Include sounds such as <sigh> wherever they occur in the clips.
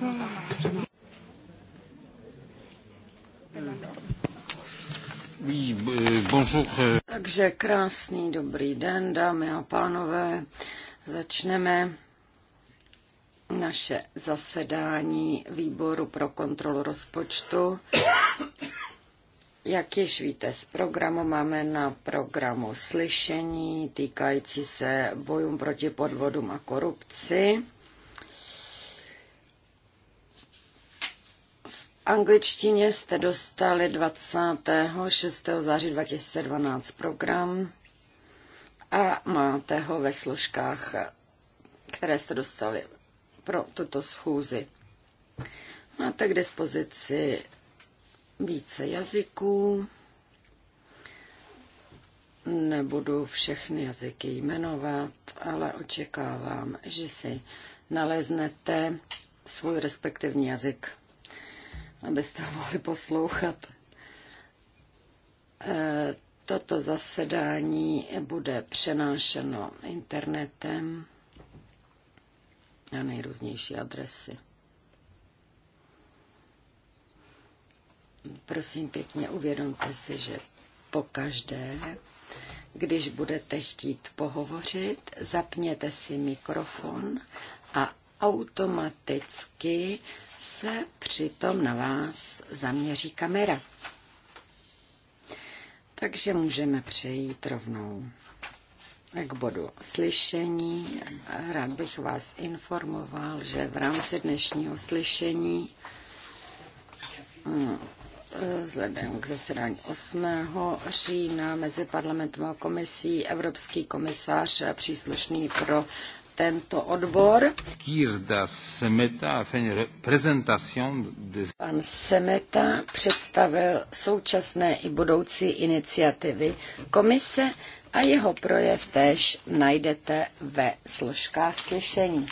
pardon, Oui, euh, bonjour. Euh. Takže krásný dobrý den, dámy a pánové. Začneme naše zasedání výboru pro kontrolu rozpočtu. Jak již víte, z programu máme na programu slyšení týkající se bojům proti podvodům a korupci. angličtině jste dostali 26. září 2012 program a máte ho ve složkách, které jste dostali pro tuto schůzi. Máte k dispozici více jazyků. Nebudu všechny jazyky jmenovat, ale očekávám, že si naleznete svůj respektivní jazyk abyste mohli poslouchat. Eh, toto zasedání bude přenášeno internetem na nejrůznější adresy. Prosím pěkně, uvědomte si, že po každé, když budete chtít pohovořit, zapněte si mikrofon a automaticky se přitom na vás zaměří kamera. Takže můžeme přejít rovnou k bodu slyšení. Rád bych vás informoval, že v rámci dnešního slyšení hm, vzhledem k zasedání 8. října mezi parlamentem a komisí Evropský komisař příslušný pro tento odbor. Pan Semeta představil současné i budoucí iniciativy komise a jeho projev též najdete ve složkách slyšení.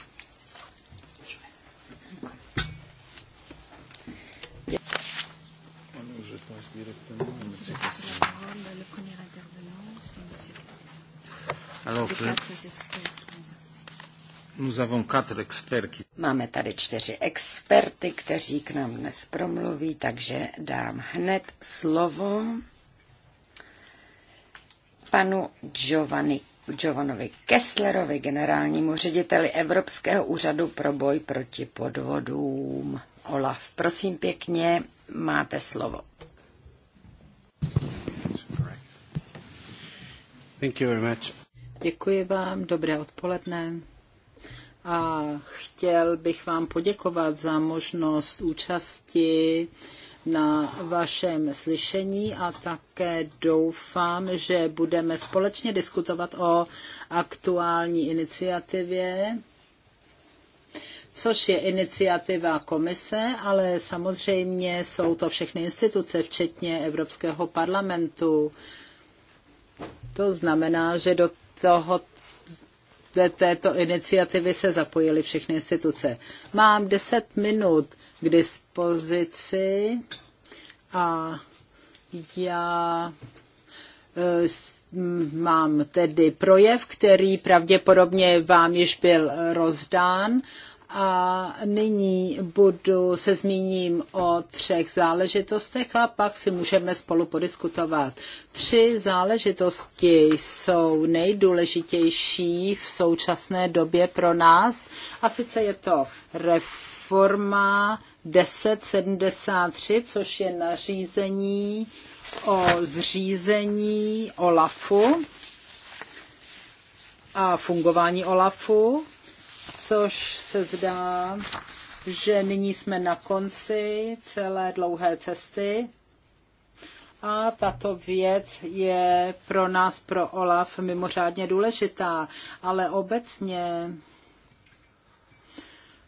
Alors, je... Máme tady čtyři experty, kteří k nám dnes promluví, takže dám hned slovo panu Giovanni, Giovanovi Kesslerovi, generálnímu řediteli Evropského úřadu pro boj proti podvodům. Olaf, prosím pěkně, máte slovo. Thank you very much. Děkuji vám, dobré odpoledne a chtěl bych vám poděkovat za možnost účasti na vašem slyšení a také doufám, že budeme společně diskutovat o aktuální iniciativě, což je iniciativa komise, ale samozřejmě jsou to všechny instituce, včetně Evropského parlamentu. To znamená, že do toho do této iniciativy se zapojily všechny instituce. Mám 10 minut k dispozici a já e, mám tedy projev, který pravděpodobně vám již byl rozdán a nyní budu se zmíním o třech záležitostech a pak si můžeme spolu podiskutovat. Tři záležitosti jsou nejdůležitější v současné době pro nás a sice je to reforma 1073, což je nařízení o zřízení OLAFu a fungování OLAFu což se zdá, že nyní jsme na konci celé dlouhé cesty. A tato věc je pro nás, pro OLAF, mimořádně důležitá, ale obecně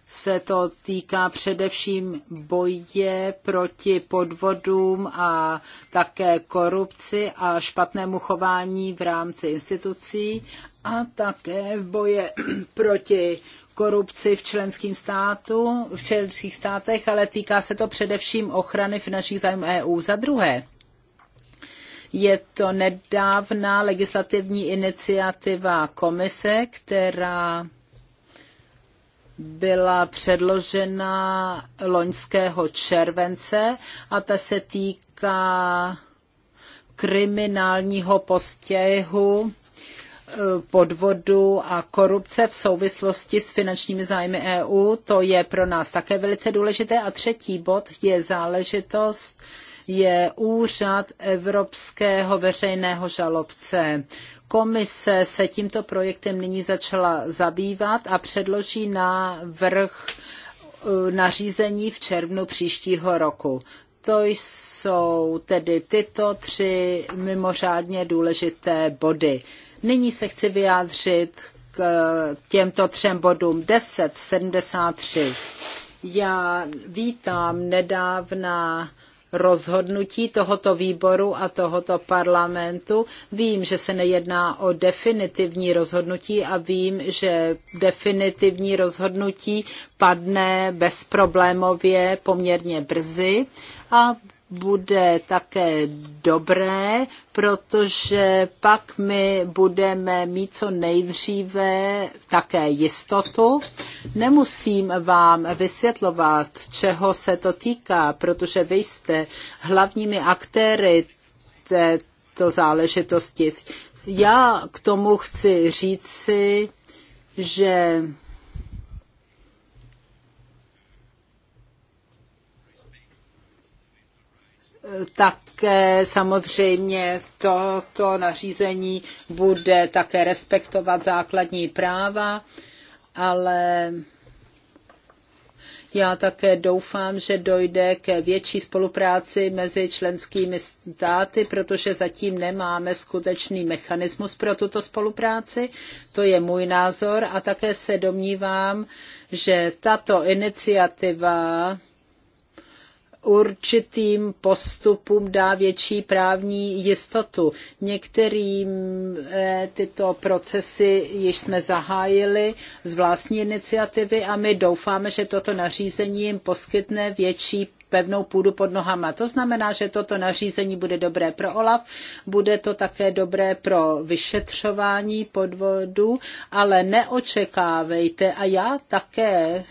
se to týká především boje proti podvodům a také korupci a špatnému chování v rámci institucí a také v boji <clears throat> proti korupci v, členským státu, v členských státech, ale týká se to především ochrany finančních zájmů EU. Za druhé, je to nedávná legislativní iniciativa komise, která byla předložena loňského července a ta se týká kriminálního postěhu podvodu a korupce v souvislosti s finančními zájmy EU. To je pro nás také velice důležité. A třetí bod je záležitost je úřad Evropského veřejného žalobce. Komise se tímto projektem nyní začala zabývat a předloží návrh e, nařízení v červnu příštího roku. To jsou tedy tyto tři mimořádně důležité body. Nyní se chci vyjádřit k těmto třem bodům 1073. Já vítám nedávná rozhodnutí tohoto výboru a tohoto parlamentu. Vím, že se nejedná o definitivní rozhodnutí a vím, že definitivní rozhodnutí padne bezproblémově poměrně brzy a bude také dobré, protože pak my budeme mít co nejdříve také jistotu. Nemusím vám vysvětlovat, čeho se to týká, protože vy jste hlavními aktéry této záležitosti. Já k tomu chci říci, že také samozřejmě toto nařízení bude také respektovat základní práva, ale já také doufám, že dojde ke větší spolupráci mezi členskými státy, protože zatím nemáme skutečný mechanismus pro tuto spolupráci. To je můj názor a také se domnívám, že tato iniciativa určitým postupům dá větší právní jistotu. Některým eh, tyto procesy již jsme zahájili z vlastní iniciativy a my doufáme, že toto nařízení jim poskytne větší pevnou půdu pod nohama. To znamená, že toto nařízení bude dobré pro OLAF, bude to také dobré pro vyšetřování podvodu, ale neočekávejte a já také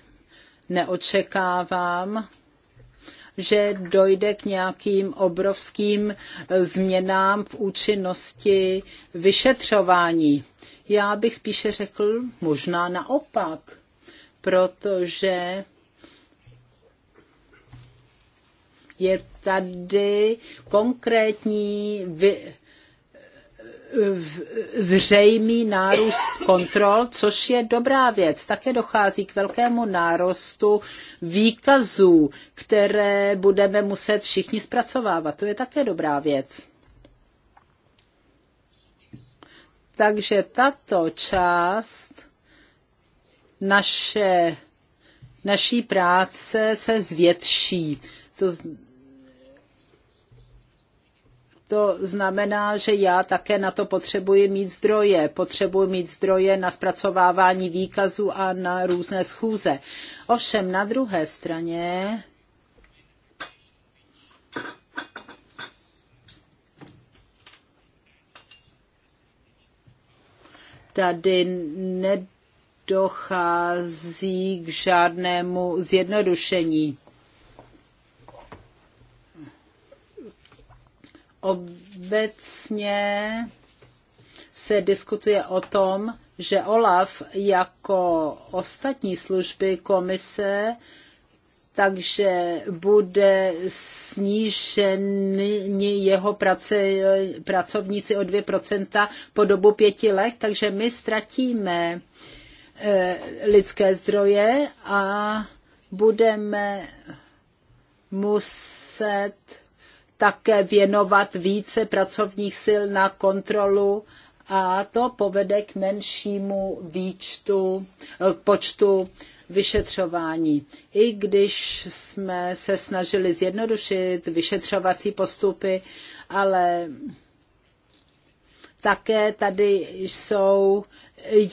neočekávám, že dojde k nějakým obrovským eh, změnám v účinnosti vyšetřování. Já bych spíše řekl možná naopak, protože je tady konkrétní vy, zřejmý nárůst kontrol, což je dobrá věc. Také dochází k velkému nárostu výkazů, které budeme muset všichni zpracovávat. To je také dobrá věc. Takže tato část naše, naší práce se zvětší. To, to znamená, že já také na to potřebuji mít zdroje. Potřebuji mít zdroje na zpracovávání výkazů a na různé schůze. Ovšem na druhé straně tady nedochází k žádnému zjednodušení. Obecně se diskutuje o tom, že OLAF jako ostatní služby komise takže bude sníženi jeho prace, pracovníci o 2% po dobu pěti let, takže my ztratíme eh, lidské zdroje a budeme muset také věnovat více pracovních sil na kontrolu a to povede k menšímu výčtu, k eh, počtu vyšetřování. I když jsme se snažili zjednodušit vyšetřovací postupy, ale také tady jsou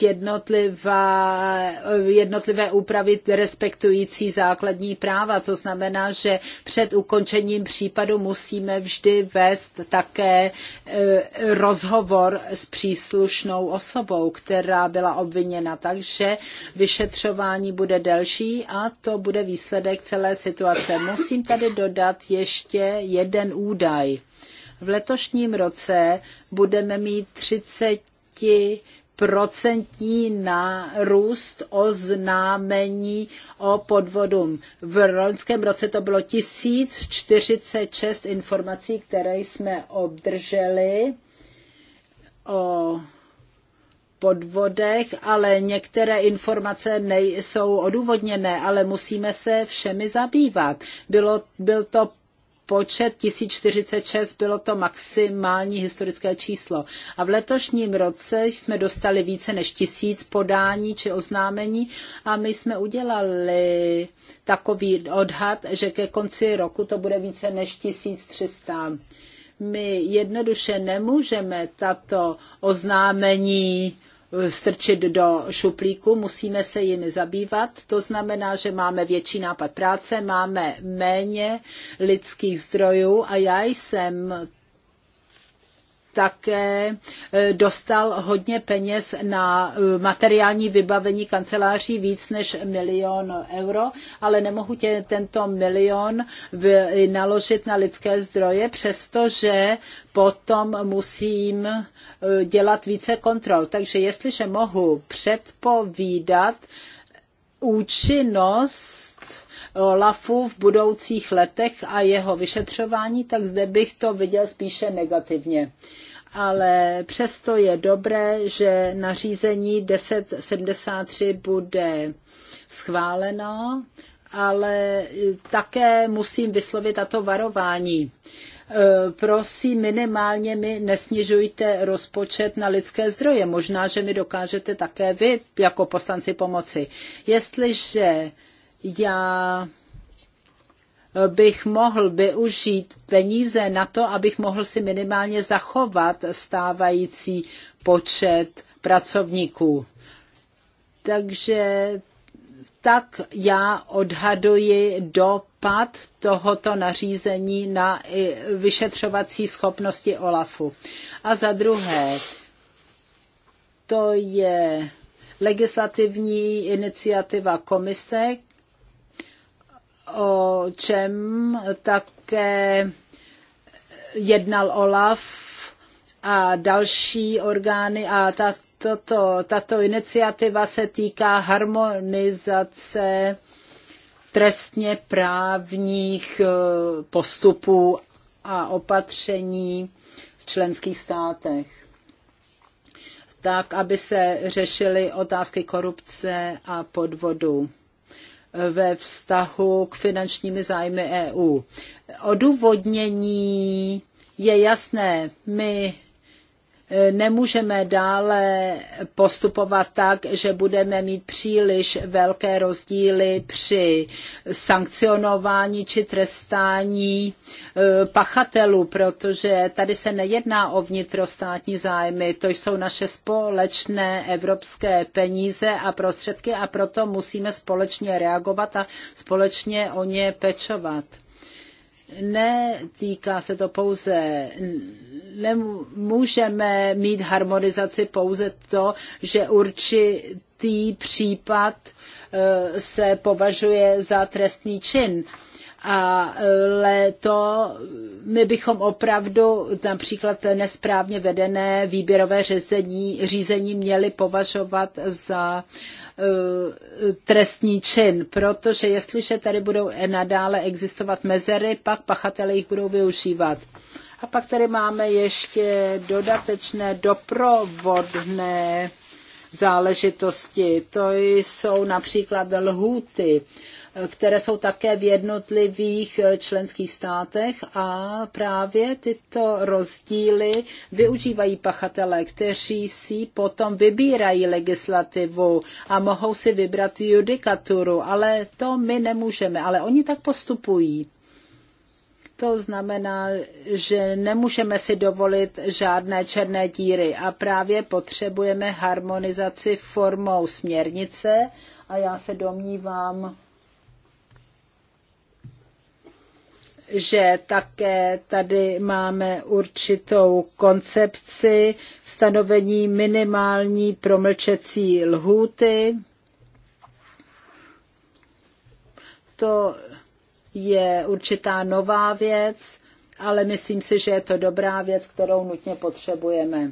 jednotlivá, jednotlivé úpravy respektující základní práva. To znamená, že před ukončením případu musíme vždy vést také e, rozhovor s příslušnou osobou, která byla obviněna. Takže vyšetřování bude delší a to bude výsledek celé situace. Musím tady dodat ještě jeden údaj. V letošním roce budeme mít 30 procentní nárůst oznámení o podvodu V loňském roce to bylo 1046 informací, které jsme obdrželi o podvodech, ale některé informace nejsou odůvodněné, ale musíme se všemi zabývat. Bylo, byl to počet 1046 bylo to maximální historické číslo. A v letošním roce jsme dostali více než tisíc podání či oznámení a my jsme udělali takový odhad, že ke konci roku to bude více než 1300. My jednoduše nemůžeme tato oznámení strčit do šuplíku, musíme se jimi zabývat. To znamená, že máme větší nápad práce, máme méně lidských zdrojů a já jsem také eh, dostal hodně peněz na eh, materiální vybavení kanceláří víc než milion euro, ale nemohu tě tento milion naložit na lidské zdroje, přestože potom musím eh, dělat více kontrol. Takže jestliže mohu předpovídat účinnost Olafu v budoucích letech a jeho vyšetřování, tak zde bych to viděl spíše negativně. Uh, ale přesto je dobré, že nařízení 1073 bude schváleno, ale také musím vyslovit tato varování. E, prosím, minimálně mi nesnižujte rozpočet na lidské zdroje. Možná, že mi dokážete také vy jako poslanci pomoci. Jestliže já bych mohl využít peníze na to, abych mohl si minimálně zachovat stávající počet pracovníků. Takže tak já odhaduji dopad tohoto nařízení na vyšetřovací schopnosti OLAFu. A za druhé, to je legislativní iniciativa komise, o čem také jednal OLAF a další orgány a ta, toto, tato iniciativa se týká harmonizace trestně právních e, postupů a opatření v členských státech tak, aby se řešily otázky korupce a podvodu ve vztahu k finančními zájmy EU. Odůvodnění je jasné. My nemůžeme dále postupovat tak, že budeme mít příliš velké rozdíly při sankcionování či trestání e, pachatelů, protože tady se nejedná o vnitrostátní zájmy, to jsou naše společné evropské peníze a prostředky a proto musíme společně reagovat a společně o ně pečovat. Netýká se to pouze nemůžeme mít harmonizaci pouze to, že určitý případ e, se považuje za trestný čin ale to my bychom opravdu například nesprávně vedené výběrové řízení, řízení měli považovat za e, trestní čin, protože jestliže tady budou nadále existovat mezery, pak pachatele jich budou využívat. A pak tady máme ještě dodatečné doprovodné záležitosti. To jsou například lhuty, které jsou také v jednotlivých členských státech a právě tyto rozdíly využívají pachatele, kteří si potom vybírají legislativu a mohou si vybrat judikaturu, ale to my nemůžeme, ale oni tak postupují. To znamená, že nemůžeme si dovolit žádné černé díry a právě potřebujeme harmonizaci formou směrnice a já se domnívám, že také tady máme určitou koncepci stanovení minimální promlčecí lhůty. To je určitá nová věc, ale myslím si, že je to dobrá věc, kterou nutně potřebujeme.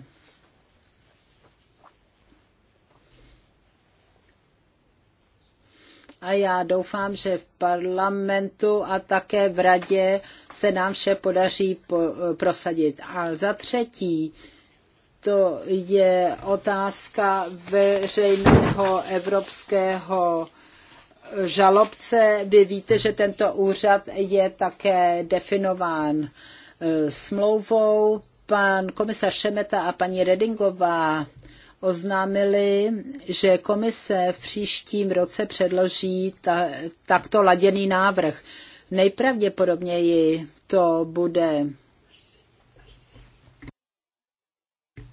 A já doufám, že v parlamentu a také v radě se nám vše podaří po, prosadit. A za třetí, to je otázka veřejného evropského žalobce, vy víte, že tento úřad je také definován e, smlouvou. Pan komisař Šemeta a paní Redingová oznámili, že komise v příštím roce předloží ta, takto laděný návrh. Nejpravděpodobněji to bude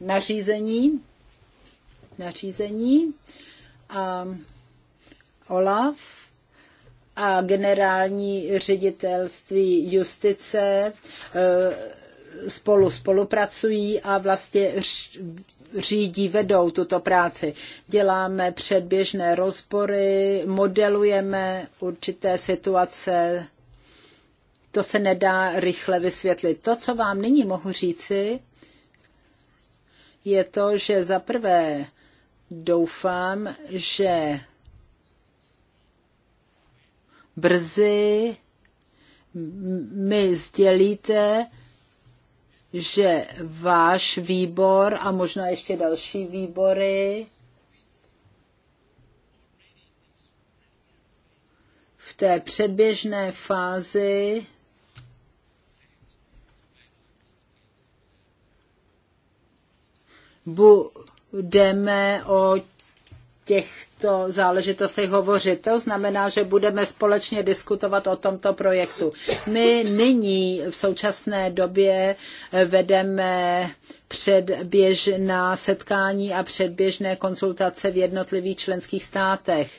nařízení, nařízení a OLAF a generální ředitelství justice eh, spolu spolupracují a vlastně řídí, vedou tuto práci. Děláme předběžné rozbory, modelujeme určité situace. To se nedá rychle vysvětlit. To, co vám nyní mohu říci, je to, že za prvé doufám, že brzy mi sdělíte, že váš výbor a možná ještě další výbory v té předběžné fázi budeme o těchto záležitostech hovořit. To znamená, že budeme společně diskutovat o tomto projektu. My nyní v současné době vedeme předběžná setkání a předběžné konzultace v jednotlivých členských státech.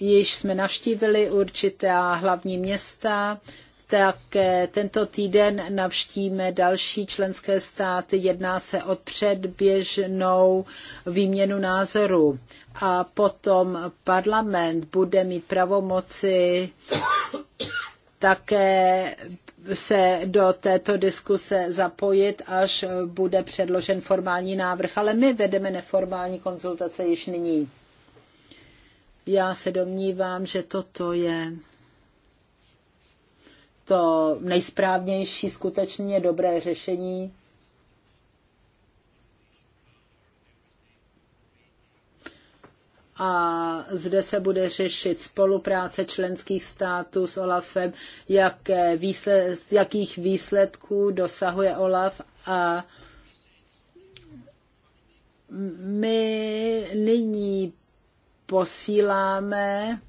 Již jsme navštívili určitá hlavní města, tak eh, tento týden navštíme další členské státy. Jedná se o předběžnou výměnu názorů. A potom parlament bude mít pravomoci také se do této diskuse zapojit, až bude předložen formální návrh. Ale my vedeme neformální konzultace již nyní. Já se domnívám, že toto je to nejsprávnější skutečně dobré řešení. a zde se bude řešit spolupráce členských států s OLAFem, jaké výsled, jakých výsledků dosahuje OLAF a my nyní posíláme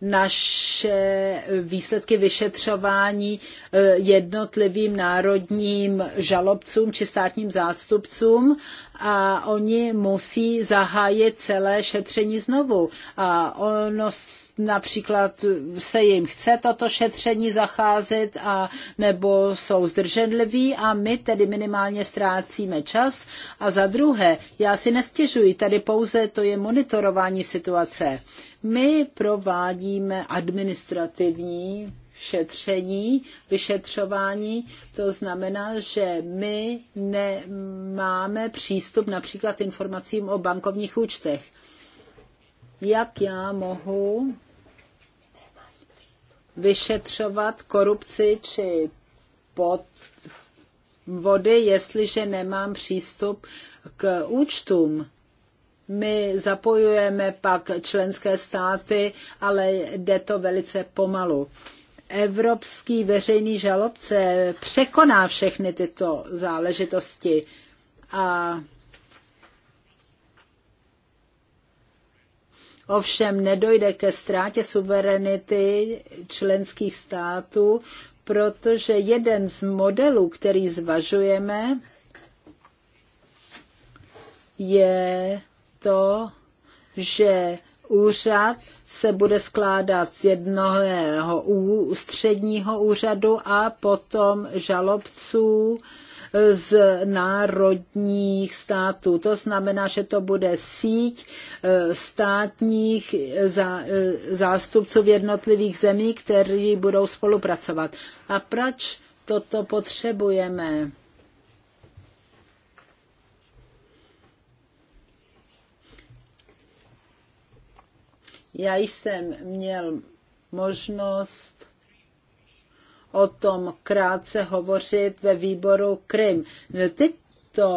naše výsledky vyšetřování eh, jednotlivým národním žalobcům či státním zástupcům a oni musí zahájit celé šetření znovu. A ono například se jim chce toto šetření zacházet a nebo jsou zdrženliví a my tedy minimálně ztrácíme čas. A za druhé, já si nestěžuji, tady pouze to je monitorování situace. My provádíme administrativní šetření, vyšetřování. To znamená, že my nemáme přístup například informacím o bankovních účtech. Jak já mohu vyšetřovat korupci či pod vody, jestliže nemám přístup k účtům. My zapojujeme pak členské státy, ale jde to velice pomalu. Evropský veřejný žalobce překoná všechny tyto záležitosti a Ovšem nedojde ke ztrátě suverenity členských států, protože jeden z modelů, který zvažujeme, je to, že úřad se bude skládat z jednoho ústředního úřadu a potom žalobců z národních států. To znamená, že to bude síť eh, státních eh, eh, zástupců v jednotlivých zemí, kteří budou spolupracovat. A proč toto potřebujeme? Já jsem měl možnost o tom krátce hovořit ve výboru Krym. tyto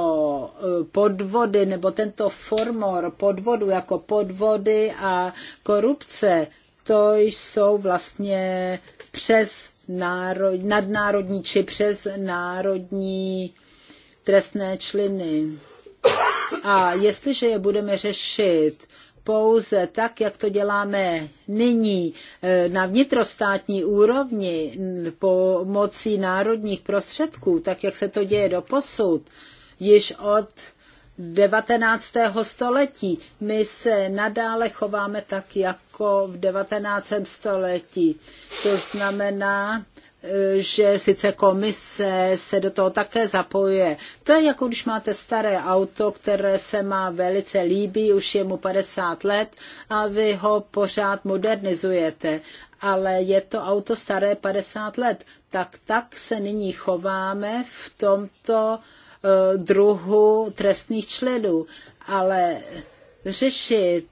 eh, podvody nebo tento formor podvodu jako podvody a korupce, to jsou vlastně přes národ, nadnárodní či přes národní trestné členy. A jestliže je budeme řešit pouze tak, jak to děláme nyní e, na vnitrostátní úrovni pomocí národních prostředků, tak jak se to děje do posud, již od 19. století. My se nadále chováme tak, jako v 19. století. To znamená, že sice komise se do toho také zapojuje. To je jako když máte staré auto, které se má velice líbí, už je mu 50 let a vy ho pořád modernizujete. Ale je to auto staré 50 let. Tak tak se nyní chováme v tomto eh, druhu trestných členů. Ale řešit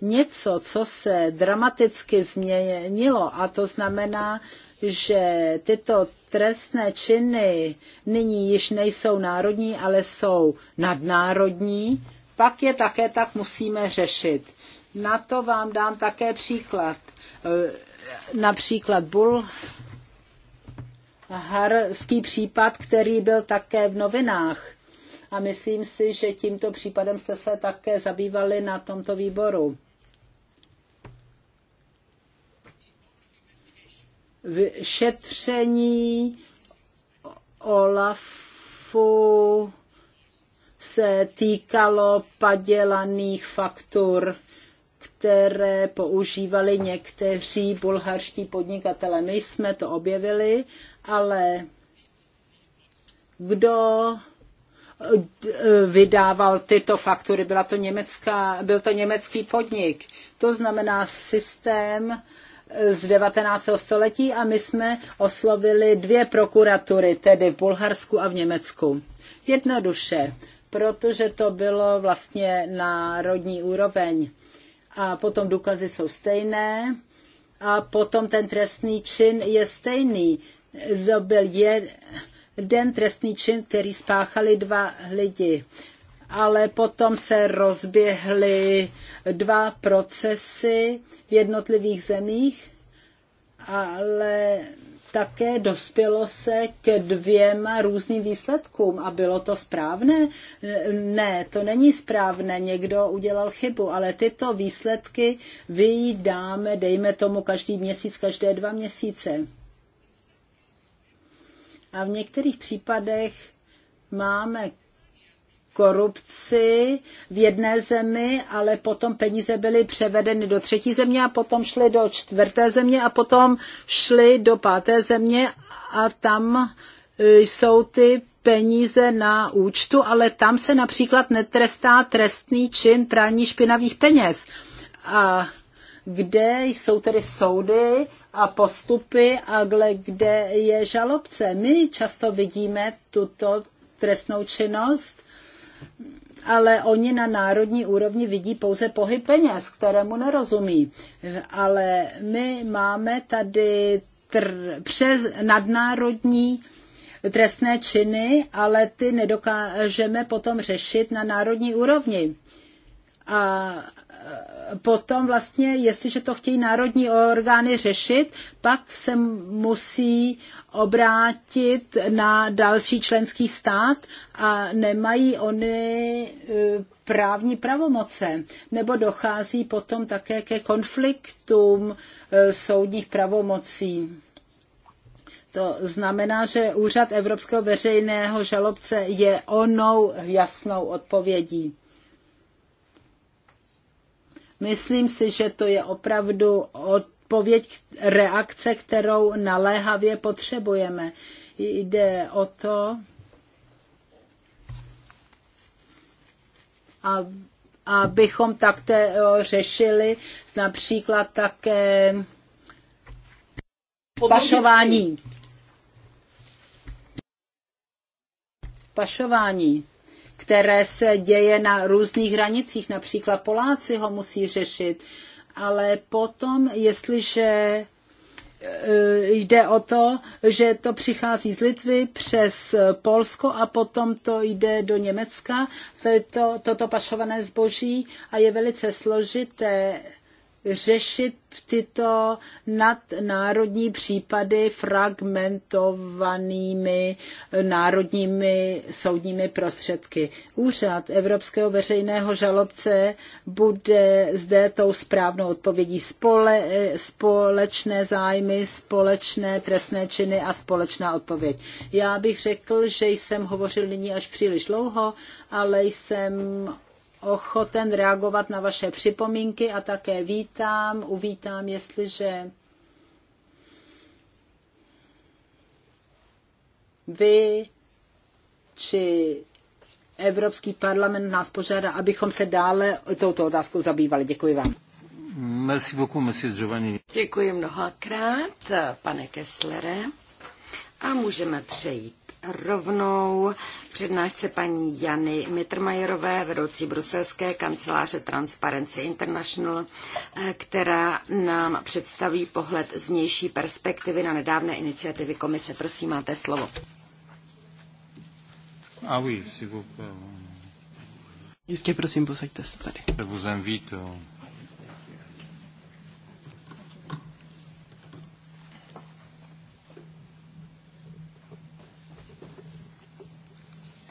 něco, co se dramaticky změnilo, a to znamená, že tyto trestné činy nyní již nejsou národní, ale jsou nadnárodní, pak je také tak musíme řešit. Na to vám dám také příklad. Eh, například Bull harský případ, který byl také v novinách. A myslím si, že tímto případem jste se také zabývali na tomto výboru. šetření Olafu se týkalo padělaných faktur, které používali někteří bulharští podnikatele. My jsme to objevili, ale kdo eh, vydával tyto faktury. Byla to německá, byl to německý podnik. To znamená systém z 19. století a my jsme oslovili dvě prokuratury, tedy v Bulharsku a v Německu. Jednoduše, protože to bylo vlastně národní úroveň. A potom důkazy jsou stejné a potom ten trestný čin je stejný. To byl jeden trestný čin, který spáchali dva lidi ale potom se rozběhly dva procesy v jednotlivých zemích, ale také dospělo se k dvěma různým výsledkům. A bylo to správné? Ne, to není správné, někdo udělal chybu, ale tyto výsledky vydáme, dejme tomu, každý měsíc, každé dva měsíce. A v některých případech máme korupci v jedné zemi, ale potom peníze byly převedeny do třetí země a potom šly do čtvrté země a potom šly do páté země a tam e, jsou ty peníze na účtu, ale tam se například netrestá trestný čin prání špinavých peněz. A kde jsou tedy soudy a postupy a kde je žalobce. My často vidíme tuto trestnou činnost ale oni na národní úrovni vidí pouze pohyb peněz, kterému nerozumí. Ale my máme tady tr- přes nadnárodní trestné činy, ale ty nedokážeme potom řešit na národní úrovni. A potom vlastně, jestliže to chtějí národní orgány řešit, pak se musí obrátit na další členský stát a nemají oni e, právní pravomoce, nebo dochází potom také ke konfliktům e, soudních pravomocí. To znamená, že úřad Evropského veřejného žalobce je onou jasnou odpovědí. Myslím si, že to je opravdu odpověď reakce, kterou naléhavě potřebujeme. Jde o to, abychom takto řešili například také pašování. Pašování které se děje na různých hranicích. Například Poláci ho musí řešit. Ale potom, jestliže e, jde o to, že to přichází z Litvy přes Polsko a potom to jde do Německa, to je to, toto pašované zboží a je velice složité řešit tyto nadnárodní případy fragmentovanými národními soudními prostředky. Úřad Evropského veřejného žalobce bude zde tou správnou odpovědí spole, společné zájmy, společné trestné činy a společná odpověď. Já bych řekl, že jsem hovořil nyní až příliš dlouho, ale jsem ochoten reagovat na vaše připomínky a také vítám, uvítám, jestliže vy či Evropský parlament nás požádá, abychom se dále touto otázkou zabývali. Děkuji vám. Merci beaucoup, monsieur Giovanni. Děkuji mnohokrát, pane Kesslere. A můžeme přejít rovnou přednášce paní Jany Mitrmajerové, vedoucí bruselské kanceláře Transparency International, eh, která nám představí pohled z vnější perspektivy na nedávné iniciativy komise. Prosím, máte slovo. A oui, si Jistě, prosím, posaďte se tady.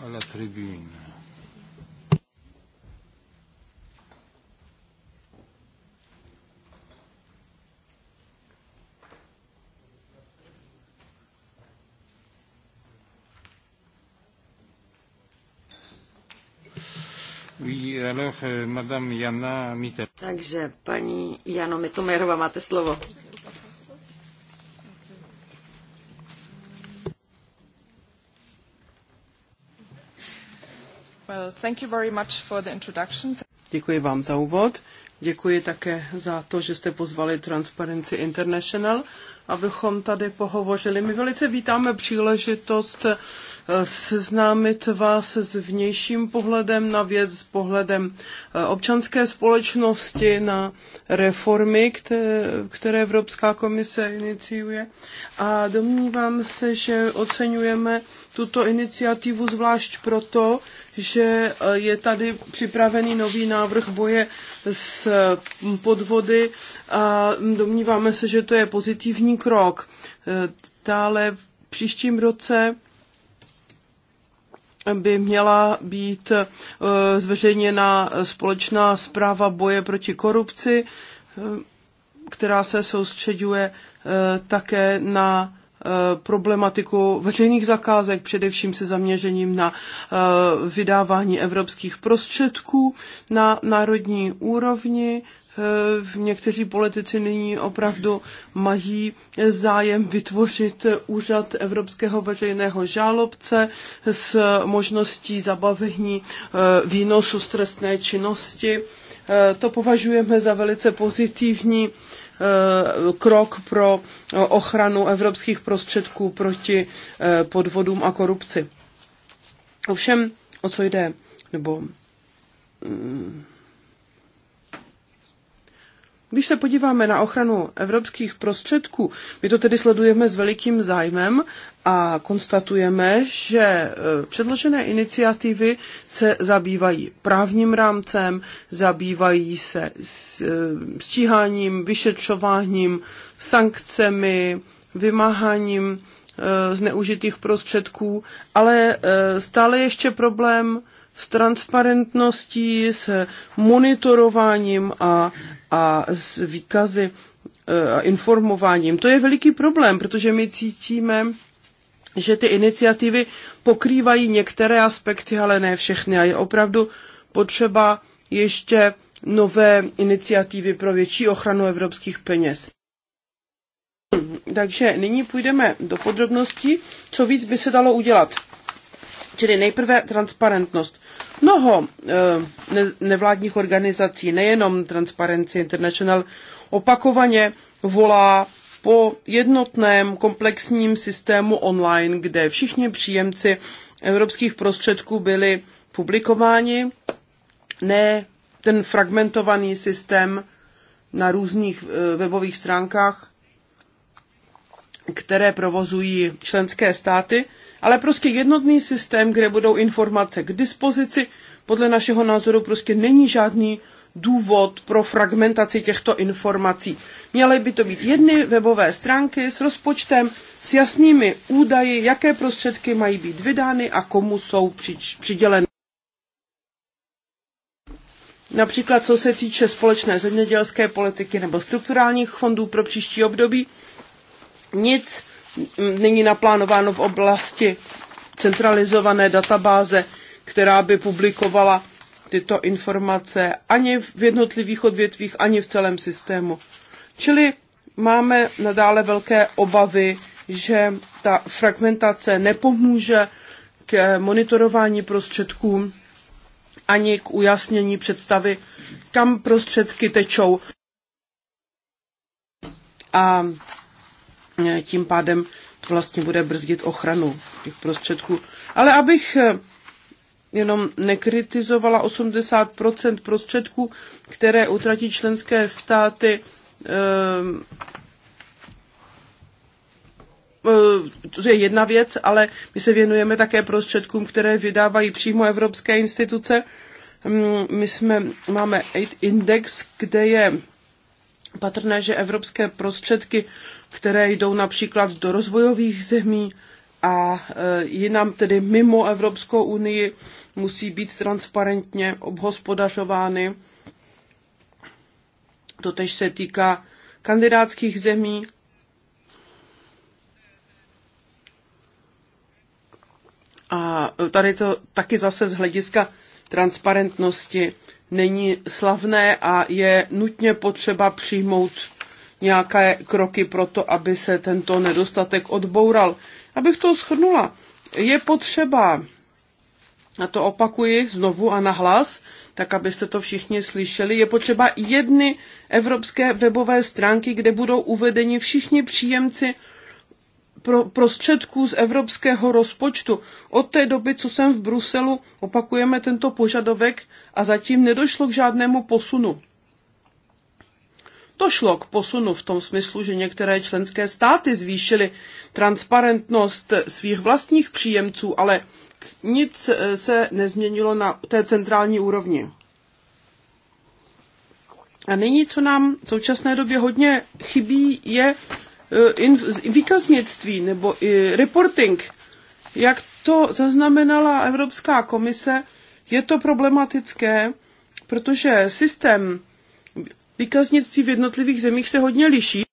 alla tribuna. Euh, Takže paní Jano Mitomerová, máte slovo. Thank you very much for the introduction. Děkuji vám za úvod. Děkuji také za to, že jste pozvali Transparency International, abychom tady pohovořili. My velice vítáme příležitost eh, seznámit vás s vnějším pohledem na věc, s pohledem eh, občanské společnosti na reformy, které Evropská komise iniciuje. A domnívám se, že oceňujeme tuto iniciativu zvlášť proto, že e, je tady připravený nový návrh boje s podvody a domníváme se, že to je pozitivní krok. E, dále v příštím roce by měla být e, zveřejněna společná zpráva boje proti korupci, která se soustředuje také na Eh, problematiku veřejných zakázek, především se zaměřením na eh, vydávání evropských prostředků na národní úrovni. Eh, někteří politici nyní opravdu mají zájem vytvořit úřad Evropského veřejného žálobce s možností zabavení výnosu z trestné činnosti. To považujeme za velice pozitivní Eh, krok pro ochranu evropských prostředků proti eh, podvodům a korupci. Ovšem, o co jde? Nebo mm, když se podíváme na ochranu evropských prostředků, my to tedy sledujeme s velikým zájmem a konstatujeme, že e, předložené iniciativy se zabývají právním rámcem, zabývají se e, stíháním, vyšetřováním, sankcemi, vymáháním e, zneužitých prostředků, ale stále ještě problém s transparentností, s monitorováním a a s výkazy e, a informováním. To je veliký problém, protože my cítíme, že ty iniciativy pokrývají některé aspekty, ale ne všechny. A je opravdu potřeba ještě nové iniciativy pro větší ochranu evropských peněz. Takže nyní půjdeme do podrobností, co víc by se dalo udělat. Čili nejprve transparentnost. Mnoho eh, nevládních organizací, nejenom Transparency International, opakovaně volá po jednotném komplexním systému online, kde všichni příjemci evropských prostředků byli publikováni, ne ten fragmentovaný systém na různých eh, webových stránkách, které provozují členské státy, ale prostě jednotný systém, kde budou informace k dispozici, podle našeho názoru prostě není žádný důvod pro fragmentaci těchto informací. Měly by to být jedny webové stránky s rozpočtem, s jasnými údaji, jaké prostředky mají být vydány a komu jsou přiděleny. Například co se týče společné zemědělské politiky nebo strukturálních fondů pro příští období, nic není naplánováno v oblasti centralizované databáze, která by publikovala tyto informace ani v jednotlivých odvětvích, ani v celém systému. Čili máme nadále velké obavy, že ta fragmentace nepomůže k monitorování prostředků ani k ujasnění představy, kam prostředky tečou. A E, tím pádem to vlastně bude brzdit ochranu těch prostředků. Ale abych e, jenom nekritizovala 80% prostředků, které utratí členské státy e, to je jedna věc, ale my se věnujeme také prostředkům, které vydávají přímo evropské instituce. Mm, my jsme, máme 8 Index, kde je patrné, že evropské prostředky které jdou například do rozvojových zemí a e, jinam, tedy mimo Evropskou unii, musí být transparentně obhospodařovány. Totež se týká kandidátských zemí. A tady to taky zase z hlediska transparentnosti není slavné a je nutně potřeba přijmout nějaké kroky pro to, aby se tento nedostatek odboural. Abych to shrnula, je potřeba, a to opakuji znovu a nahlas, tak abyste to všichni slyšeli, je potřeba jedny evropské webové stránky, kde budou uvedeni všichni příjemci pro prostředků z evropského rozpočtu. Od té doby, co jsem v Bruselu, opakujeme tento požadovek a zatím nedošlo k žádnému posunu. To šlo k posunu v tom smyslu, že některé členské státy zvýšily transparentnost svých vlastních příjemců, ale nic eh, se nezměnilo na té centrální úrovni. A nyní, co nám v současné době hodně chybí, je eh, výkaznictví nebo eh, reporting. Jak to zaznamenala Evropská komise, je to problematické, protože systém Výkaznictví v jednotlivých zemích se hodně liší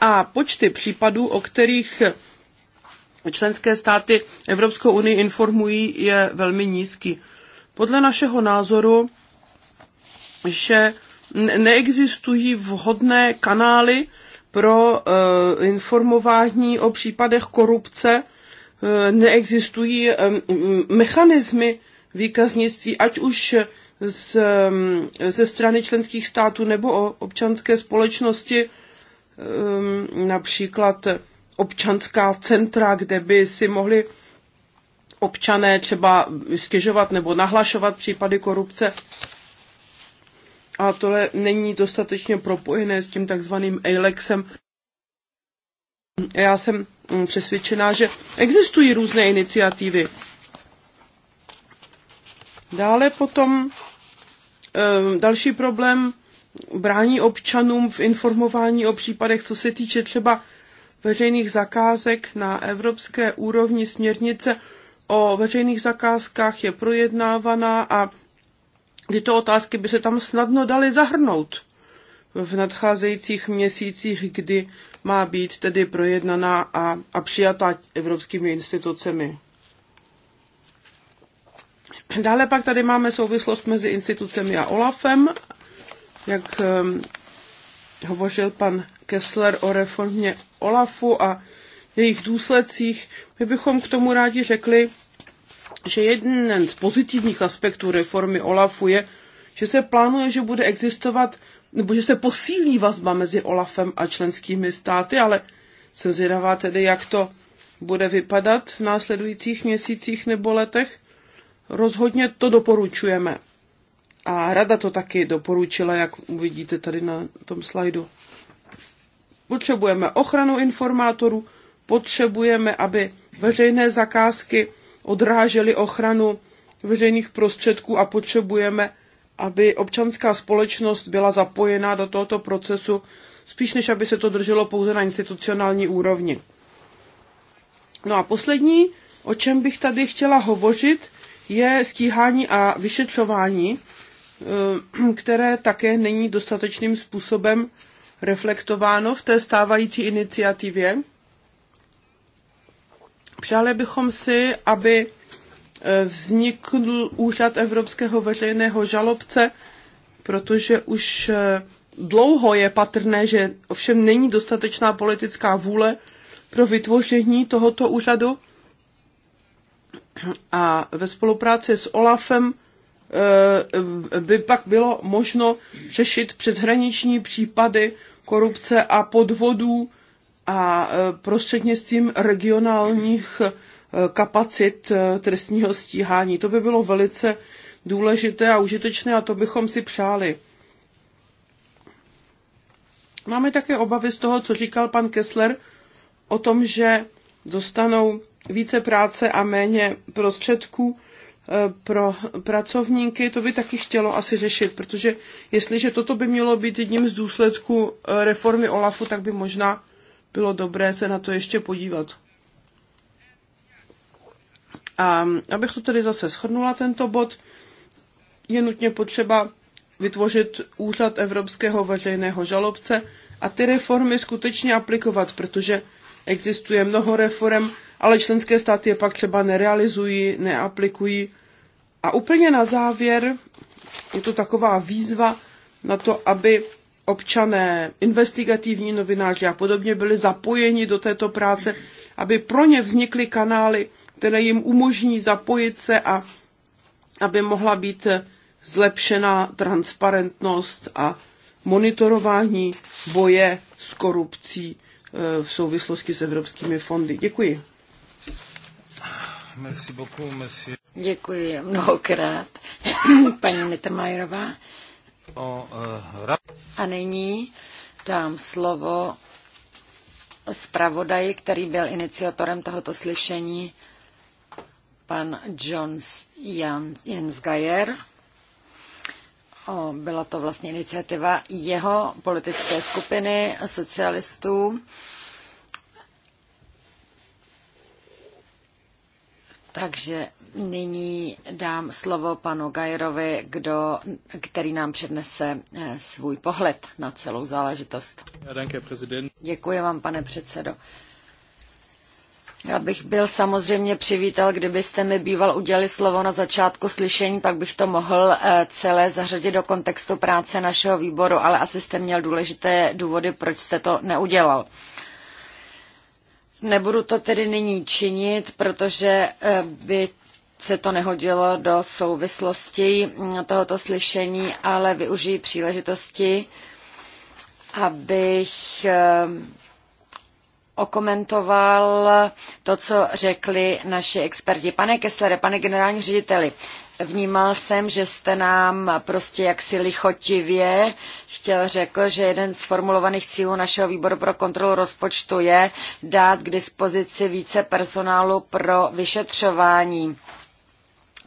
a počty případů, o kterých členské státy Evropskou unii informují, je velmi nízký. Podle našeho názoru, že neexistují vhodné kanály pro uh, informování o případech korupce, uh, neexistují um, mechanismy výkaznictví, ať už z, ze strany členských států nebo o občanské společnosti, například občanská centra, kde by si mohli občané třeba stěžovat nebo nahlašovat případy korupce. A tohle není dostatečně propojené s tím takzvaným EILEXem. Já jsem mm, přesvědčená, že existují různé iniciativy. Dále potom Ehm, další problém brání občanům v informování o případech, co se týče třeba veřejných zakázek na evropské úrovni směrnice o veřejných zakázkách je projednávaná a tyto otázky by se tam snadno daly zahrnout v nadcházejících měsících, kdy má být tedy projednaná a, a přijatá evropskými institucemi. Dále pak tady máme souvislost mezi institucemi a OLAFem, jak ehm, hovořil pan Kessler o reformě OLAFu a jejich důsledcích. My bychom k tomu rádi řekli, že jeden z pozitivních aspektů reformy OLAFu je, že se plánuje, že bude existovat, nebo že se posílí vazba mezi OLAFem a členskými státy, ale jsem zvědavá tedy, jak to bude vypadat v následujících měsících nebo letech. Rozhodně to doporučujeme. A rada to taky doporučila, jak uvidíte tady na tom slajdu. Potřebujeme ochranu informátorů, potřebujeme, aby veřejné zakázky odrážely ochranu veřejných prostředků a potřebujeme, aby občanská společnost byla zapojená do tohoto procesu, spíš než aby se to drželo pouze na institucionální úrovni. No a poslední, o čem bych tady chtěla hovořit, je stíhání a vyšetřování, eh, které také není dostatečným způsobem reflektováno v té stávající iniciativě. Přáli bychom si, aby eh, vznikl úřad Evropského veřejného žalobce, protože už eh, dlouho je patrné, že ovšem není dostatečná politická vůle pro vytvoření tohoto úřadu a ve spolupráci s OLAFem eh, by pak bylo možno řešit přeshraniční případy korupce a podvodů a eh, prostřednictvím regionálních eh, kapacit trestního stíhání. To by bylo velice důležité a užitečné a to bychom si přáli. Máme také obavy z toho, co říkal pan Kessler o tom, že dostanou více práce a méně prostředků eh, pro pracovníky, to by taky chtělo asi řešit, protože jestliže toto by mělo být jedním z důsledků eh, reformy OLAFu, tak by možná bylo dobré se na to ještě podívat. A abych to tedy zase shrnula, tento bod, je nutně potřeba vytvořit úřad Evropského veřejného žalobce a ty reformy skutečně aplikovat, protože existuje mnoho reform, ale členské státy je pak třeba nerealizují, neaplikují. A úplně na závěr je to taková výzva na to, aby občané, investigativní novináři a podobně byli zapojeni do této práce, aby pro ně vznikly kanály, které jim umožní zapojit se a aby mohla být zlepšená transparentnost a monitorování boje s korupcí eh, v souvislosti s evropskými fondy. Děkuji. Merci beaucoup, merci. Děkuji mnohokrát, <laughs> paní Mittermajerová. Eh, A nyní dám slovo zpravodaji, který byl iniciatorem tohoto slyšení, pan John Jens Geyer. byla to vlastně iniciativa jeho politické skupiny socialistů Takže nyní dám slovo panu Gajerovi, kdo, který nám přednese eh, svůj pohled na celou záležitost. Děkuji vám, pane předsedo. Já bych byl samozřejmě přivítal, kdybyste mi býval udělali slovo na začátku slyšení, pak bych to mohl eh, celé zařadit do kontextu práce našeho výboru, ale asi jste měl důležité důvody, proč jste to neudělal. Nebudu to tedy nyní činit, protože eh, by se to nehodilo do souvislosti mm, tohoto slyšení, ale využiji příležitosti, abych eh, okomentoval to, co řekli naši experti. Pane Kesslere, pane generální řediteli, Vnímal jsem, že jste nám prostě jaksi lichotivě chtěl řekl, že jeden z formulovaných cílů našeho výboru pro kontrolu rozpočtu je dát k dispozici více personálu pro vyšetřování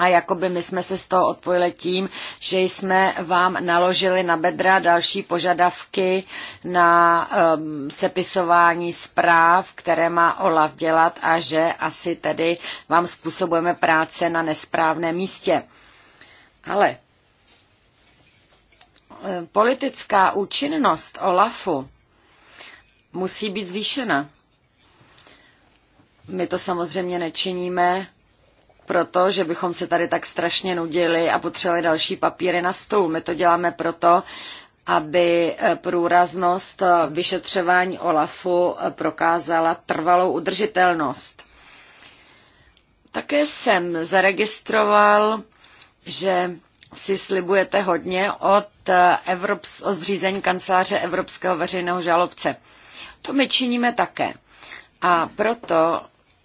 a jakoby my jsme se z toho odpojili tím, že jsme vám naložili na bedra další požadavky na um, sepisování zpráv, které má OLAF dělat a že asi tedy vám způsobujeme práce na nesprávném místě. Ale eh, politická účinnost OLAFu musí být zvýšena. My to samozřejmě nečiníme proto, že bychom se tady tak strašně nudili a potřebovali další papíry na stůl. My to děláme proto, aby eh, průraznost eh, vyšetřování OLAFu eh, prokázala trvalou udržitelnost. Také jsem zaregistroval, že si slibujete hodně od, Evrops, od zřízení kanceláře Evropského veřejného žalobce. To my činíme také. A proto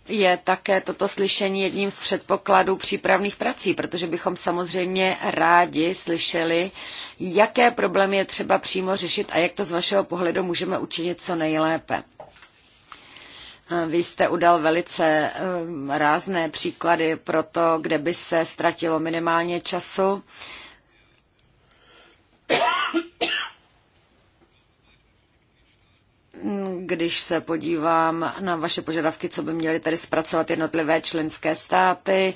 je také toto slyšení jedním z předpokladů přípravných prací, protože bychom samozřejmě rádi slyšeli, jaké problémy je třeba přímo řešit a jak to z vašeho pohledu můžeme učinit co nejlépe. Eh, vy jste udal velice eh, rázné příklady pro to, kde by se ztratilo minimálně času když se podívám na vaše požadavky, co by měly tady zpracovat jednotlivé členské státy,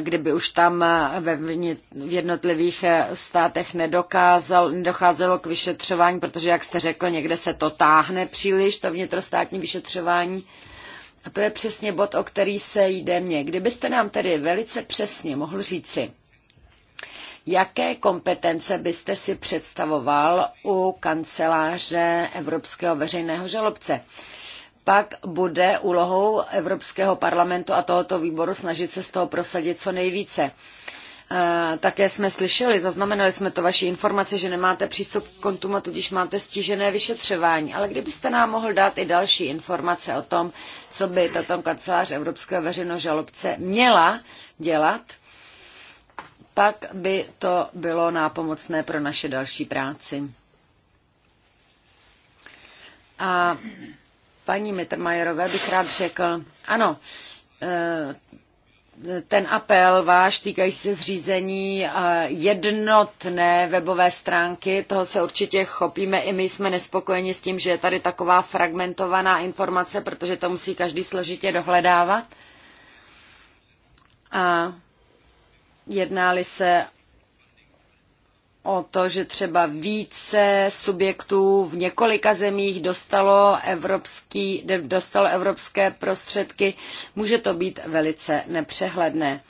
kdyby už tam ve, v jednotlivých eh, státech nedokázal, nedocházelo k vyšetřování, protože, jak jste řekl, někde se to táhne příliš, to vnitrostátní vyšetřování. A to je přesně bod, o který se jde mně. Kdybyste nám tedy velice přesně mohl říci, Jaké kompetence byste si představoval u kanceláře Evropského veřejného žalobce? Pak bude úlohou Evropského parlamentu a tohoto výboru snažit se z toho prosadit co nejvíce. E, také jsme slyšeli, zaznamenali jsme to vaši informace, že nemáte přístup k kontům a tudíž máte stížené vyšetřování. Ale kdybyste nám mohl dát i další informace o tom, co by tato kancelář Evropského veřejného žalobce měla dělat, pak by to bylo nápomocné pro naše další práci. A paní Mittermajerové bych rád řekl, ano, eh, ten apel váš týkající se zřízení eh, jednotné webové stránky, toho se určitě chopíme. I my jsme nespokojeni s tím, že je tady taková fragmentovaná informace, protože to musí každý složitě dohledávat. A Jednáli se o to, že třeba více subjektů v několika zemích dostalo, evropský, dostalo evropské prostředky, může to být velice nepřehledné.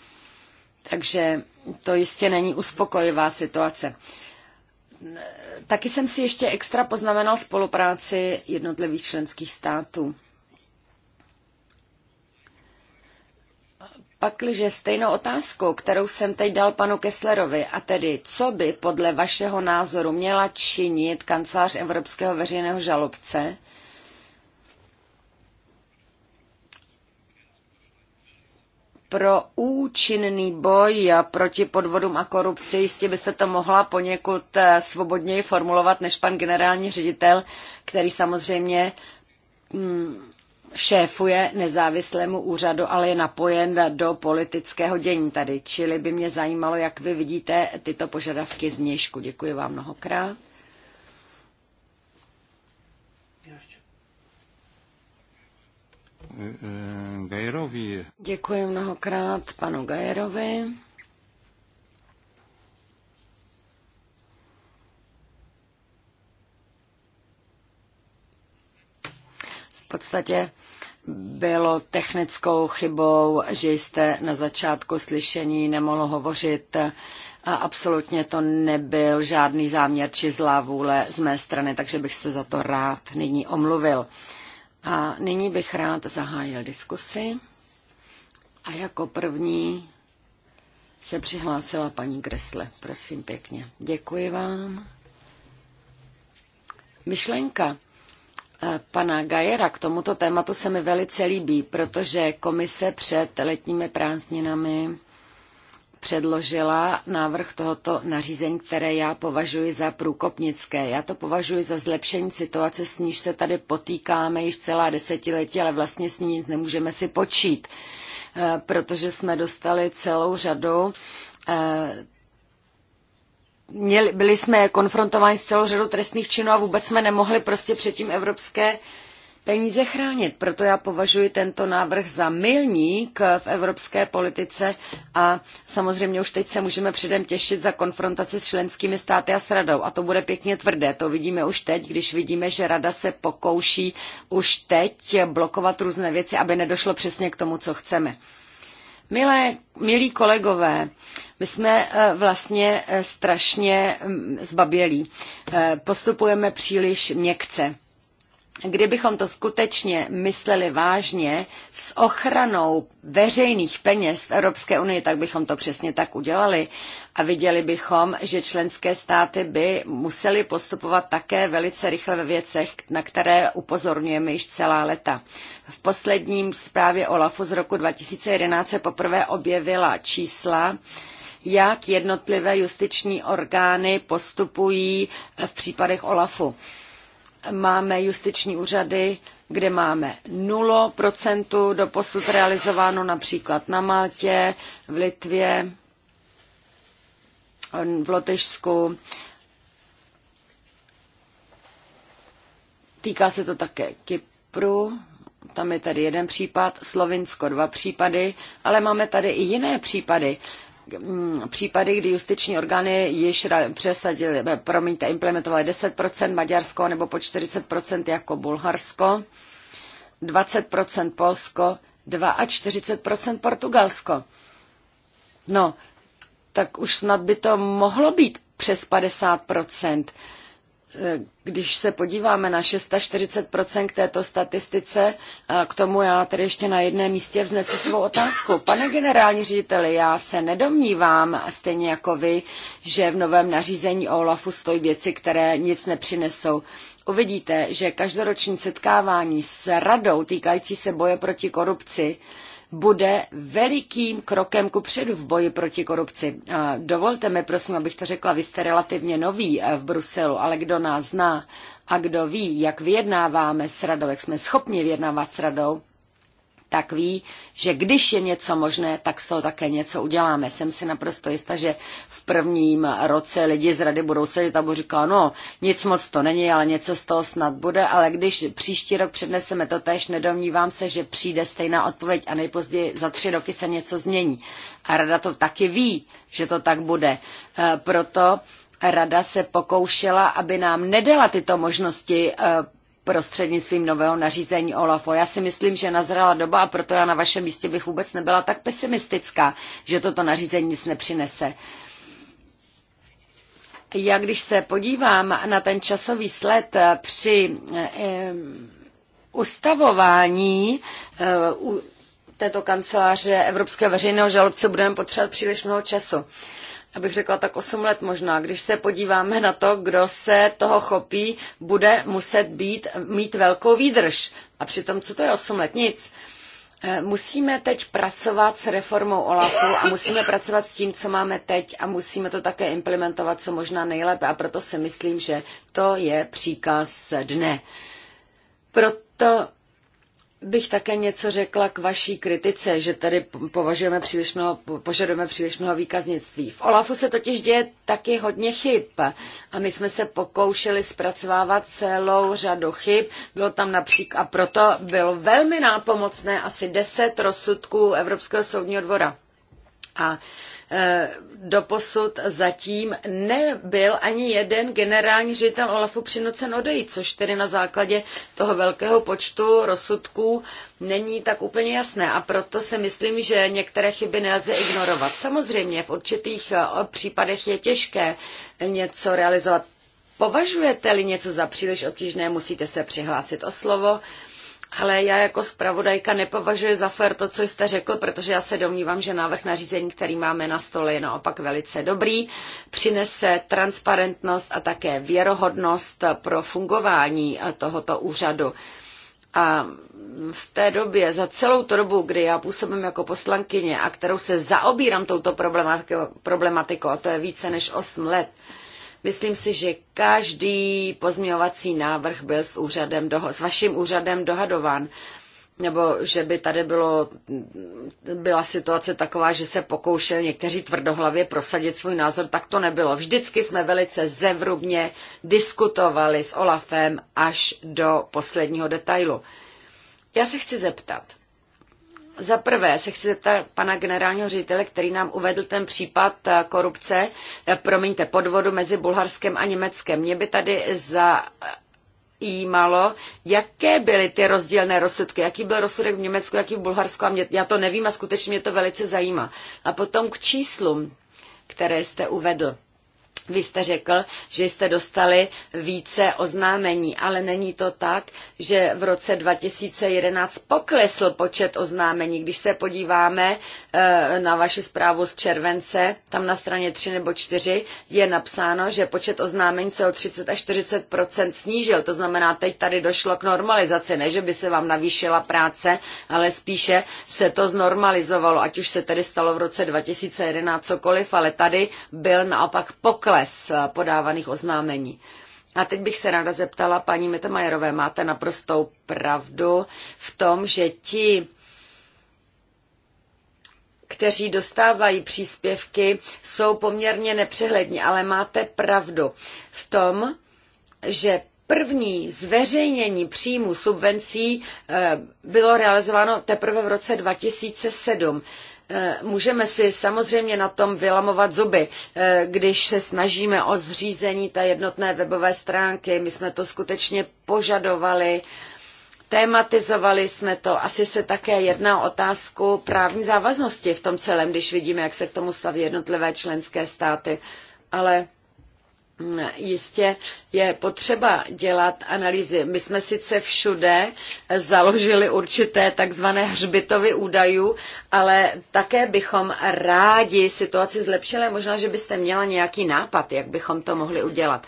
Takže to jistě není uspokojivá situace. Taky jsem si ještě extra poznamenal spolupráci jednotlivých členských států. Pakliže stejnou otázkou, kterou jsem teď dal panu Kesslerovi, a tedy co by podle vašeho názoru měla činit kancelář Evropského veřejného žalobce, pro účinný boj proti podvodům a korupci. Jistě byste to mohla poněkud eh, svobodněji formulovat než pan generální ředitel, který samozřejmě mm, šéfuje nezávislému úřadu, ale je napojen do politického dění tady. Čili by mě zajímalo, jak vy vidíte tyto požadavky z nějšku. Děkuji vám mnohokrát. Děkuji mnohokrát panu Gajerovi. podstatě bylo technickou chybou, že jste na začátku slyšení nemohl hovořit a absolutně to nebyl žádný záměr či zlá vůle z mé strany, takže bych se za to rád nyní omluvil. A nyní bych rád zahájil diskusi. A jako první se přihlásila paní Gresle. Prosím pěkně. Děkuji vám. Myšlenka, pana Gajera k tomuto tématu se mi velice líbí, protože komise před letními prázdninami předložila návrh tohoto nařízení, které já považuji za průkopnické. Já to považuji za zlepšení situace, s níž se tady potýkáme již celá desetiletí, ale vlastně s ní nic nemůžeme si počít, eh, protože jsme dostali celou řadu eh, měli, byli jsme konfrontováni s celou řadou trestných činů a vůbec jsme nemohli prostě předtím evropské peníze chránit. Proto já považuji tento návrh za milník v evropské politice a samozřejmě už teď se můžeme předem těšit za konfrontaci s členskými státy a s radou. A to bude pěkně tvrdé, to vidíme už teď, když vidíme, že rada se pokouší už teď blokovat různé věci, aby nedošlo přesně k tomu, co chceme. Milé, milí kolegové, my jsme eh, vlastně eh, strašně mm, zbabělí. Eh, postupujeme příliš měkce kdybychom to skutečně mysleli vážně s ochranou veřejných peněz v Evropské unii, tak bychom to přesně tak udělali a viděli bychom, že členské státy by museli postupovat také velice rychle ve věcech, na které upozorňujeme již celá léta. V posledním zprávě OLAFu z roku 2011 se poprvé objevila čísla, jak jednotlivé justiční orgány postupují v případech OLAFu máme justiční úřady, kde máme 0% do posud realizováno například na Maltě, v Litvě, v Lotyšsku. Týká se to také Kypru, tam je tady jeden případ, Slovinsko dva případy, ale máme tady i jiné případy. Mm, případy, kdy justiční orgány již přesadili, eh, promiňte, implementovali 10% Maďarsko nebo po 40% jako Bulharsko, 20% Polsko, 42% Portugalsko. No, tak už snad by to mohlo být přes 50%. Když se podíváme na 640% k této statistice, k tomu já tedy ještě na jedné místě vznesu svou otázku. Pane generální řediteli, já se nedomnívám, stejně jako vy, že v novém nařízení o OLAFu stojí věci, které nic nepřinesou. Uvidíte, že každoroční setkávání s radou týkající se boje proti korupci bude velikým krokem ku předu v boji proti korupci. Dovolte mi, prosím, abych to řekla, vy jste relativně nový eh, v Bruselu, ale kdo nás zná a kdo ví, jak vyjednáváme s radou, jak jsme schopni vyjednávat s radou, tak ví, že když je něco možné, tak z toho také něco uděláme. Jsem si naprosto jistá, že v prvním roce lidi z rady budou sedět a budou říkat, no, nic moc to není, ale něco z toho snad bude, ale když příští rok předneseme to tež, nedomnívám se, že přijde stejná odpověď a nejpozději za tři roky se něco změní. A rada to taky ví, že to tak bude. E, proto Rada se pokoušela, aby nám nedala tyto možnosti e, prostřednictvím nového nařízení OLAFu. Já si myslím, že nazrala doba a proto já na vašem místě bych vůbec nebyla tak pesimistická, že toto nařízení nic nepřinese. Já když se podívám na ten časový sled při eh, eh, ustavování eh, této kanceláře Evropského veřejného žalobce, budeme potřebovat příliš mnoho času abych řekla tak 8 let možná, když se podíváme na to, kdo se toho chopí, bude muset být, mít velkou výdrž. A přitom, co to je 8 let? Nic. Eh, musíme teď pracovat s reformou OLAFu a musíme pracovat s tím, co máme teď a musíme to také implementovat co možná nejlépe a proto si myslím, že to je příkaz dne. Proto bych také něco řekla k vaší kritice, že tady považujeme příliš mnoho, požadujeme příliš mnoho výkaznictví. V OLAFu se totiž děje taky hodně chyb a my jsme se pokoušeli zpracovávat celou řadu chyb. Bylo tam například, a proto bylo velmi nápomocné asi deset rozsudků Evropského soudního dvora. A e, doposud zatím nebyl ani jeden generální ředitel Olafu přinucen odejít, což tedy na základě toho velkého počtu rozsudků není tak úplně jasné a proto si myslím, že některé chyby nelze ignorovat. Samozřejmě v určitých eh, případech je těžké něco realizovat. Považujete-li něco za příliš obtížné, musíte se přihlásit o slovo ale já jako zpravodajka nepovažuji za fér to, co jste řekl, protože já se domnívám, že návrh na řízení, který máme na stole, je naopak velice dobrý. Přinese transparentnost a také věrohodnost pro fungování tohoto úřadu. A v té době, za celou tu dobu, kdy já působím jako poslankyně a kterou se zaobírám touto problematikou, a to je více než 8 let, Myslím si, že každý pozměňovací návrh byl s, úřadem doho- s vaším úřadem dohadován nebo že by tady bylo, byla situace taková, že se pokoušeli někteří tvrdohlavě prosadit svůj názor, tak to nebylo. Vždycky jsme velice zevrubně diskutovali s Olafem až do posledního detailu. Já se chci zeptat, za prvé se chci zeptat pana generálního ředitele, který nám uvedl ten případ eh, korupce, eh, promiňte, podvodu mezi Bulharskem a Německem. Mě by tady za jímalo, jaké byly ty rozdílné rozsudky, jaký byl rozsudek v Německu, jaký v Bulharsku a mě, já to nevím a skutečně mě to velice zajímá. A potom k číslům, které jste uvedl. Vy jste řekl, že jste dostali více oznámení, ale není to tak, že v roce 2011 poklesl počet oznámení. Když se podíváme eh, na vaši zprávu z července, tam na straně 3 nebo 4 je napsáno, že počet oznámení se o 30 až 40 snížil. To znamená, teď tady došlo k normalizaci. Ne, že by se vám navýšila práce, ale spíše se to znormalizovalo, ať už se tedy stalo v roce 2011 cokoliv, ale tady byl naopak pokles pokles eh, podávaných oznámení. A teď bych se ráda zeptala paní Metemajerové, máte naprostou pravdu v tom, že ti, kteří dostávají příspěvky, jsou poměrně nepřehlední, ale máte pravdu v tom, že první zveřejnění příjmu subvencí eh, bylo realizováno teprve v roce 2007. Eh, můžeme si samozřejmě na tom vylamovat zuby, eh, když se snažíme o zřízení té jednotné webové stránky. My jsme to skutečně požadovali, tematizovali jsme to. Asi se také jedná o otázku právní závaznosti v tom celém, když vidíme, jak se k tomu staví jednotlivé členské státy. Ale Jistě je potřeba dělat analýzy. My jsme sice všude založili určité takzvané hřbitovy údajů, ale také bychom rádi situaci zlepšili. Možná, že byste měla nějaký nápad, jak bychom to mohli udělat.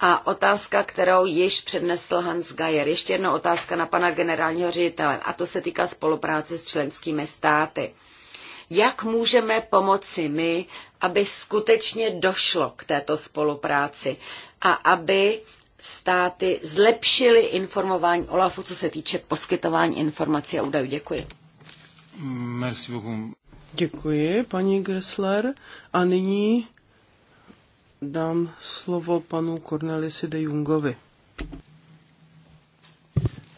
A otázka, kterou již přednesl Hans Geier. Ještě jedna otázka na pana generálního ředitele. A to se týká spolupráce s členskými státy. Jak můžeme pomoci my, aby skutečně došlo k této spolupráci a aby státy zlepšily informování OLAFu, co se týče poskytování informací a údajů. Děkuji. Merci beaucoup. Děkuji, paní Gressler. A nyní dám slovo panu Cornelisi de Jungovi.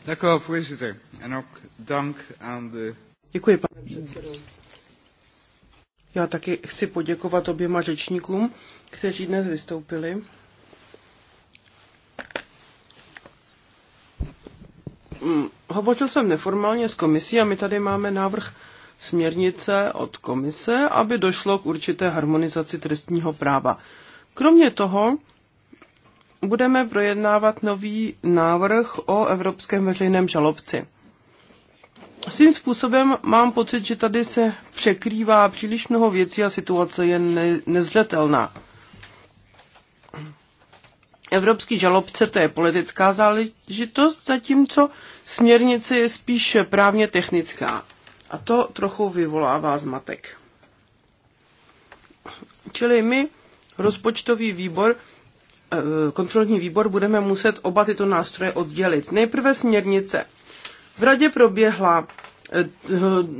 Děkuji, voorzitter. En ook Děkuji, pane předsedo. Já taky chci poděkovat oběma řečníkům, kteří dnes vystoupili. Mm, hovořil jsem neformálně s komisí a my tady máme návrh směrnice od komise, aby došlo k určité harmonizaci trestního práva. Kromě toho budeme projednávat nový návrh o evropském veřejném žalobci svým způsobem mám pocit, že tady se překrývá příliš mnoho věcí a situace je ne- nezřetelná. Evropský žalobce to je politická záležitost, zatímco směrnice je spíše právně technická. A to trochu vyvolává zmatek. Čili my, rozpočtový výbor, eh, kontrolní výbor, budeme muset oba tyto nástroje oddělit. Nejprve směrnice – v radě proběhla eh,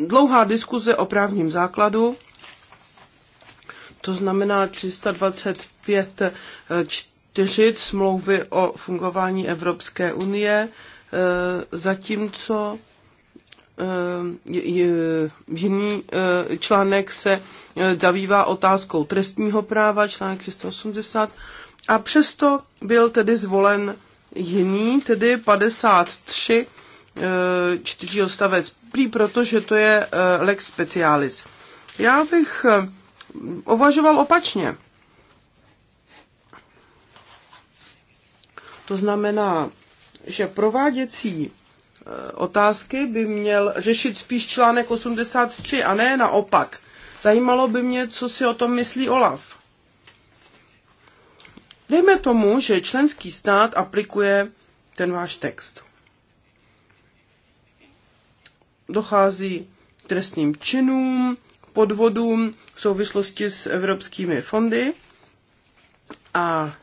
dlouhá diskuze o právním základu, to znamená 325 eh, smlouvy o fungování Evropské unie, eh, zatímco jiný článek se zabývá otázkou trestního práva, článek 380, a přesto byl tedy zvolen jiný, tedy 53 Eh, čtvrtý odstavec, prý protože to je eh, lex specialis. Já bych uvažoval eh, opačně. To znamená, že prováděcí otázky by měl řešit spíš článek 83 a ne naopak. Zajímalo by mě, co si o tom myslí Olaf. Dejme tomu, že členský stát aplikuje ten váš text dochází k trestním činům, podvodům v souvislosti s evropskými fondy a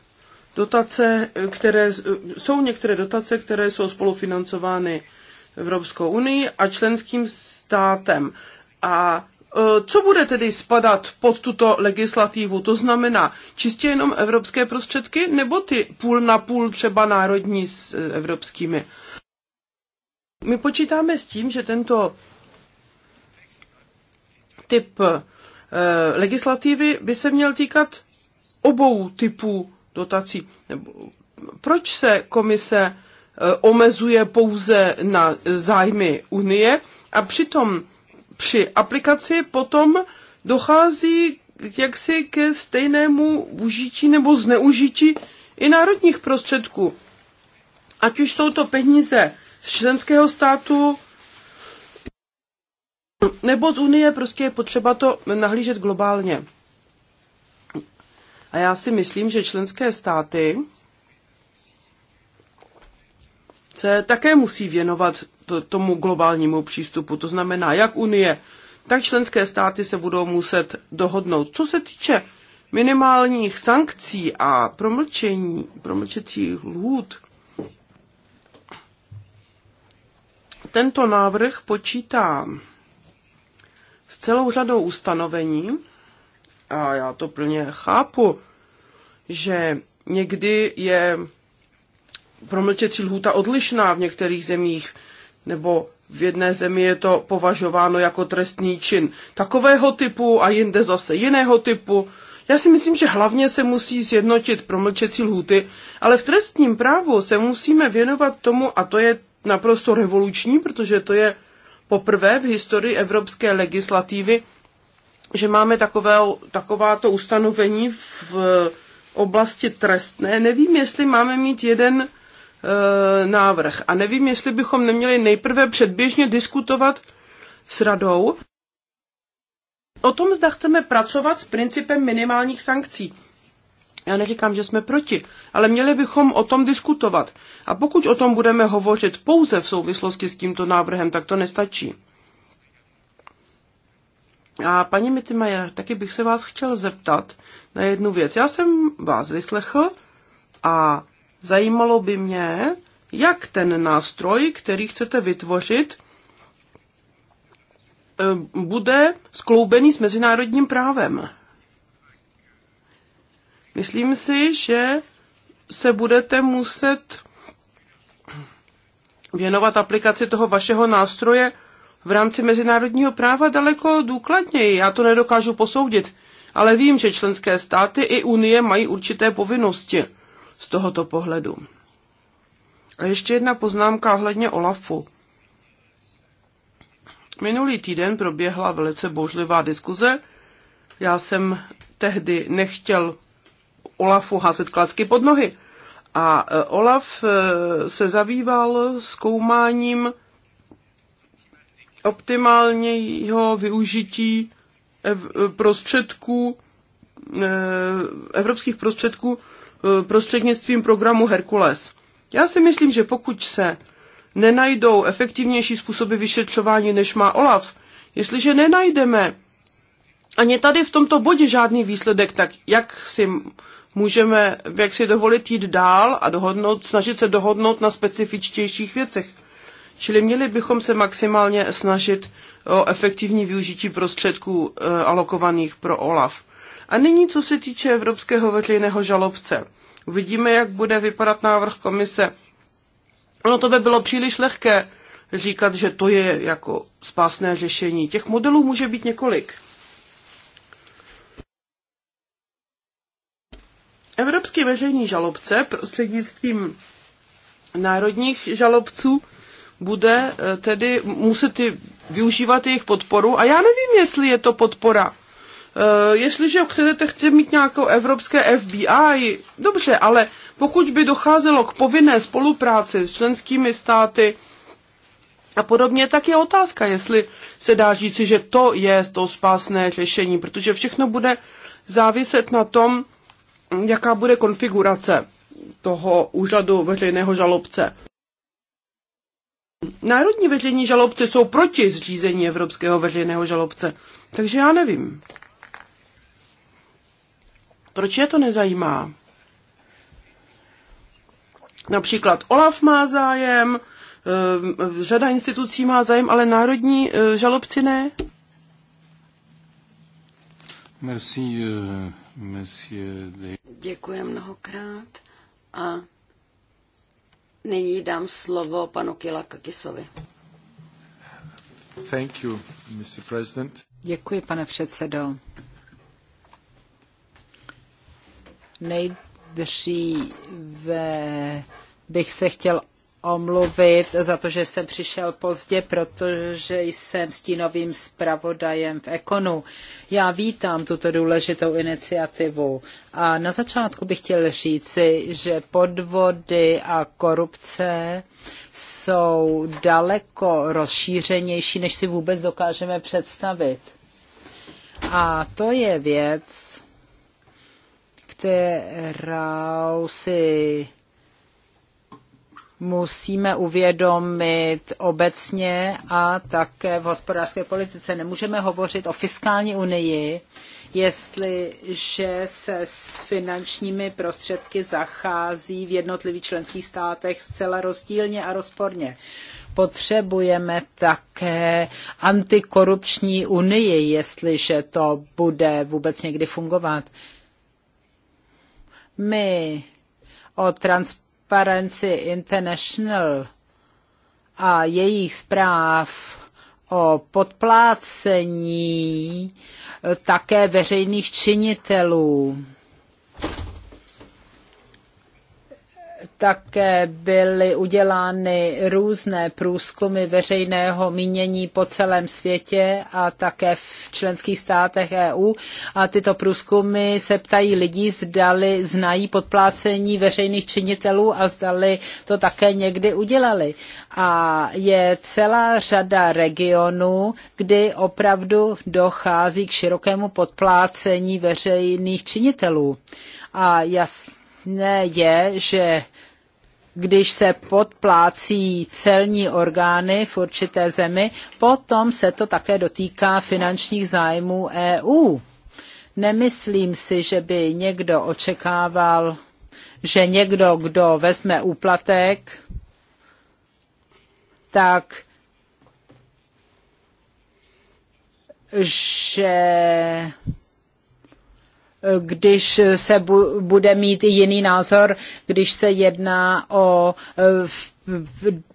dotace, které, jsou některé dotace, které jsou spolufinancovány Evropskou unii a členským státem. A e, co bude tedy spadat pod tuto legislativu? To znamená čistě jenom evropské prostředky nebo ty půl na půl třeba národní s e, evropskými? My počítáme s tím, že tento typ eh, legislativy by se měl týkat obou typů dotací. Nebo proč se komise eh, omezuje pouze na zájmy Unie a přitom při aplikaci potom dochází jaksi ke stejnému užití nebo zneužití i národních prostředků. Ať už jsou to peníze členského státu nebo z Unie, prostě je potřeba to nahlížet globálně. A já si myslím, že členské státy se také musí věnovat to, tomu globálnímu přístupu. To znamená, jak Unie, tak členské státy se budou muset dohodnout. Co se týče minimálních sankcí a promlčení, promlčecích lhůt, Tento návrh počítá s celou řadou ustanovení, a já to plně chápu, že někdy je promlčecí lhůta odlišná v některých zemích, nebo v jedné zemi je to považováno jako trestný čin takového typu a jinde zase jiného typu. Já si myslím, že hlavně se musí sjednotit promlčecí lhuty, ale v trestním právu se musíme věnovat tomu, a to je naprosto revoluční, protože to je poprvé v historii evropské legislativy, že máme takové, takováto ustanovení v oblasti trestné. Nevím, jestli máme mít jeden e, návrh a nevím, jestli bychom neměli nejprve předběžně diskutovat s radou o tom, zda chceme pracovat s principem minimálních sankcí. Já neříkám, že jsme proti ale měli bychom o tom diskutovat. A pokud o tom budeme hovořit pouze v souvislosti s tímto návrhem, tak to nestačí. A paní Mittimajer, taky bych se vás chtěl zeptat na jednu věc. Já jsem vás vyslechl a zajímalo by mě, jak ten nástroj, který chcete vytvořit, eh, bude skloubený s mezinárodním právem. Myslím si, že se budete muset věnovat aplikaci toho vašeho nástroje v rámci mezinárodního práva daleko důkladněji. Já to nedokážu posoudit, ale vím, že členské státy i Unie mají určité povinnosti z tohoto pohledu. A ještě jedna poznámka hledně Olafu. Minulý týden proběhla velice bouřlivá diskuze. Já jsem tehdy nechtěl Olafu házet klacky pod nohy. A e, Olaf e, se zabýval zkoumáním optimálního využití prostředků, e, evropských prostředků prostřednictvím programu Herkules. Já si myslím, že pokud se nenajdou efektivnější způsoby vyšetřování, než má OLAF, jestliže nenajdeme ani tady v tomto bodě žádný výsledek, tak jak si můžeme jak si dovolit jít dál a dohodnout, snažit se dohodnout na specifičtějších věcech. Čili měli bychom se maximálně snažit o efektivní využití prostředků e, alokovaných pro OLAF. A nyní, co se týče Evropského veřejného žalobce. Uvidíme, jak bude vypadat návrh komise. Ono to by bylo příliš lehké říkat, že to je jako spásné řešení. Těch modelů může být několik. Evropský veřejný žalobce prostřednictvím národních žalobců bude eh, tedy muset využívat jejich podporu a já nevím, jestli je to podpora. Eh, jestliže chcete, chcete mít nějakou evropské FBI, dobře, ale pokud by docházelo k povinné spolupráci s členskými státy, a podobně, tak je otázka, jestli se dá říci, že to je to spásné řešení, protože všechno bude záviset na tom, jaká bude konfigurace toho úřadu veřejného žalobce. Národní veřejní žalobce jsou proti zřízení Evropského veřejného žalobce, takže já nevím. Proč je to nezajímá? Například OLAF má zájem, eh, řada institucí má zájem, ale národní eh, žalobci ne. Merci. Uh... Děkuji mnohokrát a nyní dám slovo panu Kila Kakisovi. Thank you, Mr. President. Děkuji, pane předsedo. Nejdříve bych se chtěl omluvit za to, že jsem přišel pozdě, protože jsem stínovým zpravodajem v Ekonu. Já vítám tuto důležitou iniciativu a na začátku bych chtěl říci, že podvody a korupce jsou daleko rozšířenější, než si vůbec dokážeme představit. A to je věc, kterou si musíme uvědomit obecně a také v hospodářské politice. Nemůžeme hovořit o fiskální unii, jestliže se s finančními prostředky zachází v jednotlivých členských státech zcela rozdílně a rozporně. Potřebujeme také antikorupční unii, jestliže to bude vůbec někdy fungovat. My o transparentnosti Transparency International a jejich zpráv o podplácení také veřejných činitelů také byly udělány různé průzkumy veřejného mínění po celém světě a také v členských státech EU. A tyto průzkumy se ptají lidí, zdali znají podplácení veřejných činitelů a zdali to také někdy udělali. A je celá řada regionů, kdy opravdu dochází k širokému podplácení veřejných činitelů. A jasné je, že když se podplácí celní orgány v určité zemi, potom se to také dotýká finančních zájmů EU. Nemyslím si, že by někdo očekával, že někdo, kdo vezme úplatek, tak že když se bude mít i jiný názor, když se jedná o eh,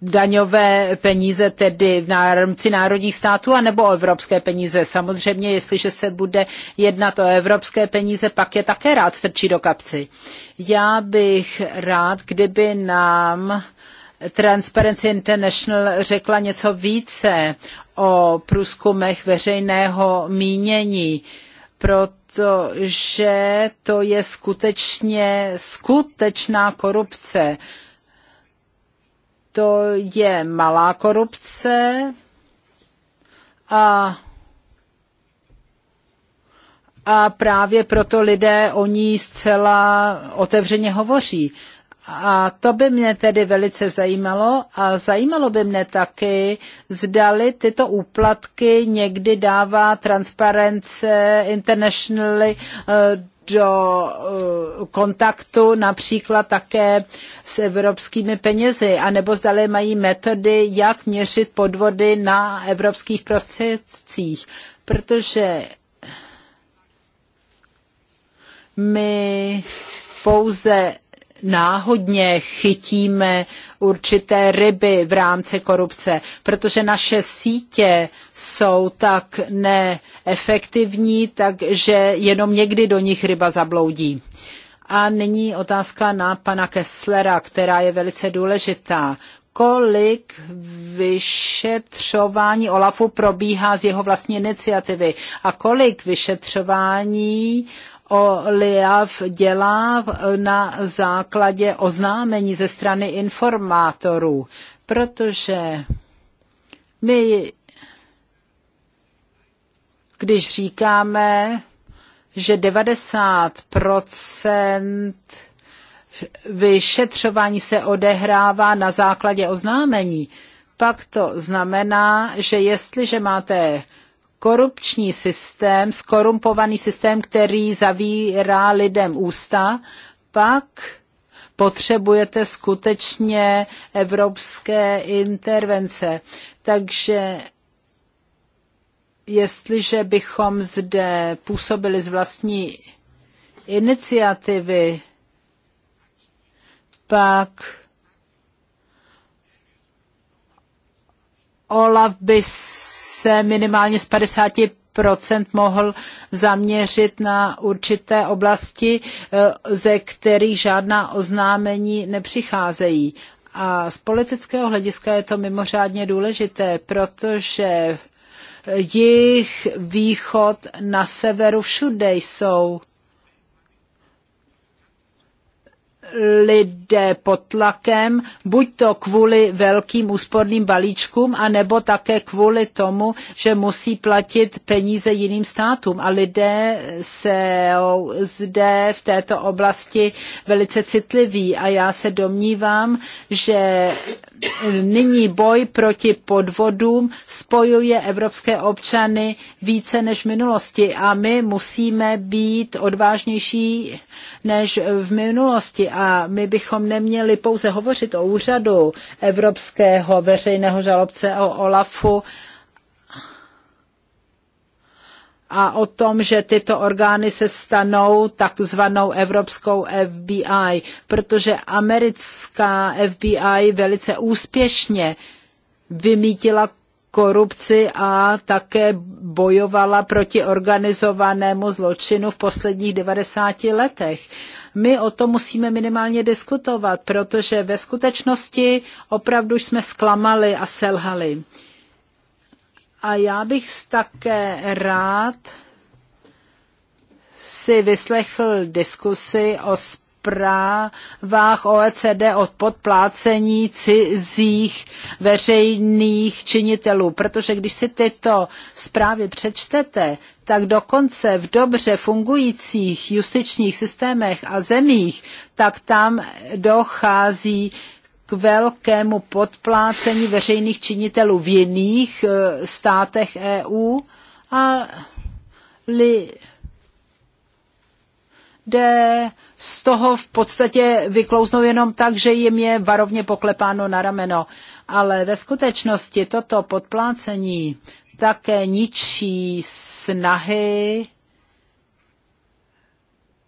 daňové peníze tedy v rámci národních států anebo o evropské peníze. Samozřejmě, jestliže se bude jednat o evropské peníze, pak je také rád strčí do kapsy. Já bych rád, kdyby nám Transparency International řekla něco více o průzkumech veřejného mínění, proto protože to je skutečně skutečná korupce. To je malá korupce a a právě proto lidé o ní zcela otevřeně hovoří. A to by mě tedy velice zajímalo a zajímalo by mě taky, zdali tyto úplatky někdy dává Transparence International eh, do eh, kontaktu například také s evropskými penězi, anebo zdali mají metody, jak měřit podvody na evropských prostředcích, protože my pouze náhodně chytíme určité ryby v rámci korupce, protože naše sítě jsou tak neefektivní, takže jenom někdy do nich ryba zabloudí. A nyní otázka na pana Kesslera, která je velice důležitá kolik vyšetřování Olafu probíhá z jeho vlastní iniciativy a kolik vyšetřování OLIAV dělá na základě oznámení ze strany informátorů, protože my, když říkáme, že 90 vyšetřování se odehrává na základě oznámení, pak to znamená, že jestliže máte korupční systém, skorumpovaný systém, který zavírá lidem ústa, pak potřebujete skutečně evropské intervence. Takže jestliže bychom zde působili z vlastní iniciativy, pak Olaf by se minimálně z 50 procent mohl zaměřit na určité oblasti, eh, ze kterých žádná oznámení nepřicházejí. A z politického hlediska je to mimořádně důležité, protože jich východ na severu všude jsou lidé pod tlakem, buď to kvůli velkým úsporným balíčkům, anebo také kvůli tomu, že musí platit peníze jiným státům. A lidé se zde v této oblasti velice citliví a já se domnívám, že nyní boj proti podvodům spojuje evropské občany více než v minulosti a my musíme být odvážnější než v minulosti a my bychom neměli pouze hovořit o úřadu evropského veřejného žalobce o OLAFu, a o tom, že tyto orgány se stanou takzvanou evropskou FBI, protože americká FBI velice úspěšně vymítila korupci a také bojovala proti organizovanému zločinu v posledních 90 letech. My o tom musíme minimálně diskutovat, protože ve skutečnosti opravdu jsme zklamali a selhali. A já bych také rád si vyslechl diskusi o zprávách OECD o podplácení cizích veřejných činitelů, protože když si tyto zprávy přečtete, tak dokonce v dobře fungujících justičních systémech a zemích, tak tam dochází k velkému podplácení veřejných činitelů v jiných e, státech EU a jde z toho v podstatě vyklouznou jenom tak, že jim je varovně poklepáno na rameno. Ale ve skutečnosti toto podplácení také ničí snahy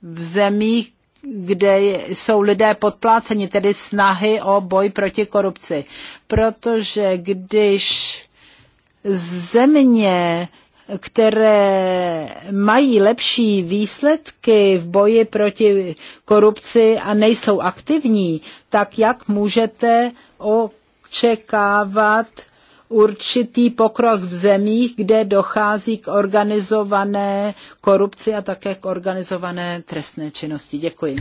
v zemích, kde jsou lidé podpláceni, tedy snahy o boj proti korupci. Protože když země, které mají lepší výsledky v boji proti korupci a nejsou aktivní, tak jak můžete očekávat určitý pokrok v zemích, kde dochází k organizované korupci a také k organizované trestné činnosti. Děkuji.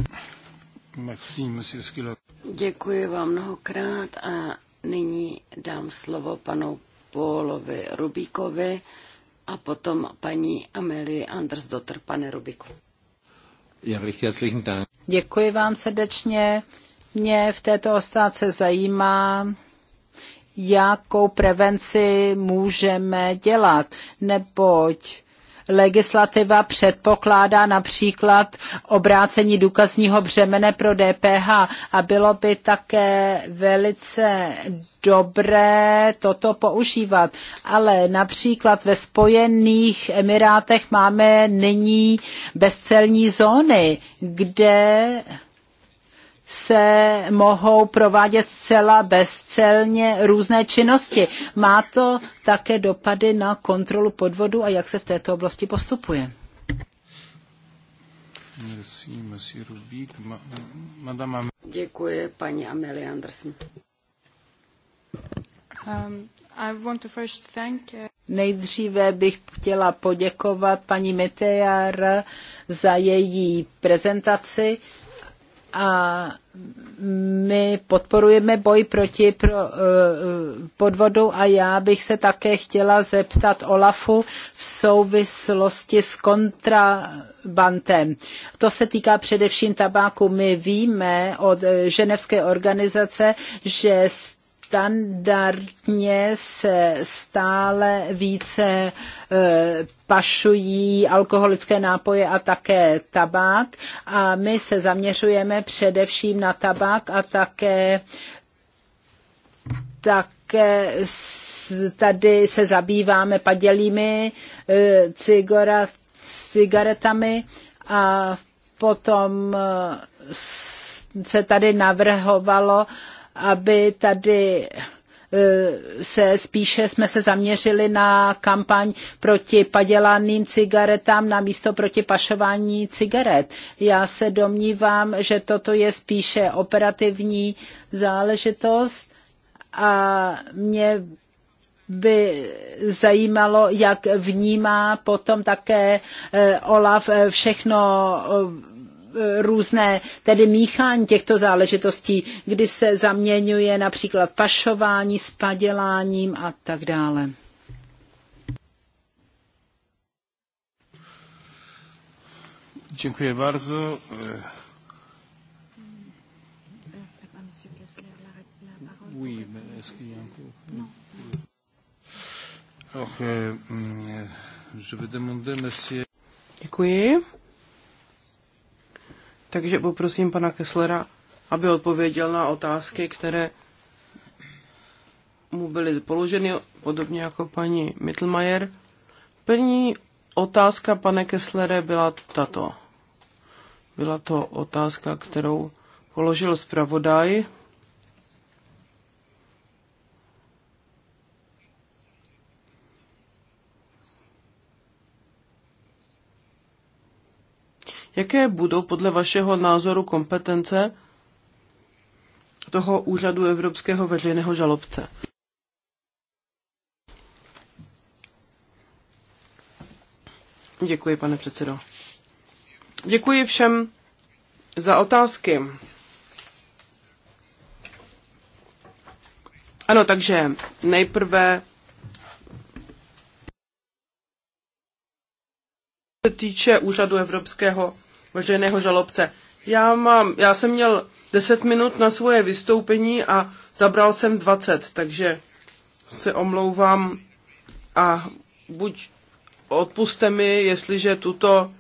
Děkuji vám mnohokrát a nyní dám slovo panu Pólovi Rubíkovi a potom paní Amelie Andersdotter. Pane Rubiku. Děkuji vám srdečně. Mě v této ostáce zajímá, jakou prevenci můžeme dělat, neboť legislativa předpokládá například obrácení důkazního břemene pro DPH a bylo by také velice dobré toto používat. Ale například ve Spojených Emirátech máme nyní bezcelní zóny, kde se mohou provádět zcela bezcelně různé činnosti. Má to také dopady na kontrolu podvodu a jak se v této oblasti postupuje? Děkuji, paní Amelie Anderson. Um, uh, Nejdříve bych chtěla poděkovat paní Meteor za její prezentaci a my podporujeme boj proti pro, eh, podvodu a já bych se také chtěla zeptat Olafu v souvislosti s kontrabantem. To se týká především tabáku. My víme od eh, ženevské organizace, že standardně se stále více e, pašují alkoholické nápoje a také tabák. A my se zaměřujeme především na tabák a také, také tady se zabýváme padělými e, cigora, cigaretami a potom e, se tady navrhovalo aby tady eh, se spíše jsme se zaměřili na kampaň proti padělaným cigaretám na místo proti pašování cigaret. Já se domnívám, že toto je spíše operativní záležitost a mě by zajímalo, jak vnímá potom také eh, Olaf eh, všechno různé tedy míchání těchto záležitostí, kdy se zaměňuje například pašování s paděláním a tak dále. Dziękuję bardzo. Oh, euh, mm, Děkuji. Takže poprosím pana Kesslera, aby odpověděl na otázky, které mu byly položeny, podobně jako paní Mittelmeier. První otázka, pane Kesslere, byla tato. Byla to otázka, kterou položil zpravodaj Jaké budou podle vašeho názoru kompetence toho úřadu Evropského veřejného žalobce? Děkuji, pane předsedo. Děkuji všem za otázky. Ano, takže nejprve se týče úřadu Evropského veřejného žalobce. Já, mám, já jsem měl 10 minut na svoje vystoupení a zabral jsem 20, takže se omlouvám a buď odpuste mi, jestliže tuto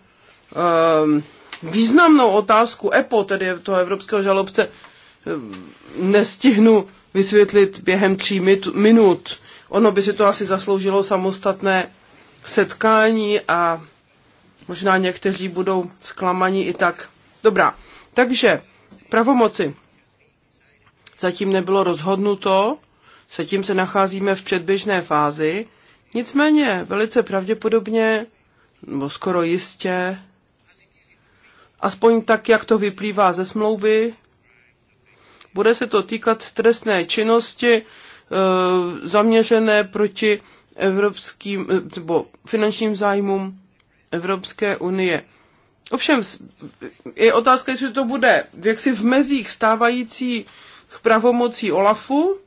um, významnou otázku EPO, tedy toho evropského žalobce, ehm, nestihnu vysvětlit během tří minut. Ono by si to asi zasloužilo samostatné setkání a Možná někteří budou zklamaní i tak. Dobrá, takže pravomoci. Zatím nebylo rozhodnuto, zatím se nacházíme v předběžné fázi, nicméně velice pravděpodobně, nebo skoro jistě, aspoň tak, jak to vyplývá ze smlouvy, bude se to týkat trestné činnosti e, zaměřené proti evropským e, nebo finančním zájmům Evropské unie. Ovšem, je otázka, jestli to bude jaksi v mezích stávající pravomocí OLAFu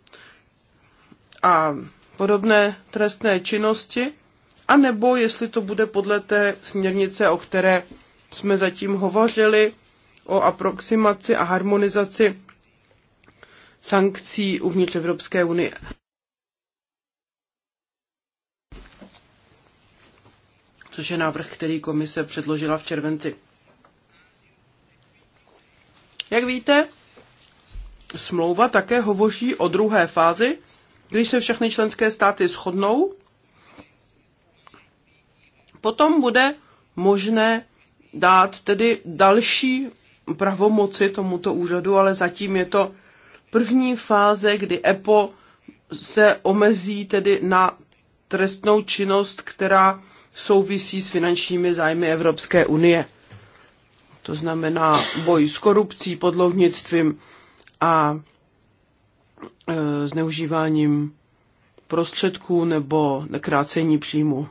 a podobné trestné činnosti, anebo jestli to bude podle té směrnice, o které jsme zatím hovořili, o aproximaci a harmonizaci sankcí uvnitř Evropské unie. což je návrh, který komise předložila v červenci. Jak víte, smlouva také hovoří o druhé fázi, když se všechny členské státy shodnou, potom bude možné dát tedy další pravomoci tomuto úřadu, ale zatím je to první fáze, kdy EPO se omezí tedy na trestnou činnost, která souvisí s finančními zájmy Evropské unie. To znamená boj s korupcí, podlovnictvím a e, zneužíváním prostředků nebo nekrácení příjmu.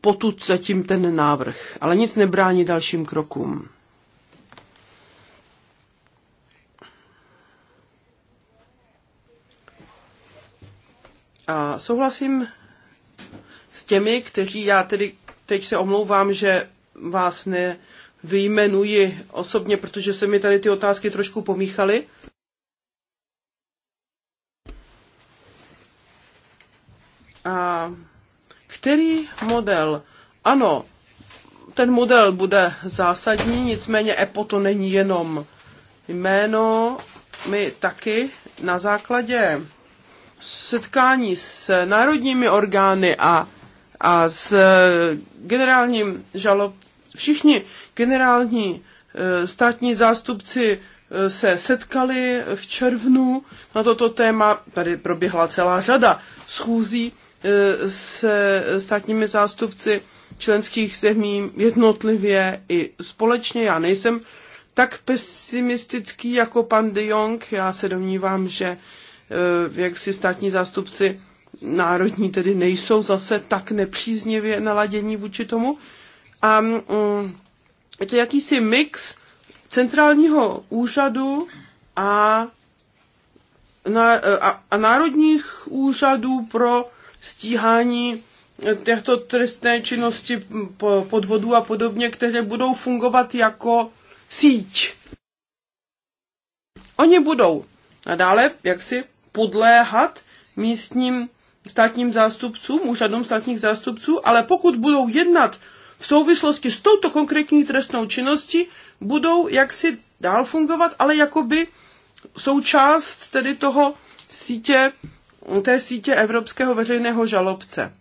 Potud zatím ten návrh, ale nic nebrání dalším krokům. A souhlasím s těmi, kteří já tedy teď se omlouvám, že vás nevyjmenuji osobně, protože se mi tady ty otázky trošku pomíchaly. A který model? Ano, ten model bude zásadní, nicméně EPO to není jenom jméno. My taky na základě setkání s národními orgány a a s eh, generálním žalob, všichni generální eh, státní zástupci eh, se setkali v červnu na toto téma. Tady proběhla celá řada schůzí se státními zástupci členských zemí jednotlivě i společně. Já nejsem tak pesimistický jako pan de Jong. Já se domnívám, že jak si státní zástupci národní tedy nejsou zase tak nepříznivě naladění vůči tomu. A um, je to jakýsi mix centrálního úřadu a, na, a, a národních úřadů pro stíhání těchto trestné činnosti podvodů a podobně, které budou fungovat jako síť. Oni budou nadále jaksi podléhat místním státním zástupcům, úřadům státních zástupců, ale pokud budou jednat v souvislosti s touto konkrétní trestnou činností, budou jaksi dál fungovat, ale jakoby součást tedy toho sítě, té sítě Evropského veřejného žalobce.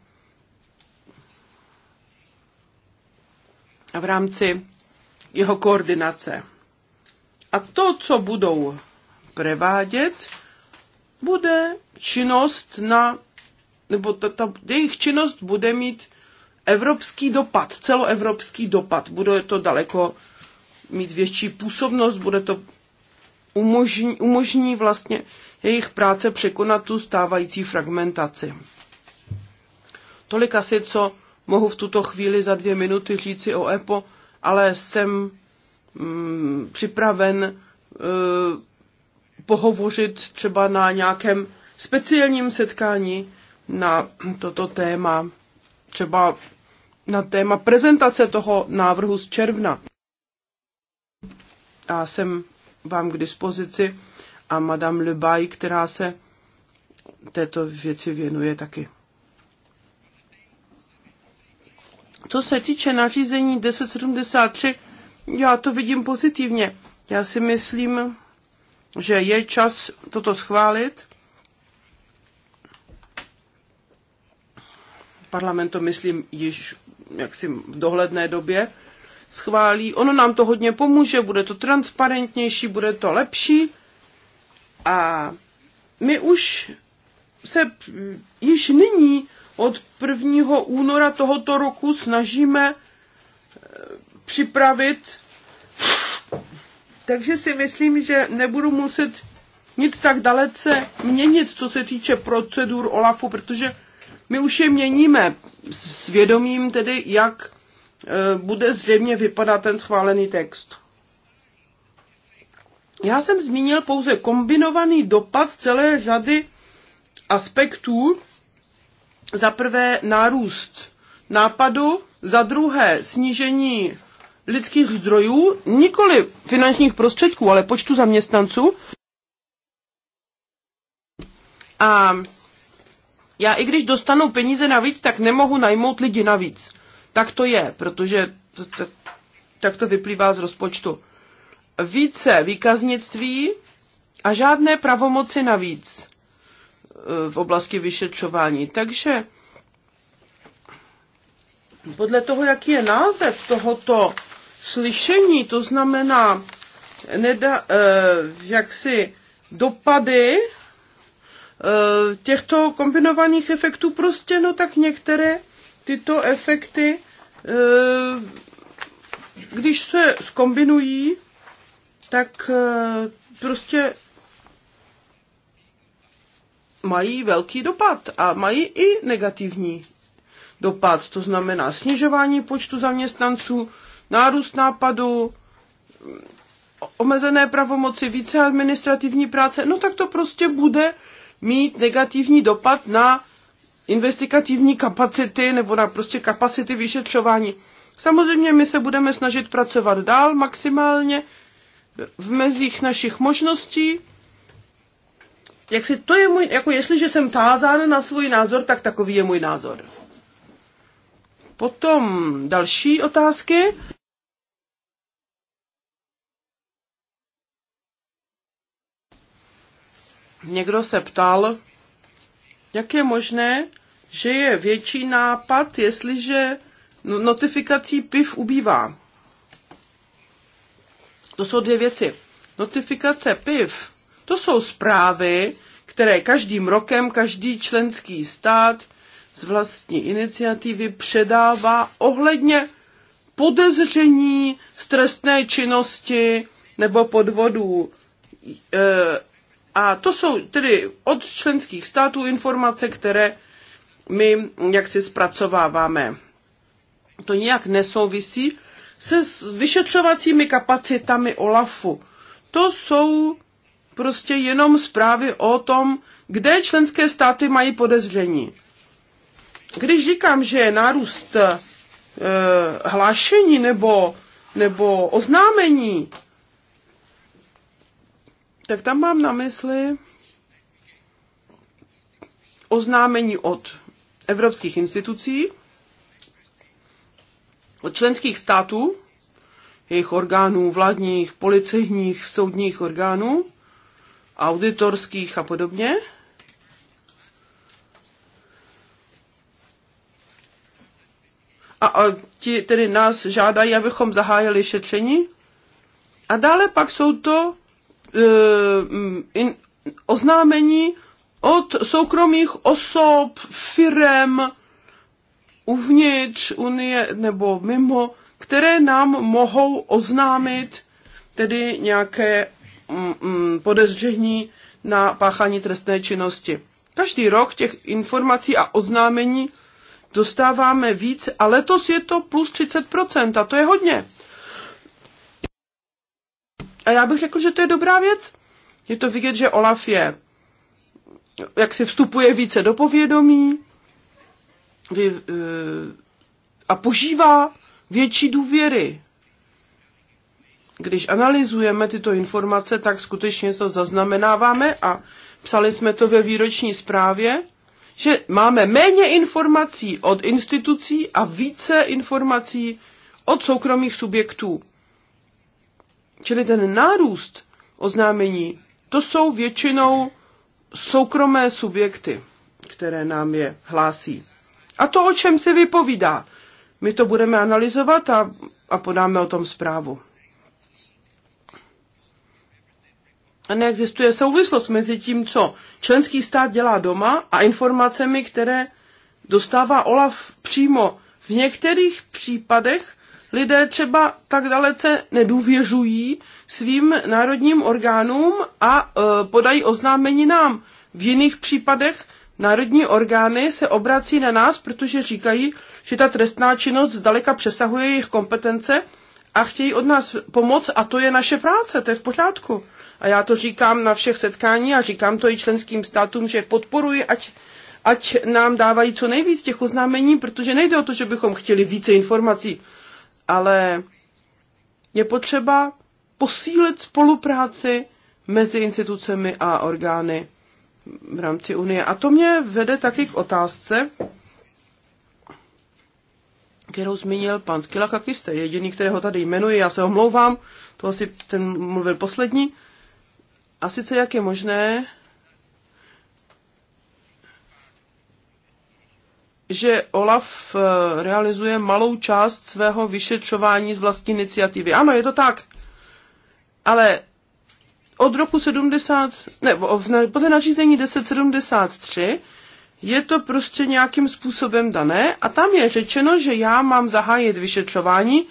A v rámci jeho koordinace. A to, co budou prevádět, bude činnost na nebo ta, ta jejich činnost bude mít evropský dopad, celoevropský dopad. Bude to daleko mít větší působnost, bude to umožní, umožní vlastně jejich práce překonat tu stávající fragmentaci. Tolik asi, co mohu v tuto chvíli za dvě minuty říci o EPO, ale jsem mm, připraven e, pohovořit třeba na nějakém speciálním setkání na toto téma, třeba na téma prezentace toho návrhu z června. Já jsem vám k dispozici a Madame Lebaj, která se této věci věnuje taky. Co se týče nařízení 1073, já to vidím pozitivně. Já si myslím, že je čas toto schválit parlamentu, myslím, již jaksi v dohledné době schválí. Ono nám to hodně pomůže, bude to transparentnější, bude to lepší. A my už se již nyní od 1. února tohoto roku snažíme eh, připravit. Takže si myslím, že nebudu muset nic tak dalece měnit, co se týče procedur OLAFu, protože my už je měníme svědomím tedy, jak e, bude zřejmě vypadat ten schválený text. Já jsem zmínil pouze kombinovaný dopad celé řady aspektů. Za prvé nárůst nápadu, za druhé snížení lidských zdrojů, nikoli finančních prostředků, ale počtu zaměstnanců. A já i když dostanu peníze navíc, tak nemohu najmout lidi navíc. Tak to je, protože to, to, tak to vyplývá z rozpočtu. Více výkaznictví a žádné pravomoci navíc eh, v oblasti vyšetřování. Takže podle toho, jaký je název tohoto slyšení, to znamená, neda, eh, jaksi dopady Eh, těchto kombinovaných efektů prostě, no tak některé tyto efekty, eh, když se skombinují, tak eh, prostě mají velký dopad a mají i negativní dopad. To znamená snižování počtu zaměstnanců, nárůst nápadů, omezené pravomoci, více administrativní práce. No tak to prostě bude mít negativní dopad na investigativní kapacity nebo na prostě kapacity vyšetřování. Samozřejmě my se budeme snažit pracovat dál maximálně v mezích našich možností. Jak si to je můj, jako jestliže jsem tázán na svůj názor, tak takový je můj názor. Potom další otázky. Někdo se ptal, jak je možné, že je větší nápad, jestliže no- notifikací PIV ubývá. To jsou dvě věci. Notifikace PIV, to jsou zprávy, které každým rokem každý členský stát z vlastní iniciativy předává ohledně podezření z trestné činnosti nebo podvodů. E, a to jsou tedy od členských států informace, které my jak si zpracováváme. To nijak nesouvisí se s vyšetřovacími kapacitami OLAFu. To jsou prostě jenom zprávy o tom, kde členské státy mají podezření. Když říkám, že je nárůst e, hlášení nebo, nebo oznámení, tak tam mám na mysli oznámení od evropských institucí, od členských států, jejich orgánů, vládních, policejních, soudních orgánů, auditorských a podobně. A, a ti tedy nás žádají, abychom zahájili šetření. A dále pak jsou to Eh, in, oznámení od soukromých osob, firem, uvnitř Unie nebo mimo, které nám mohou oznámit tedy nějaké mm, mm, podezření na páchání trestné činnosti. Každý rok těch informací a oznámení dostáváme víc a letos je to plus 30%, a to je hodně. A já bych řekl, že to je dobrá věc. Je to vidět, že Olaf je, jak si vstupuje více do povědomí vy, eh, a požívá větší důvěry. Když analyzujeme tyto informace, tak skutečně to zaznamenáváme a psali jsme to ve výroční zprávě, že máme méně informací od institucí a více informací od soukromých subjektů. Čili ten nárůst oznámení, to jsou většinou soukromé subjekty, které nám je hlásí. A to, o čem se vypovídá, my to budeme analyzovat a, a podáme o tom zprávu. A neexistuje souvislost mezi tím, co členský stát dělá doma a informacemi, které dostává OLAF přímo. V některých případech lidé třeba tak dalece nedůvěřují svým národním orgánům a e, podají oznámení nám. V jiných případech národní orgány se obrací na nás, protože říkají, že ta trestná činnost zdaleka přesahuje jejich kompetence a chtějí od nás pomoc a to je naše práce, to je v pořádku. A já to říkám na všech setkání a říkám to i členským státům, že podporuji, ať, ať nám dávají co nejvíc těch oznámení, protože nejde o to, že bychom chtěli více informací ale je potřeba posílit spolupráci mezi institucemi a orgány v rámci Unie. A to mě vede taky k otázce, kterou zmínil pan Skilakakis, to jediný, kterého tady jmenuji, já se omlouvám, to asi ten mluvil poslední. A sice jak je možné, že Olaf eh, realizuje malou část svého vyšetřování z vlastní iniciativy. Ano, je to tak. Ale od roku 70, ne, podle nařízení 1073 je to prostě nějakým způsobem dané a tam je řečeno, že já mám zahájit vyšetřování,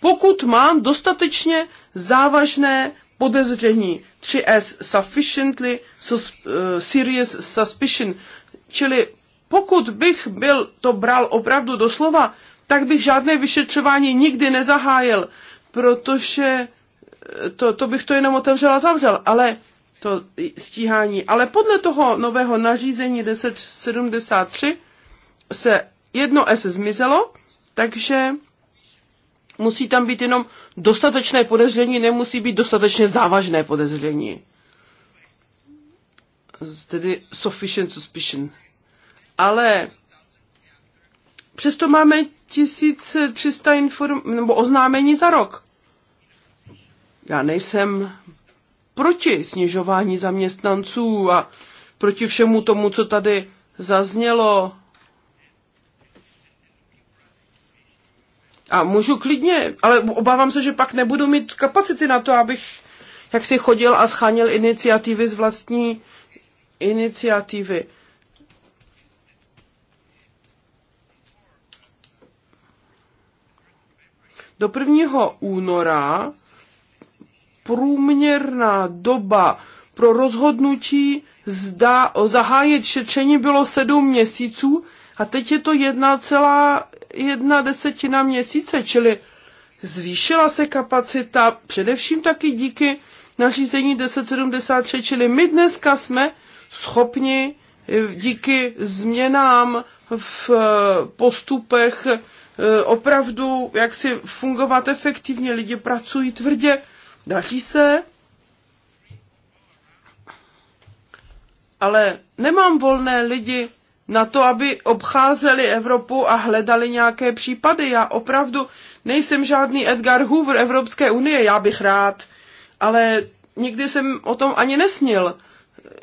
pokud mám dostatečně závažné podezření. 3S sufficiently sus, uh, serious suspicion, čili pokud bych byl to bral opravdu doslova, tak bych žádné vyšetřování nikdy nezahájil, protože e, to, to bych to jenom otevřel a zavřel, ale to stíhání. Ale podle toho nového nařízení 1073 se jedno S zmizelo, takže musí tam být jenom dostatečné podezření, nemusí být dostatečně závažné podezření. Tedy sufficient suspicion ale přesto máme 1300 inform- nebo oznámení za rok. Já nejsem proti snižování zaměstnanců a proti všemu tomu, co tady zaznělo. A můžu klidně, ale obávám se, že pak nebudu mít kapacity na to, abych jak si chodil a scháněl iniciativy z vlastní iniciativy. Do 1. února průměrná doba pro rozhodnutí zda o zahájit šetření bylo 7 měsíců a teď je to 1,1 desetina měsíce, čili zvýšila se kapacita především taky díky nařízení 1073, čili my dneska jsme schopni eh, díky změnám v eh, postupech E, opravdu jak si fungovat efektivně, lidi pracují tvrdě, daří se, ale nemám volné lidi na to, aby obcházeli Evropu a hledali nějaké případy. Já opravdu nejsem žádný Edgar Hoover Evropské unie, já bych rád, ale nikdy jsem o tom ani nesnil.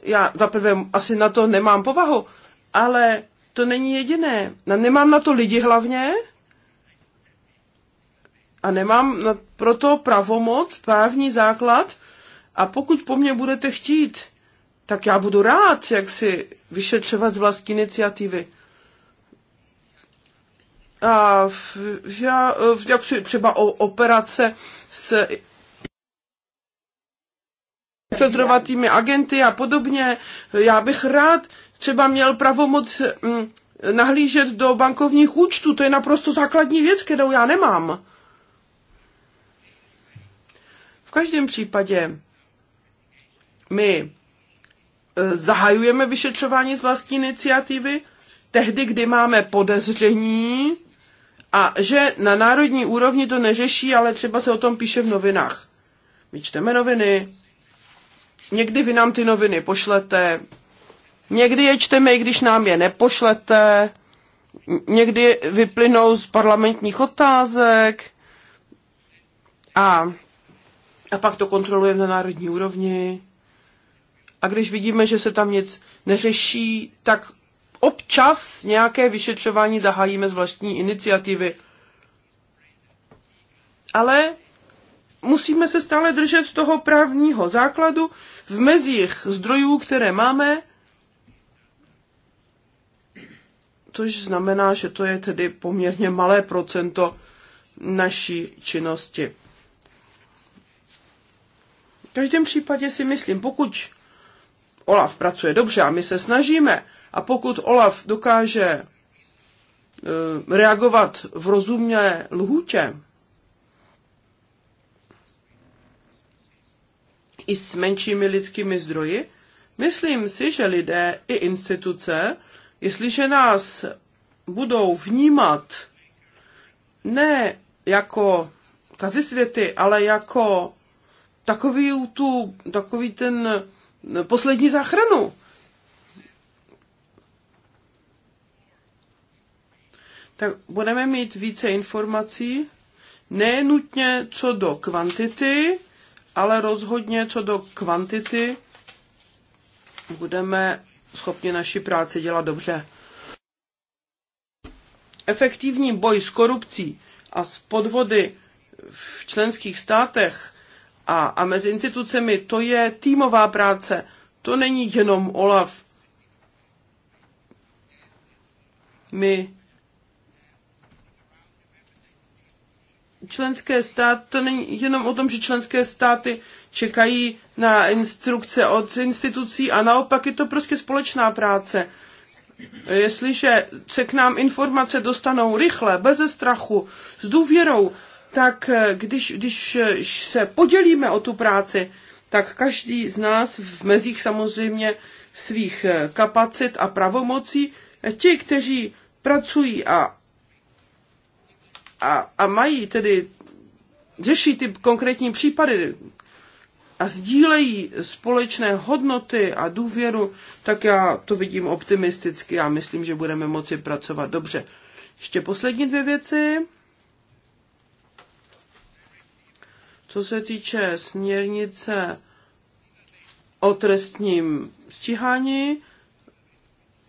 Já zaprvé asi na to nemám povahu, ale to není jediné. Nemám na to lidi hlavně, a nemám na, proto pravomoc, právní základ a pokud po mně budete chtít, tak já budu rád, jak si vyšetřovat z vlastní iniciativy. A já, jak si třeba o operace s filtrovatými agenty a podobně. Já bych rád třeba měl pravomoc hm, nahlížet do bankovních účtů. To je naprosto základní věc, kterou já nemám každém případě my e, zahajujeme vyšetřování z vlastní iniciativy, tehdy, kdy máme podezření a že na národní úrovni to neřeší, ale třeba se o tom píše v novinách. My čteme noviny, někdy vy nám ty noviny pošlete, někdy je čteme, i když nám je nepošlete, někdy vyplynou z parlamentních otázek a a pak to kontrolujeme na národní úrovni. A když vidíme, že se tam nic neřeší, tak občas nějaké vyšetřování zahájíme z vlastní iniciativy. Ale musíme se stále držet toho právního základu v mezích zdrojů, které máme, což znamená, že to je tedy poměrně malé procento naší činnosti. V každém případě si myslím, pokud Olaf pracuje dobře a my se snažíme, a pokud Olaf dokáže e, reagovat v rozumné lhůtě, i s menšími lidskými zdroji, myslím si, že lidé i instituce, jestliže nás budou vnímat ne jako kazisvěty, ale jako takový, tu, takový ten poslední záchranu. Tak budeme mít více informací, ne nutně co do kvantity, ale rozhodně co do kvantity budeme schopni naši práci dělat dobře. Efektivní boj s korupcí a s podvody v členských státech a, a mezi institucemi, to je týmová práce. To není jenom OLAF. My členské státy, to není jenom o tom, že členské státy čekají na instrukce od institucí a naopak je to prostě společná práce. Jestliže se k nám informace dostanou rychle, bez strachu, s důvěrou, tak eh, když, když eh, se podělíme o tu práci, tak každý z nás v mezích samozřejmě svých eh, kapacit a pravomocí, ti, kteří pracují a, a, a mají tedy, řeší ty konkrétní případy a sdílejí společné hodnoty a důvěru, tak já to vidím optimisticky a myslím, že budeme moci pracovat dobře. Ještě poslední dvě věci. Co se týče směrnice o trestním stíhání,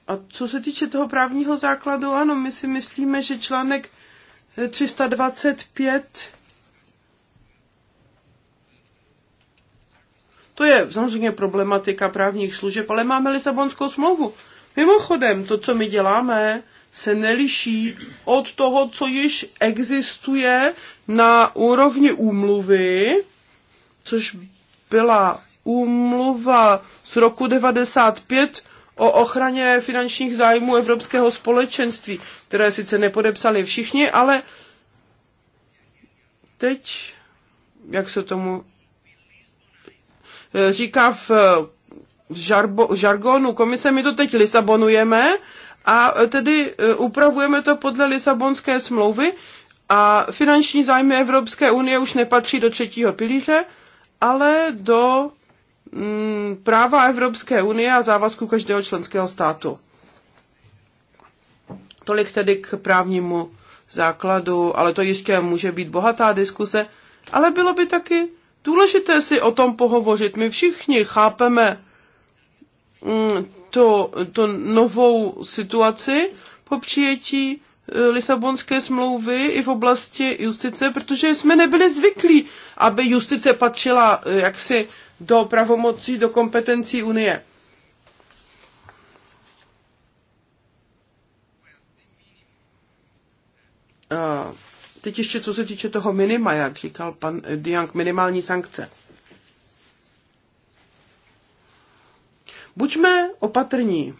a co se týče toho právního základu, ano, my si myslíme, že článek 325 To je samozřejmě problematika právních služeb, ale máme Lisabonskou smlouvu. Mimochodem, to, co my děláme, se neliší od toho, co již existuje na úrovni úmluvy, což byla úmluva z roku 95 o ochraně finančních zájmů Evropského společenství, které sice nepodepsali všichni, ale teď, jak se tomu eh, říká v žarbo, žargonu komise, my to teď Lisabonujeme a tedy eh, upravujeme to podle Lisabonské smlouvy, a finanční zájmy Evropské unie už nepatří do třetího pilíře, ale do mm, práva Evropské unie a závazku každého členského státu. Tolik tedy k právnímu základu, ale to jistě může být bohatá diskuse, ale bylo by taky důležité si o tom pohovořit. My všichni chápeme mm, to, to novou situaci po přijetí Lisabonské smlouvy i v oblasti justice, protože jsme nebyli zvyklí, aby justice patřila eh, jaksi do pravomocí, do kompetencí Unie. A teď ještě co se týče toho minima, jak říkal pan Diank, minimální sankce. Buďme opatrní.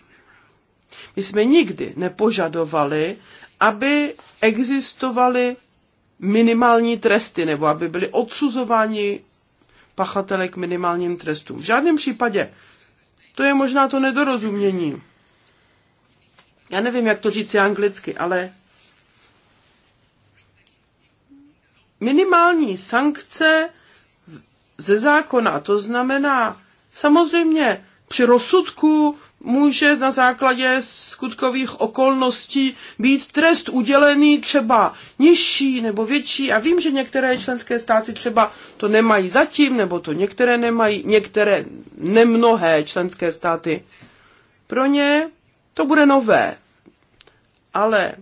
My jsme nikdy nepožadovali, aby existovaly minimální tresty nebo aby byli odsuzováni pachatele k minimálním trestům. V žádném případě. To je možná to nedorozumění. Já nevím, jak to říct anglicky, ale minimální sankce ze zákona, to znamená samozřejmě při rozsudku může na základě skutkových okolností být trest udělený třeba nižší nebo větší. A vím, že některé členské státy třeba to nemají zatím, nebo to některé nemají, některé nemnohé členské státy. Pro ně to bude nové. Ale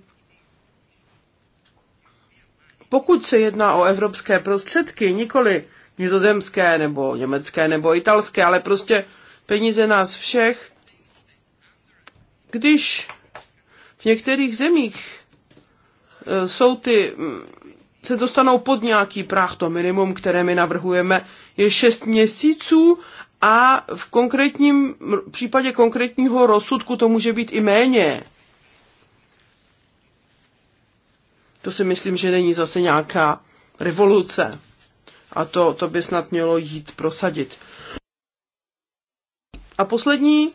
pokud se jedná o evropské prostředky, nikoli nizozemské nebo německé nebo italské, ale prostě peníze nás všech, když v některých zemích eh, jsou ty, mm, se dostanou pod nějaký práh, to minimum, které my navrhujeme, je 6 měsíců a v konkrétním v případě konkrétního rozsudku to může být i méně. To si myslím, že není zase nějaká revoluce. A to, to by snad mělo jít prosadit. A poslední,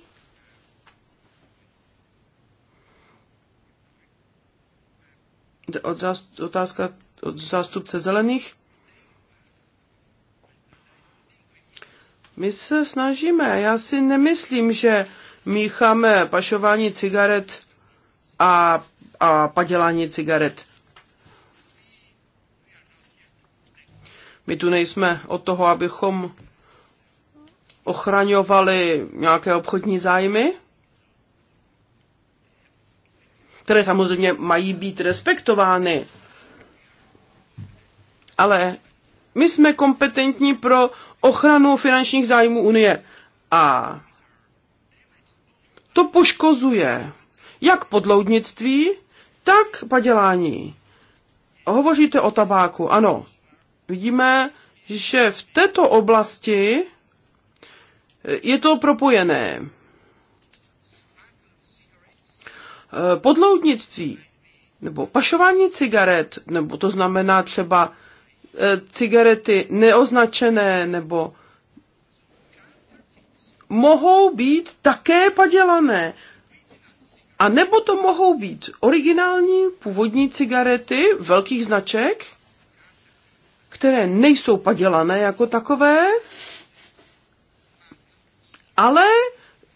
od zást, otázka od zástupce zelených. My se snažíme. Já si nemyslím, že mícháme pašování cigaret a, a padělání cigaret. My tu nejsme od toho, abychom ochraňovaly nějaké obchodní zájmy, které samozřejmě mají být respektovány. Ale my jsme kompetentní pro ochranu finančních zájmů Unie. A to poškozuje jak podloudnictví, tak padělání. Hovoříte o tabáku, ano. Vidíme, že v této oblasti je to propojené. Eh, podloudnictví nebo pašování cigaret, nebo to znamená třeba eh, cigarety neoznačené nebo mohou být také padělané. A nebo to mohou být originální původní cigarety velkých značek, které nejsou padělané jako takové, ale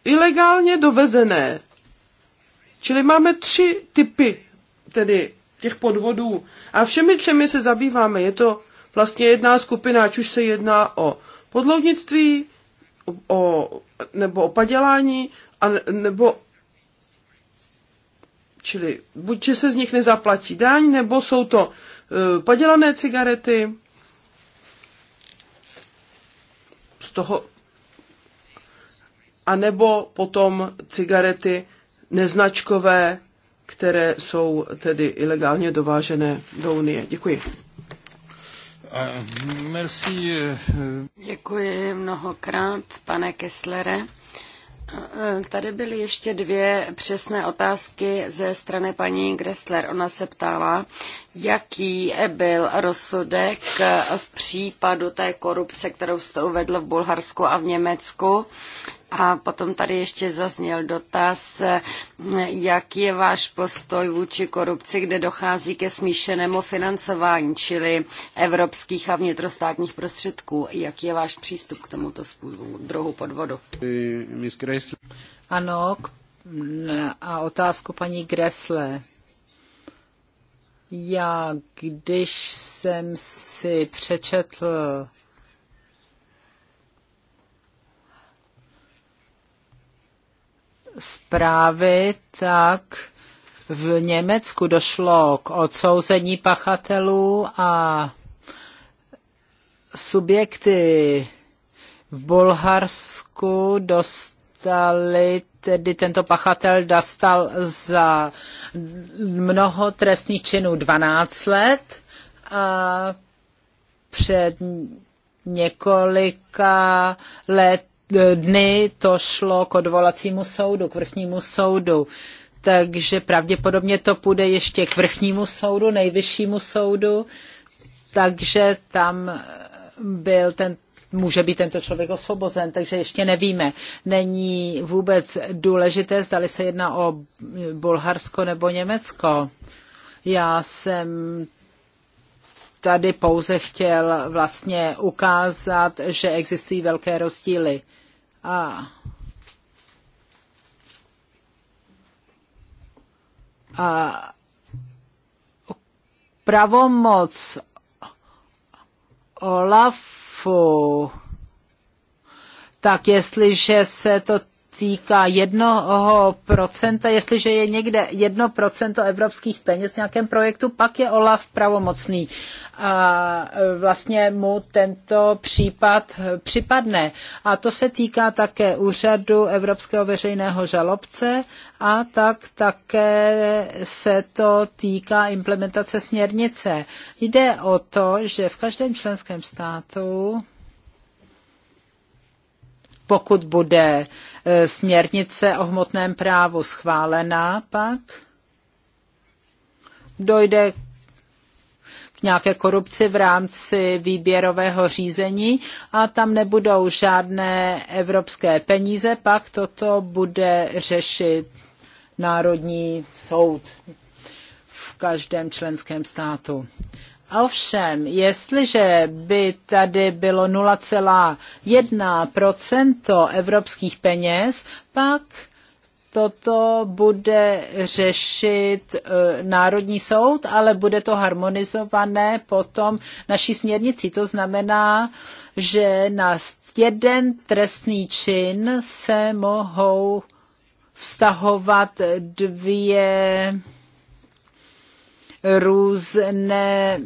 ilegálně dovezené. Čili máme tři typy tedy těch podvodů a všemi třemi se zabýváme. Je to vlastně jedna skupina, ať už se jedná o podloudnictví, o, nebo o padělání, a nebo čili buď, že se z nich nezaplatí daň, nebo jsou to uh, padělané cigarety, z toho anebo potom cigarety neznačkové, které jsou tedy ilegálně dovážené do Unie. Děkuji. Merci. Eh, Děkuji mnohokrát, pane Kesslere. Eh, tady byly ještě dvě přesné otázky ze strany paní Gressler. Ona se ptala, jaký byl rozsudek v případu té korupce, kterou jste uvedl v Bulharsku a v Německu a potom tady ještě zazněl dotaz, jaký je váš postoj vůči korupci, kde dochází ke smíšenému financování, čili evropských a vnitrostátních prostředků. Jaký je váš přístup k tomuto druhu podvodu? Ano, a otázku paní Gresle. Já, když jsem si přečetl zprávy, tak v Německu došlo k odsouzení pachatelů a subjekty v Bulharsku dostali, tedy tento pachatel dostal za mnoho trestných činů 12 let a před několika let dny to šlo k odvolacímu soudu, k vrchnímu soudu. Takže pravděpodobně to půjde ještě k vrchnímu soudu, nejvyššímu soudu, takže tam byl ten může být tento člověk osvobozen, takže ještě nevíme. Není vůbec důležité, zdali se jedná o Bulharsko nebo Německo. Já jsem tady pouze chtěl vlastně ukázat, že existují velké rozdíly. A, a pravomoc Olafu, tak jestliže se to týká jednoho procenta, jestliže je někde jedno procento evropských peněz v nějakém projektu, pak je OLAF pravomocný. A e, vlastně mu tento případ e, připadne. A to se týká také úřadu Evropského veřejného žalobce a tak také se to týká implementace směrnice. Jde o to, že v každém členském státu pokud bude e, směrnice o hmotném právu schválená, pak dojde k nějaké korupci v rámci výběrového řízení a tam nebudou žádné evropské peníze, pak toto bude řešit Národní soud v každém členském státu. Ovšem, jestliže by tady bylo 0,1 evropských peněz, pak toto bude řešit e, Národní soud, ale bude to harmonizované potom naší směrnicí. To znamená, že na jeden trestný čin se mohou vztahovat dvě různé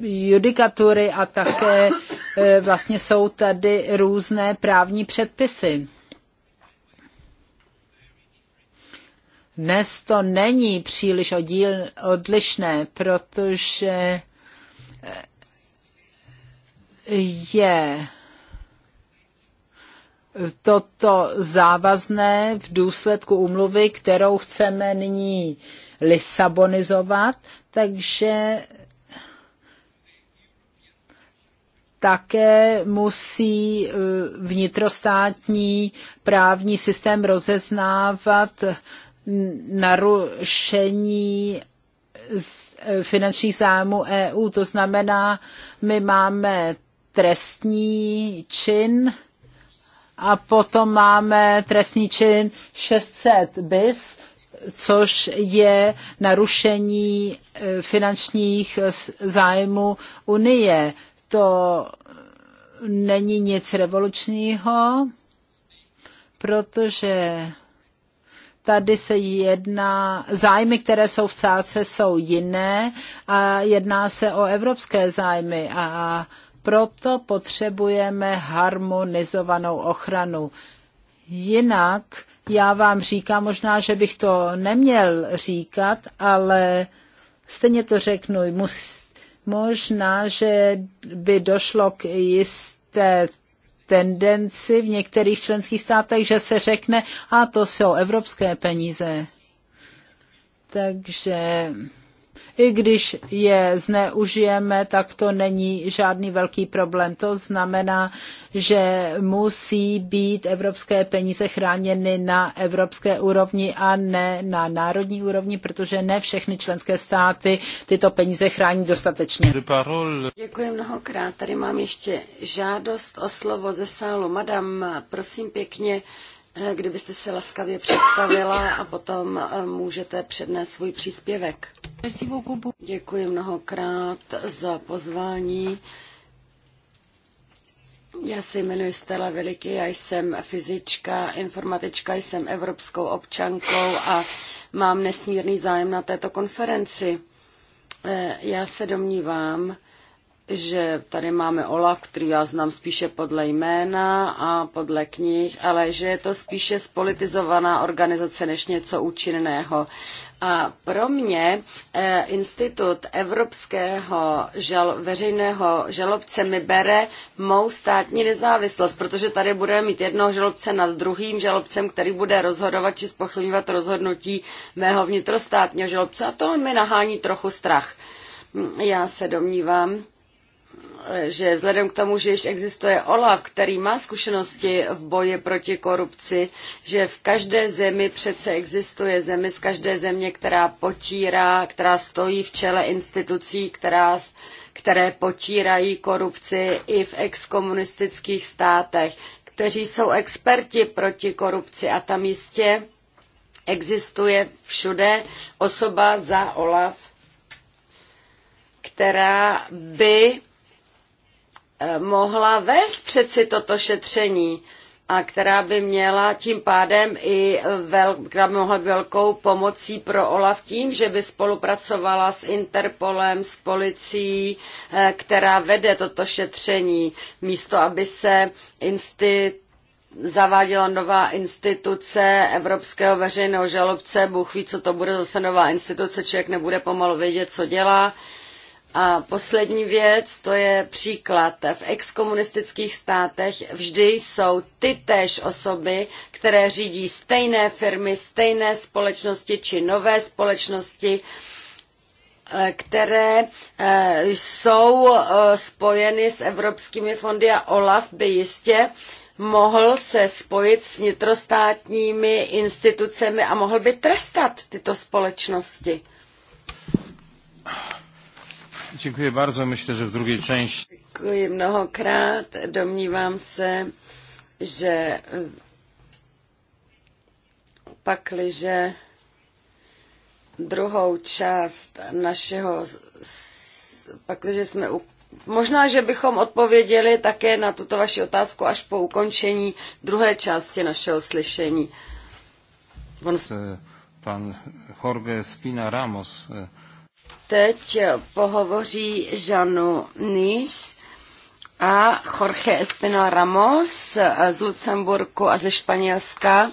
judikatury a také eh, vlastně jsou tady různé právní předpisy. Dnes to není příliš odlišné, protože eh, je toto závazné v důsledku umluvy, kterou chceme nyní lisabonizovat, takže také musí eh, vnitrostátní právní systém rozeznávat narušení eh, finančních zájmů EU. To znamená, my máme trestní čin a potom máme trestní čin 600 bis což je narušení eh, finančních eh, zájmů Unie. To není nic revolučního, protože tady se jedná, zájmy, které jsou v sáce, jsou jiné a jedná se o evropské zájmy a proto potřebujeme harmonizovanou ochranu. Jinak já vám říkám, možná, že bych to neměl říkat, ale stejně to řeknu, mus, možná, že by došlo k jisté tendenci v některých členských státech, že se řekne, a to jsou evropské peníze. Takže i když je zneužijeme, tak to není žádný velký problém. To znamená, že musí být evropské peníze chráněny na evropské úrovni a ne na národní úrovni, protože ne všechny členské státy tyto peníze chrání dostatečně. Děkuji mnohokrát. Tady mám ještě žádost o slovo ze sálu. Madam, prosím pěkně, Eh, kdybyste se laskavě představila a potom eh, můžete přednést svůj příspěvek. Děkuji mnohokrát za pozvání. Já se jmenuji Stella Veliky, já jsem fyzička, informatička, jsem evropskou občankou a mám nesmírný zájem na této konferenci. Eh, já se domnívám, že tady máme Olaf, který já znám spíše podle jména a podle knih, ale že je to spíše spolitizovaná organizace než něco účinného. A pro mě eh, institut evropského žal, veřejného žalobce mi bere mou státní nezávislost, protože tady budeme mít jednoho žalobce nad druhým žalobcem, který bude rozhodovat či spochybňovat rozhodnutí mého vnitrostátního žalobce a to mi nahání trochu strach. Já se domnívám, že vzhledem k tomu, že již existuje OLAF, který má zkušenosti v boji proti korupci, že v každé zemi přece existuje zemi z každé země, která potírá, která stojí v čele institucí, která, které potírají korupci i v exkomunistických státech, kteří jsou experti proti korupci a tam jistě existuje všude osoba za OLAF, která by Eh, mohla vést přeci toto šetření a která by měla tím pádem i vel, která by mohla velkou pomocí pro OLAF tím, že by spolupracovala s Interpolem, s policií, eh, která vede toto šetření, místo aby se zaváděla nová instituce Evropského veřejného žalobce, Bůh ví, co to bude zase nová instituce, člověk nebude pomalu vědět, co dělá. A poslední věc, to je příklad. V exkomunistických státech vždy jsou ty též osoby, které řídí stejné firmy, stejné společnosti či nové společnosti, eh, které eh, jsou eh, spojeny s evropskými fondy a OLAF by jistě mohl se spojit s vnitrostátními institucemi a mohl by trestat tyto společnosti. Děkuji bardzo. Myślę, že v druhé části. Děkuji mnohokrát. Domnívám se, že pakliže druhou část našeho, pakliže jsme u Možná, že bychom odpověděli také na tuto vaši otázku až po ukončení druhé části našeho slyšení. On... Eh, pan Jorge Spina Ramos eh, teď pohovoří Žanu Nys a Jorge Espinal Ramos z Lucemburku a ze Španělska.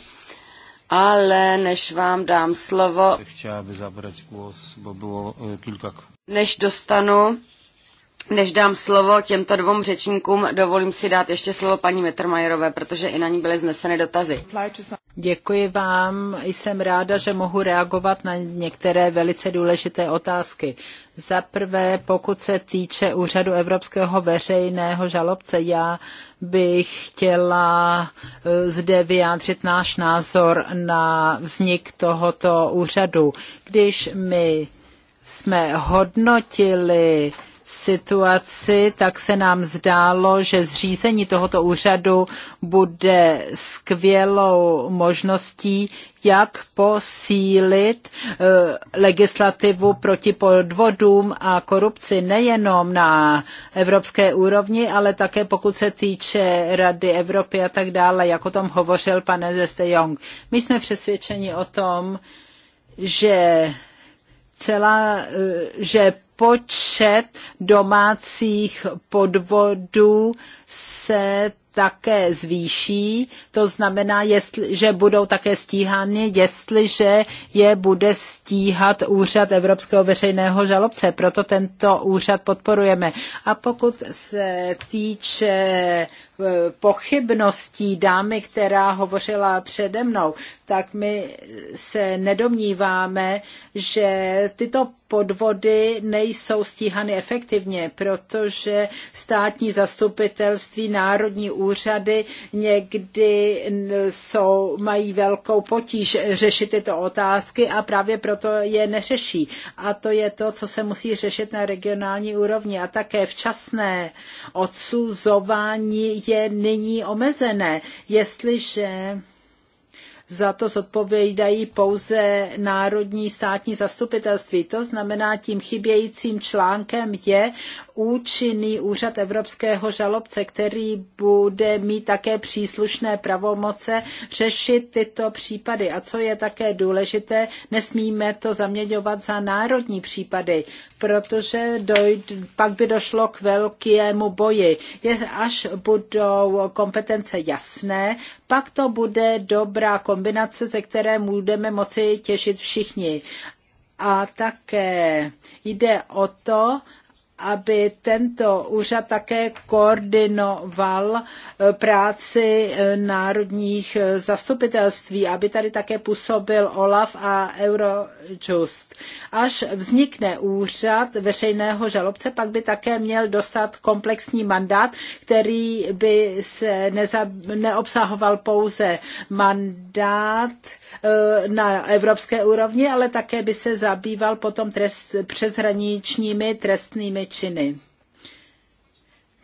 Ale než vám dám slovo, chtěla aby zabrat głos, bo bylo eh, kilka... Než dostanu než dám slovo těmto dvou řečníkům, dovolím si dát ještě slovo paní Metrmajerové, protože i na ní byly zneseny dotazy. Děkuji vám. Jsem ráda, že mohu reagovat na některé velice důležité otázky. Za prvé, pokud se týče úřadu Evropského veřejného žalobce, já bych chtěla eh, zde vyjádřit náš názor na vznik tohoto úřadu. Když my jsme hodnotili situaci, tak se nám zdálo, že zřízení tohoto úřadu bude skvělou možností, jak posílit eh, legislativu proti podvodům a korupci nejenom na evropské úrovni, ale také pokud se týče Rady Evropy a tak dále, jak o tom hovořil pan Zeste Jong. My jsme přesvědčeni o tom, že celá, eh, že počet domácích podvodů se také zvýší, to znamená, jestli, že budou také stíhány, jestliže je bude stíhat úřad Evropského veřejného žalobce. Proto tento úřad podporujeme. A pokud se týče Eh, pochybností dámy, která hovořila přede mnou, tak my se nedomníváme, že tyto podvody nejsou stíhany efektivně, protože státní zastupitelství, národní úřady někdy jsou, mají velkou potíž řešit tyto otázky a právě proto je neřeší. A to je to, co se musí řešit na regionální úrovni a také včasné odsuzování je nyní omezené. Jestliže za to zodpovídají pouze národní státní zastupitelství. To znamená, tím chybějícím článkem je účinný úřad evropského žalobce, který bude mít také příslušné pravomoce řešit tyto případy. A co je také důležité, nesmíme to zaměňovat za národní případy, protože dojde, pak by došlo k velkému boji. Je, až budou kompetence jasné, pak to bude dobrá kompetence kombinace, ze které budeme moci těšit všichni. A také jde o to, aby tento úřad také koordinoval eh, práci eh, národních eh, zastupitelství, aby tady také působil OLAF a Eurojust. Až vznikne úřad veřejného žalobce, pak by také měl dostat komplexní mandát, který by se neza, neobsahoval pouze mandát na evropské úrovni, ale také by se zabýval potom trest, přeshraničními trestnými činy.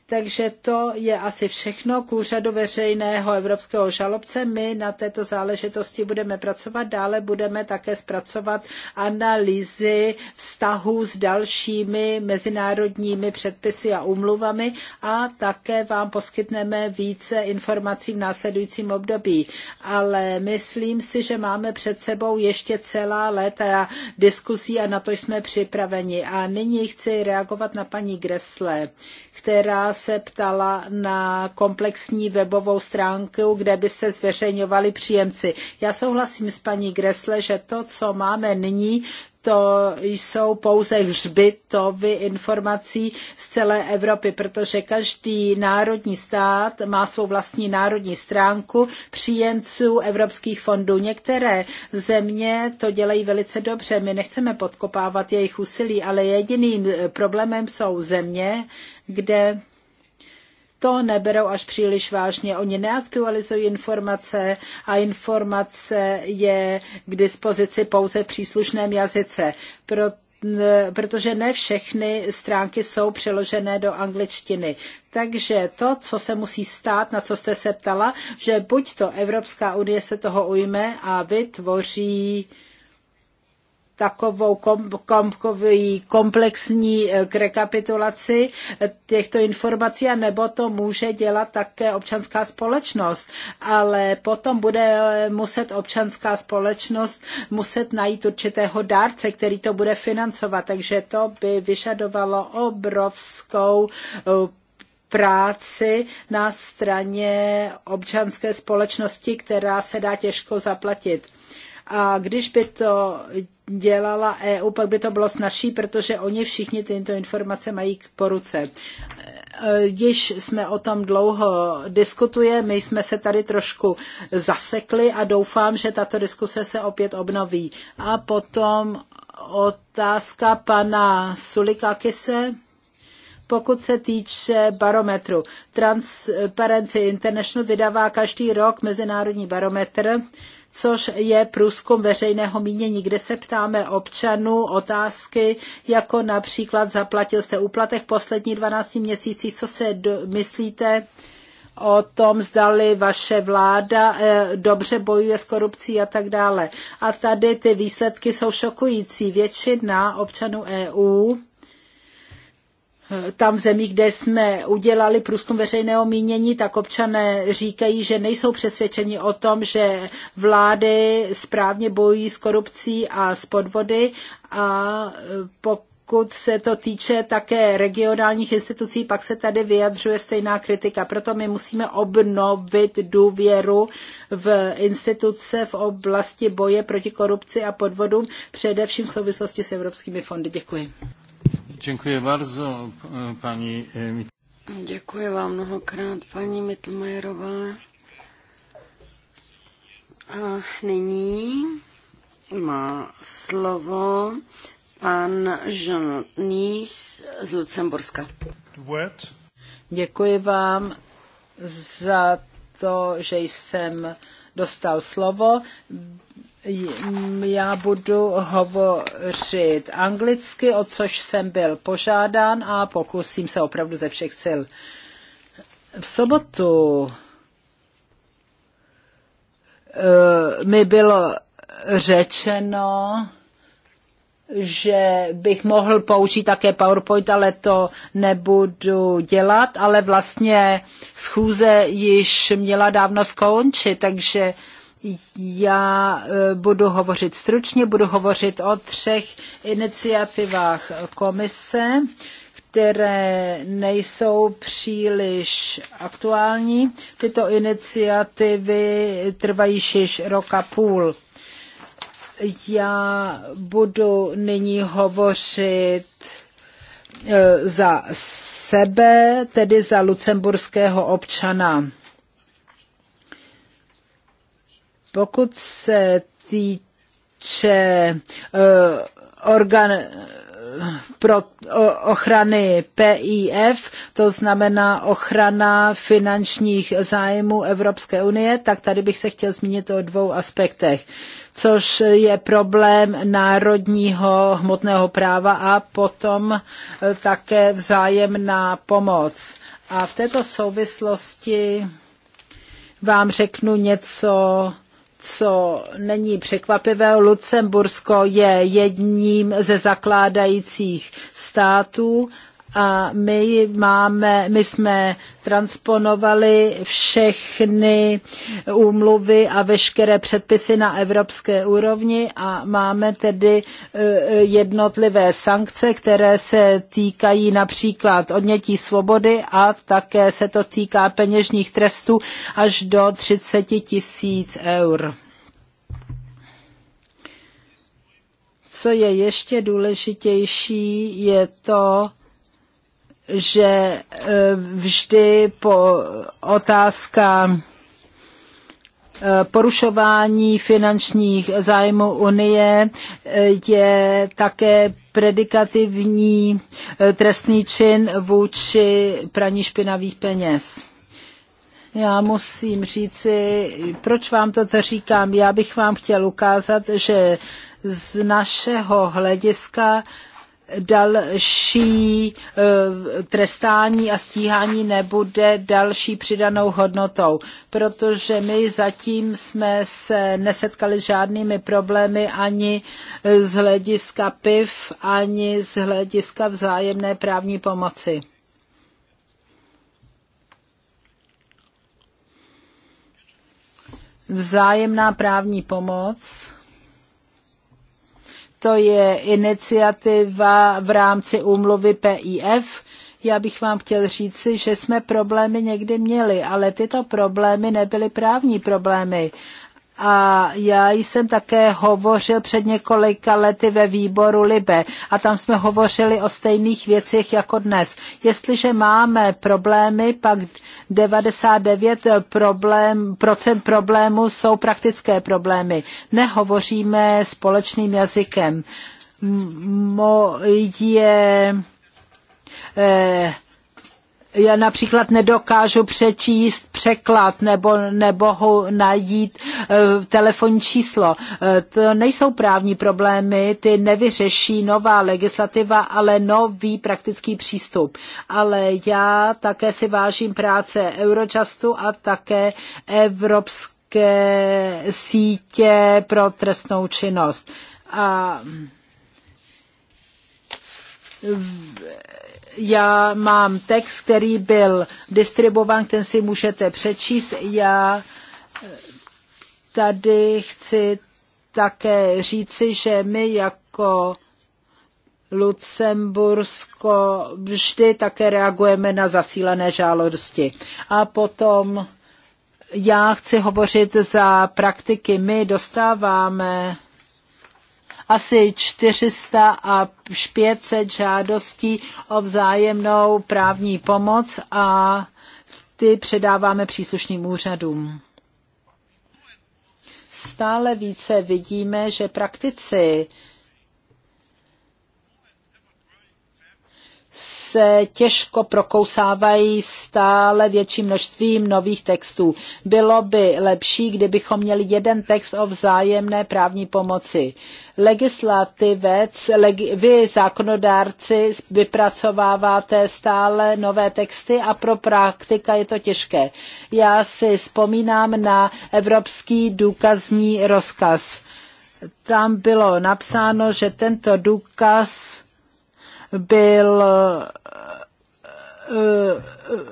Takže to je asi všechno k úřadu veřejného evropského žalobce. My na této záležitosti budeme pracovat. Dále budeme také zpracovat analýzy vztahu s dalšími mezinárodními předpisy a umluvami a také vám poskytneme více informací v následujícím období. Ale myslím si, že máme před sebou ještě celá léta diskusí a na to jsme připraveni. A nyní chci reagovat na paní Gressle která se ptala na komplexní webovou stránku, kde by se zveřejňovali příjemci. Já souhlasím s paní Gresle, že to, co máme nyní, to jsou pouze hřbitovy informací z celé Evropy, protože každý národní stát má svou vlastní národní stránku příjemců evropských fondů. Některé země to dělají velice dobře. My nechceme podkopávat jejich úsilí, ale jediným problémem jsou země, kde to neberou až příliš vážně. Oni neaktualizují informace a informace je k dispozici pouze v příslušném jazyce. Pro eh, protože ne všechny stránky jsou přeložené do angličtiny. Takže to, co se musí stát, na co jste se ptala, že buď to Evropská unie se toho ujme a vytvoří uh, takovou kom, kom, komplexní eh, k rekapitulaci eh, těchto informací, nebo to může dělat také občanská společnost. Ale potom bude eh, muset občanská společnost muset najít určitého dárce, který to bude financovat. Takže to by vyžadovalo obrovskou práci na straně občanské společnosti, která se dá těžko zaplatit. A když by to dělala EU, pak by to bylo snažší, protože oni všichni tyto informace mají k poruce. E, již jsme o tom dlouho diskutuje, my jsme se tady trošku zasekli a doufám, že tato diskuse se opět obnoví. A potom otázka pana Sulikakise pokud se týče barometru. Transparency International vydává každý rok mezinárodní barometr což je průzkum veřejného mínění, kde se ptáme občanů otázky, jako například zaplatil jste úplatek v posledních 12 měsících, co se do, myslíte, o tom, zdali vaše vláda eh, dobře bojuje s korupcí a tak dále. A tady ty výsledky jsou šokující. Většina občanů EU Eh, tam v zemích, kde jsme udělali průzkum veřejného mínění, tak občané říkají, že nejsou přesvědčeni o tom, že vlády správně bojují s korupcí a s podvody a eh, pokud se to týče také regionálních institucí, pak se tady vyjadřuje stejná kritika. Proto my musíme obnovit důvěru v instituce v oblasti boje proti korupci a podvodům, především v souvislosti s evropskými fondy. Děkuji. Děkuji bardzo, paní eh, Děkuji vám mnohokrát, paní Mittelmajerová. A nyní má slovo pan Jean Nys z Lucemburska. Děkuji vám za to, že jsem dostal slovo já budu hovořit anglicky, o což jsem byl požádán a pokusím se opravdu ze všech sil. V sobotu eh, mi bylo řečeno, že bych mohl použít také PowerPoint, ale to nebudu dělat, ale vlastně schůze již měla dávno skončit, takže já e, budu hovořit stručně, budu hovořit o třech iniciativách komise, které nejsou příliš aktuální. Tyto iniciativy trvají již roka půl. Já budu nyní hovořit e, za sebe, tedy za lucemburského občana. Pokud se týče uh, organ, eh, pro ochrany PIF, to znamená ochrana finančních zájmů Evropské unie, tak tady bych se chtěl zmínit o dvou aspektech což je problém národního hmotného práva a potom eh, také vzájemná pomoc. A v této souvislosti vám řeknu něco co není překvapivé, Lucembursko je jedním ze zakládajících států a my máme, my jsme transponovali všechny úmluvy a veškeré předpisy na evropské úrovni a máme tedy e, e, jednotlivé sankce, které se týkají například odnětí svobody a také se to týká peněžních trestů až do 30 tisíc eur. Co je ještě důležitější, je to, že e, vždy po otázka e, porušování finančních zájmů Unie e, je také predikativní trestný čin vůči praní špinavých peněz. Já musím říci, proč vám toto říkám. Já bych vám chtěl ukázat, že z našeho hlediska další eh, trestání a stíhání nebude další přidanou hodnotou, protože my zatím jsme se nesetkali s žádnými problémy ani z hlediska PIV, ani z hlediska vzájemné právní pomoci. Vzájemná právní pomoc to je iniciativa v rámci úmluvy PIF. Já bych vám chtěl říci, že jsme problémy někdy měli, ale tyto problémy nebyly právní problémy a já jsem také hovořil před několika lety ve výboru Libe a tam jsme hovořili o stejných věcech jako dnes. Jestliže máme problémy, pak 99 problém, procent problémů jsou praktické problémy. Nehovoříme společným jazykem. je, eh, já například nedokážu přečíst překlad nebo nebohu najít eh, telefonní číslo. Eh, to nejsou právní problémy, ty nevyřeší nová legislativa, ale nový praktický přístup. Ale já také si vážím práce Eurojustu a také Evropské sítě pro trestnou činnost. A já mám text, který byl distribuován, ten si můžete přečíst. Já eh, tady chci také říci, že my jako Lucembursko vždy také reagujeme na zasílané žádosti. A potom já chci hovořit za praktiky. My dostáváme asi 400 a 500 žádostí o vzájemnou právní pomoc a ty předáváme příslušným úřadům. Stále více vidíme, že praktici se těžko prokousávají stále větším množstvím nových textů. Bylo by lepší, kdybychom měli jeden text o vzájemné právní pomoci. Legislativec, legi, vy zákonodárci vypracováváte stále nové texty a pro praktika je to těžké. Já si vzpomínám na Evropský důkazní rozkaz. Tam bylo napsáno, že tento důkaz byl eh, eh,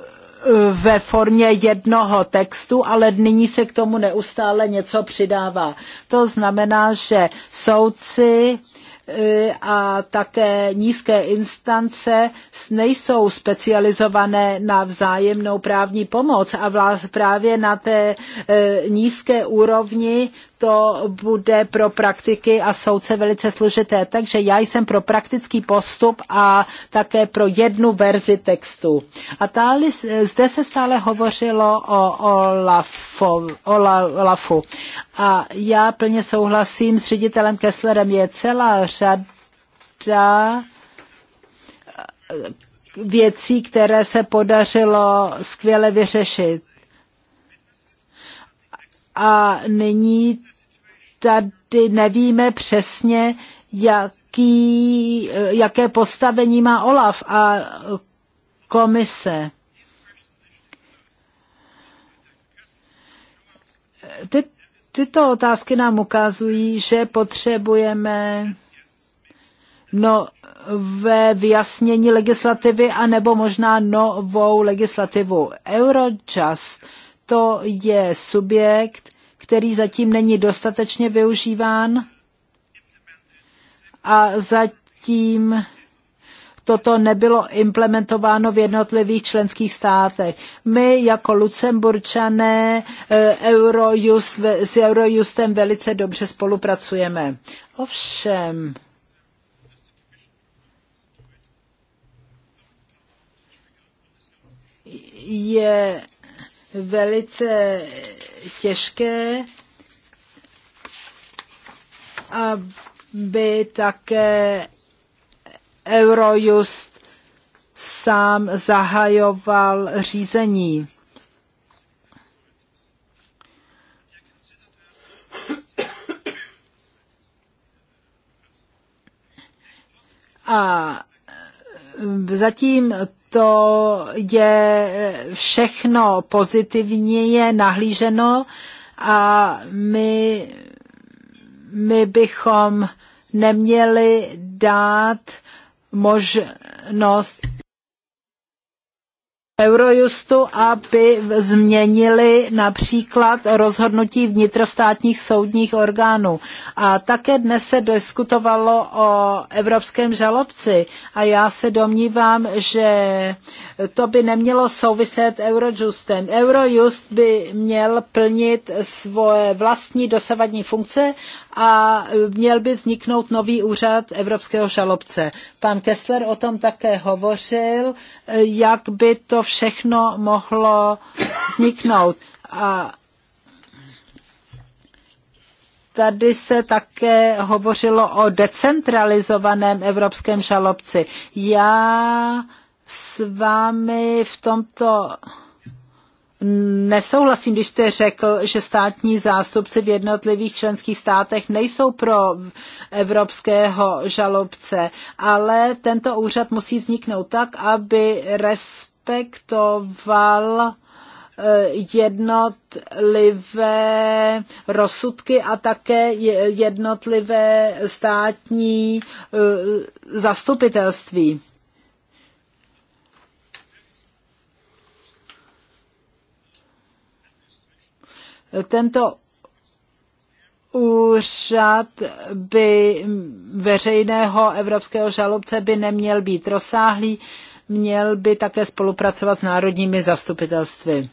ve formě jednoho textu, ale nyní se k tomu neustále něco přidává. To znamená, že soudci eh, a také nízké instance nejsou specializované na vzájemnou právní pomoc a právě na té nízké úrovni to bude pro praktiky a soudce velice složité. Takže já jsem pro praktický postup a také pro jednu verzi textu. A tady zde se stále hovořilo o Olafu, Olafu. A já plně souhlasím s ředitelem Kesslerem. Je celá řada eh, věcí, které se podařilo skvěle vyřešit a nyní tady nevíme přesně, jaký, jaké postavení má Olaf a komise. Ty, tyto otázky nám ukazují, že potřebujeme nové vyjasnění legislativy a nebo možná novou legislativu. Eurojust to je subjekt, který zatím není dostatečně využíván a zatím toto nebylo implementováno v jednotlivých členských státech. My jako Lucemburčané eh, Eurojust, s Eurojustem velice dobře spolupracujeme. Ovšem, je velice těžké, aby také Eurojust sám zahajoval řízení. A zatím to je eh, všechno pozitivně je nahlíženo a my, my bychom neměli dát možnost Eurojustu, aby změnili například rozhodnutí vnitrostátních soudních orgánů. A také dnes se diskutovalo o evropském žalobci a já se domnívám, že to by nemělo souviset Eurojustem. Eurojust by měl plnit svoje vlastní dosavadní funkce a měl by vzniknout nový úřad evropského žalobce. Pan Kessler o tom také hovořil, jak by to všechno mohlo vzniknout. A tady se také hovořilo o decentralizovaném evropském žalobci. Já s vámi v tomto nesouhlasím, když jste řekl, že státní zástupci v jednotlivých členských státech nejsou pro evropského žalobce, ale tento úřad musí vzniknout tak, aby respektoval eh, jednotlivé rozsudky a také jednotlivé státní eh, zastupitelství. Tento úřad by veřejného evropského žalobce by neměl být rozsáhlý, měl by také spolupracovat s národními zastupitelstvy.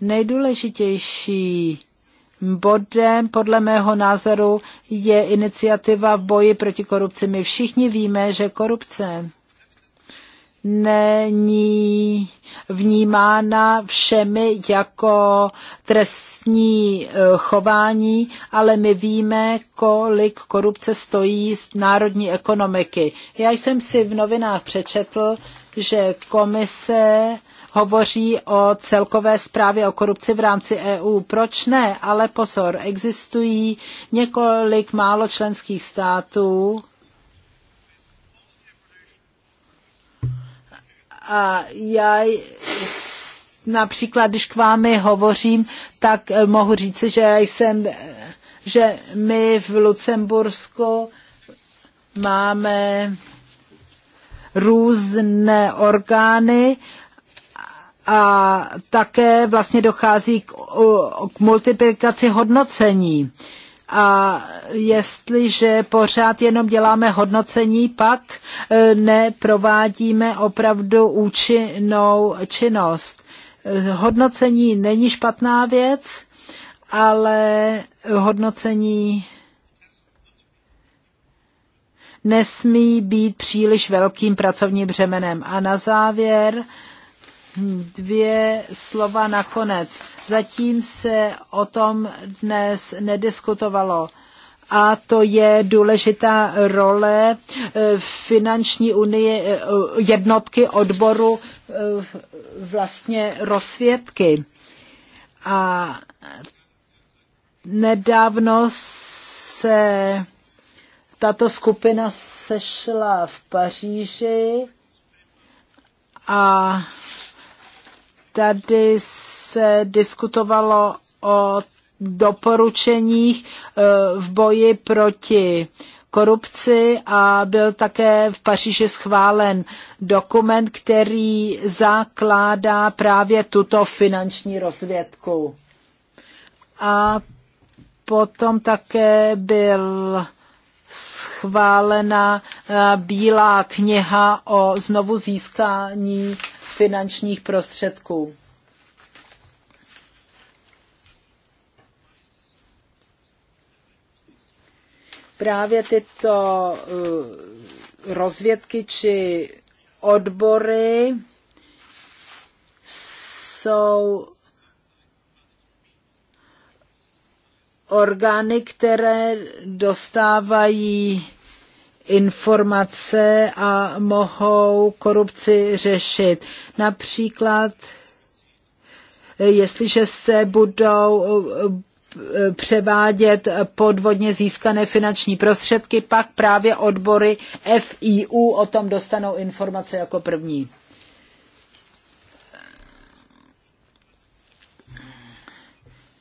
Nejdůležitější bodem podle mého názoru je iniciativa v boji proti korupci. My všichni víme, že korupce není vnímána všemi jako trestní eh, chování, ale my víme, kolik korupce stojí z národní ekonomiky. Já jsem si v novinách přečetl, že komise hovoří o celkové zprávě o korupci v rámci EU. Proč ne? Ale pozor, existují několik málo členských států, A já například, když k vám hovořím, tak eh, mohu říct, že já jsem, eh, že my v Lucembursku máme různé orgány, a také vlastně dochází k, k multiplikaci hodnocení. Uh, a jestliže pořád jenom děláme hodnocení, pak e, neprovádíme opravdu účinnou činnost. Hodnocení není špatná věc, ale hodnocení nesmí být příliš velkým pracovním břemenem. A na závěr dvě slova nakonec. Zatím se o tom dnes nediskutovalo. A to je důležitá role e, finanční unie e, jednotky odboru e, vlastně rozsvědky. A nedávno se tato skupina sešla v Paříži a Tady se diskutovalo o doporučeních eh, v boji proti korupci a byl také v Paříži schválen dokument, který zakládá právě tuto finanční rozvědku. A potom také byl schválena eh, bílá kniha o znovu získání finančních prostředků. Právě tyto eh, rozvědky či odbory jsou orgány, které dostávají informace a mohou korupci řešit. Například, jestliže se budou eh, převádět podvodně získané finanční prostředky, pak právě odbory FIU o tom dostanou informace jako první.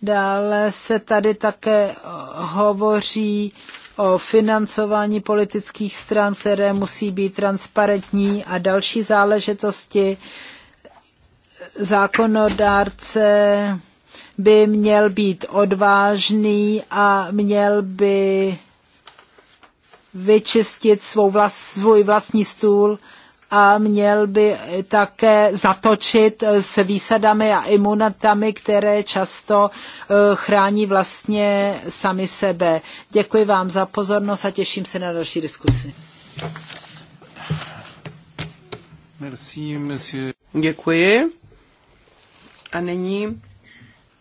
Dále se tady také hovoří o financování politických stran, které musí být transparentní a další záležitosti. Zákonodárce by měl být odvážný a měl by vyčistit svou vlast, svůj vlastní stůl a měl by také zatočit s výsadami a imunitami, které často eh, chrání vlastně sami sebe. Děkuji vám za pozornost a těším se na další diskusi. Merci, monsieur. Děkuji. A nyní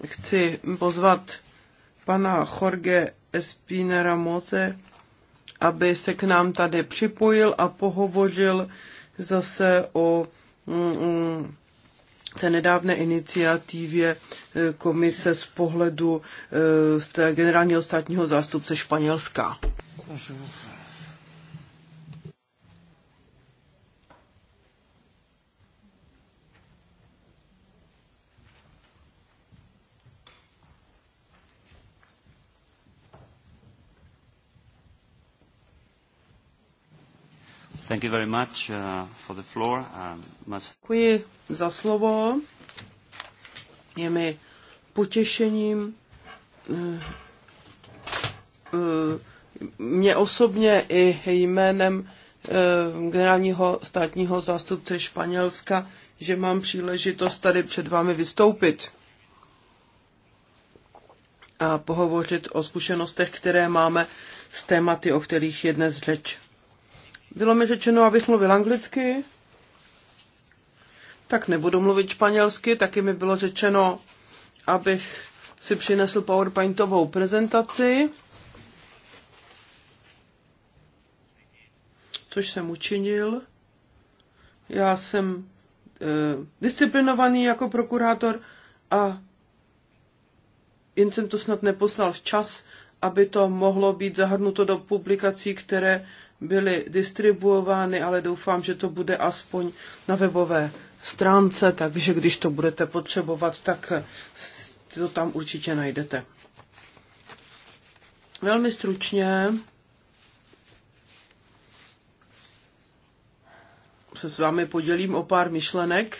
chci pozvat pana Jorge Espinera Moze, aby se k nám tady připojil a pohovořil zase o mm, mm, té nedávné iniciativě eh, komise z pohledu eh, z té generálního státního zástupce Španělska. Bonjour. Thank you very much uh, for the floor. Um, must... Děkuji za slovo. Je mi potěšením eh, eh, mě osobně i jménem eh, generálního státního zástupce Španělska, že mám příležitost tady před vámi vystoupit a pohovořit o zkušenostech, které máme s tématy, o kterých je dnes řeč. Bylo mi řečeno, abych mluvil anglicky, tak nebudu mluvit španělsky, taky mi bylo řečeno, abych si přinesl PowerPointovou prezentaci, což jsem učinil. Já jsem eh, disciplinovaný jako prokurátor a jen jsem to snad neposlal včas, aby to mohlo být zahrnuto do publikací, které byly distribuovány, ale doufám, že to bude aspoň na webové stránce, takže když to budete potřebovat, tak to tam určitě najdete. Velmi stručně se s vámi podělím o pár myšlenek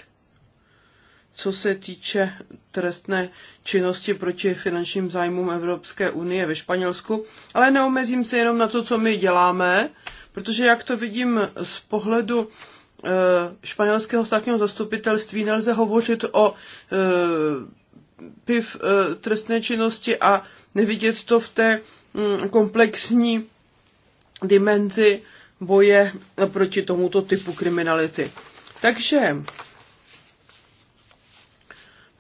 co se týče trestné činnosti proti finančním zájmům Evropské unie ve Španělsku, ale neomezím se jenom na to, co my děláme, protože jak to vidím z pohledu eh, španělského státního zastupitelství, nelze hovořit o eh, piv eh, trestné činnosti a nevidět to v té hm, komplexní dimenzi boje proti tomuto typu kriminality. Takže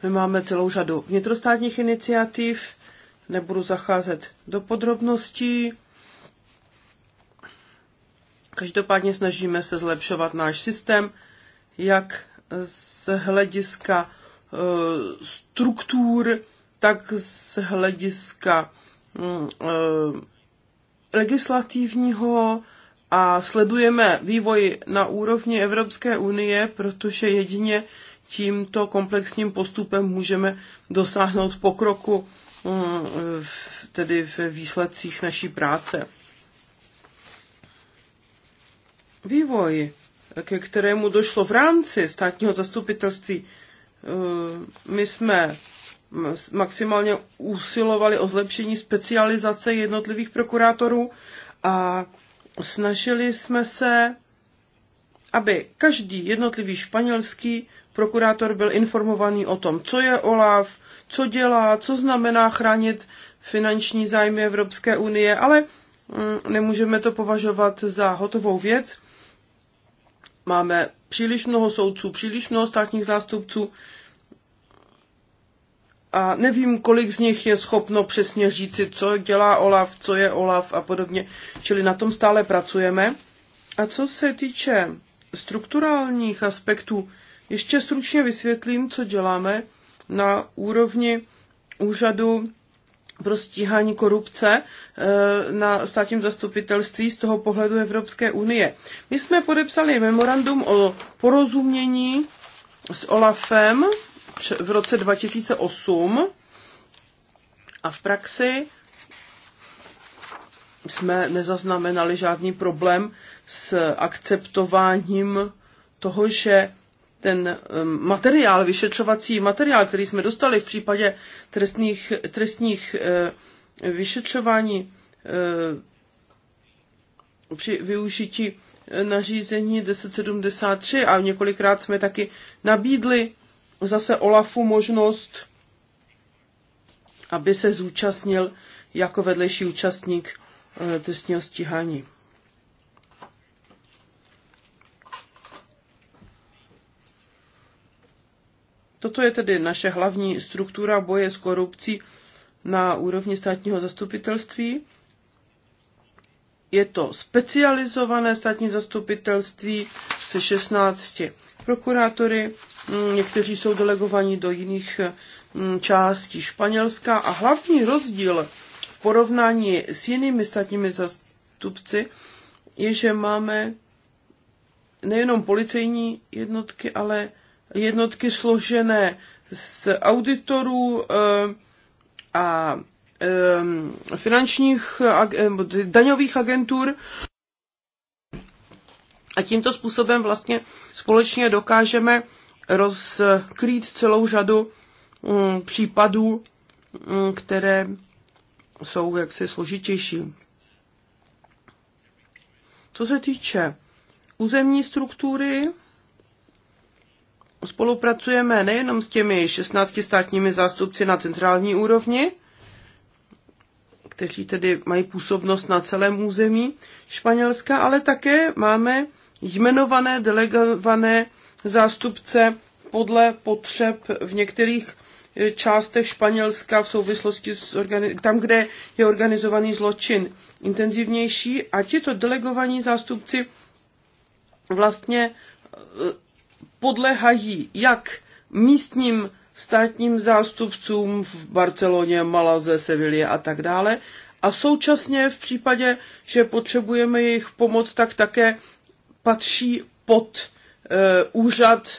my máme celou řadu vnitrostátních iniciativ, nebudu zacházet do podrobností. Každopádně snažíme se zlepšovat náš systém, jak z hlediska e, struktur, tak z hlediska mm, e, legislativního a sledujeme vývoj na úrovni Evropské unie, protože jedině tímto komplexním postupem můžeme dosáhnout pokroku eh, tedy v výsledcích naší práce. Vývoj, ke kterému došlo v rámci státního zastupitelství, eh, my jsme maximálně usilovali o zlepšení specializace jednotlivých prokurátorů a snažili jsme se, aby každý jednotlivý španělský prokurátor byl informovaný o tom, co je OLAF, co dělá, co znamená chránit finanční zájmy Evropské unie, ale mm, nemůžeme to považovat za hotovou věc. Máme příliš mnoho soudců, příliš mnoho státních zástupců a nevím, kolik z nich je schopno přesně říci, co dělá OLAF, co je OLAF a podobně. Čili na tom stále pracujeme. A co se týče strukturálních aspektů, ještě stručně vysvětlím, co děláme na úrovni úřadu pro stíhání korupce eh, na státním zastupitelství z toho pohledu Evropské unie. My jsme podepsali memorandum o porozumění s OLAFem v roce 2008 a v praxi jsme nezaznamenali žádný problém s akceptováním toho, že ten um, materiál, vyšetřovací materiál, který jsme dostali v případě trestných, trestních eh, vyšetřování eh, při využití eh, nařízení 1073 a několikrát jsme taky nabídli zase Olafu možnost, aby se zúčastnil jako vedlejší účastník trestního stíhání. Toto je tedy naše hlavní struktura boje s korupcí na úrovni státního zastupitelství. Je to specializované státní zastupitelství se 16 prokurátory, mm, někteří jsou delegovaní do jiných mm, částí Španělska a hlavní rozdíl v porovnání s jinými státními zastupci je, že máme nejenom policejní jednotky, ale jednotky složené z auditorů eh, a eh, finančních eh, daňových agentur. A tímto způsobem vlastně společně dokážeme rozkrýt celou řadu mm, případů, mm, které jsou jaksi složitější. Co se týče územní struktury, Spolupracujeme nejenom s těmi 16 státními zástupci na centrální úrovni, kteří tedy mají působnost na celém území Španělska, ale také máme jmenované delegované zástupce podle potřeb v některých eh, částech Španělska v souvislosti s organi- tam, kde je organizovaný zločin intenzivnější a tito delegovaní zástupci vlastně eh, podlehají jak místním státním zástupcům v Barceloně, Malaze, Sevilie a tak dále. A současně v případě, že potřebujeme jejich pomoc, tak také patří pod e, úřad e,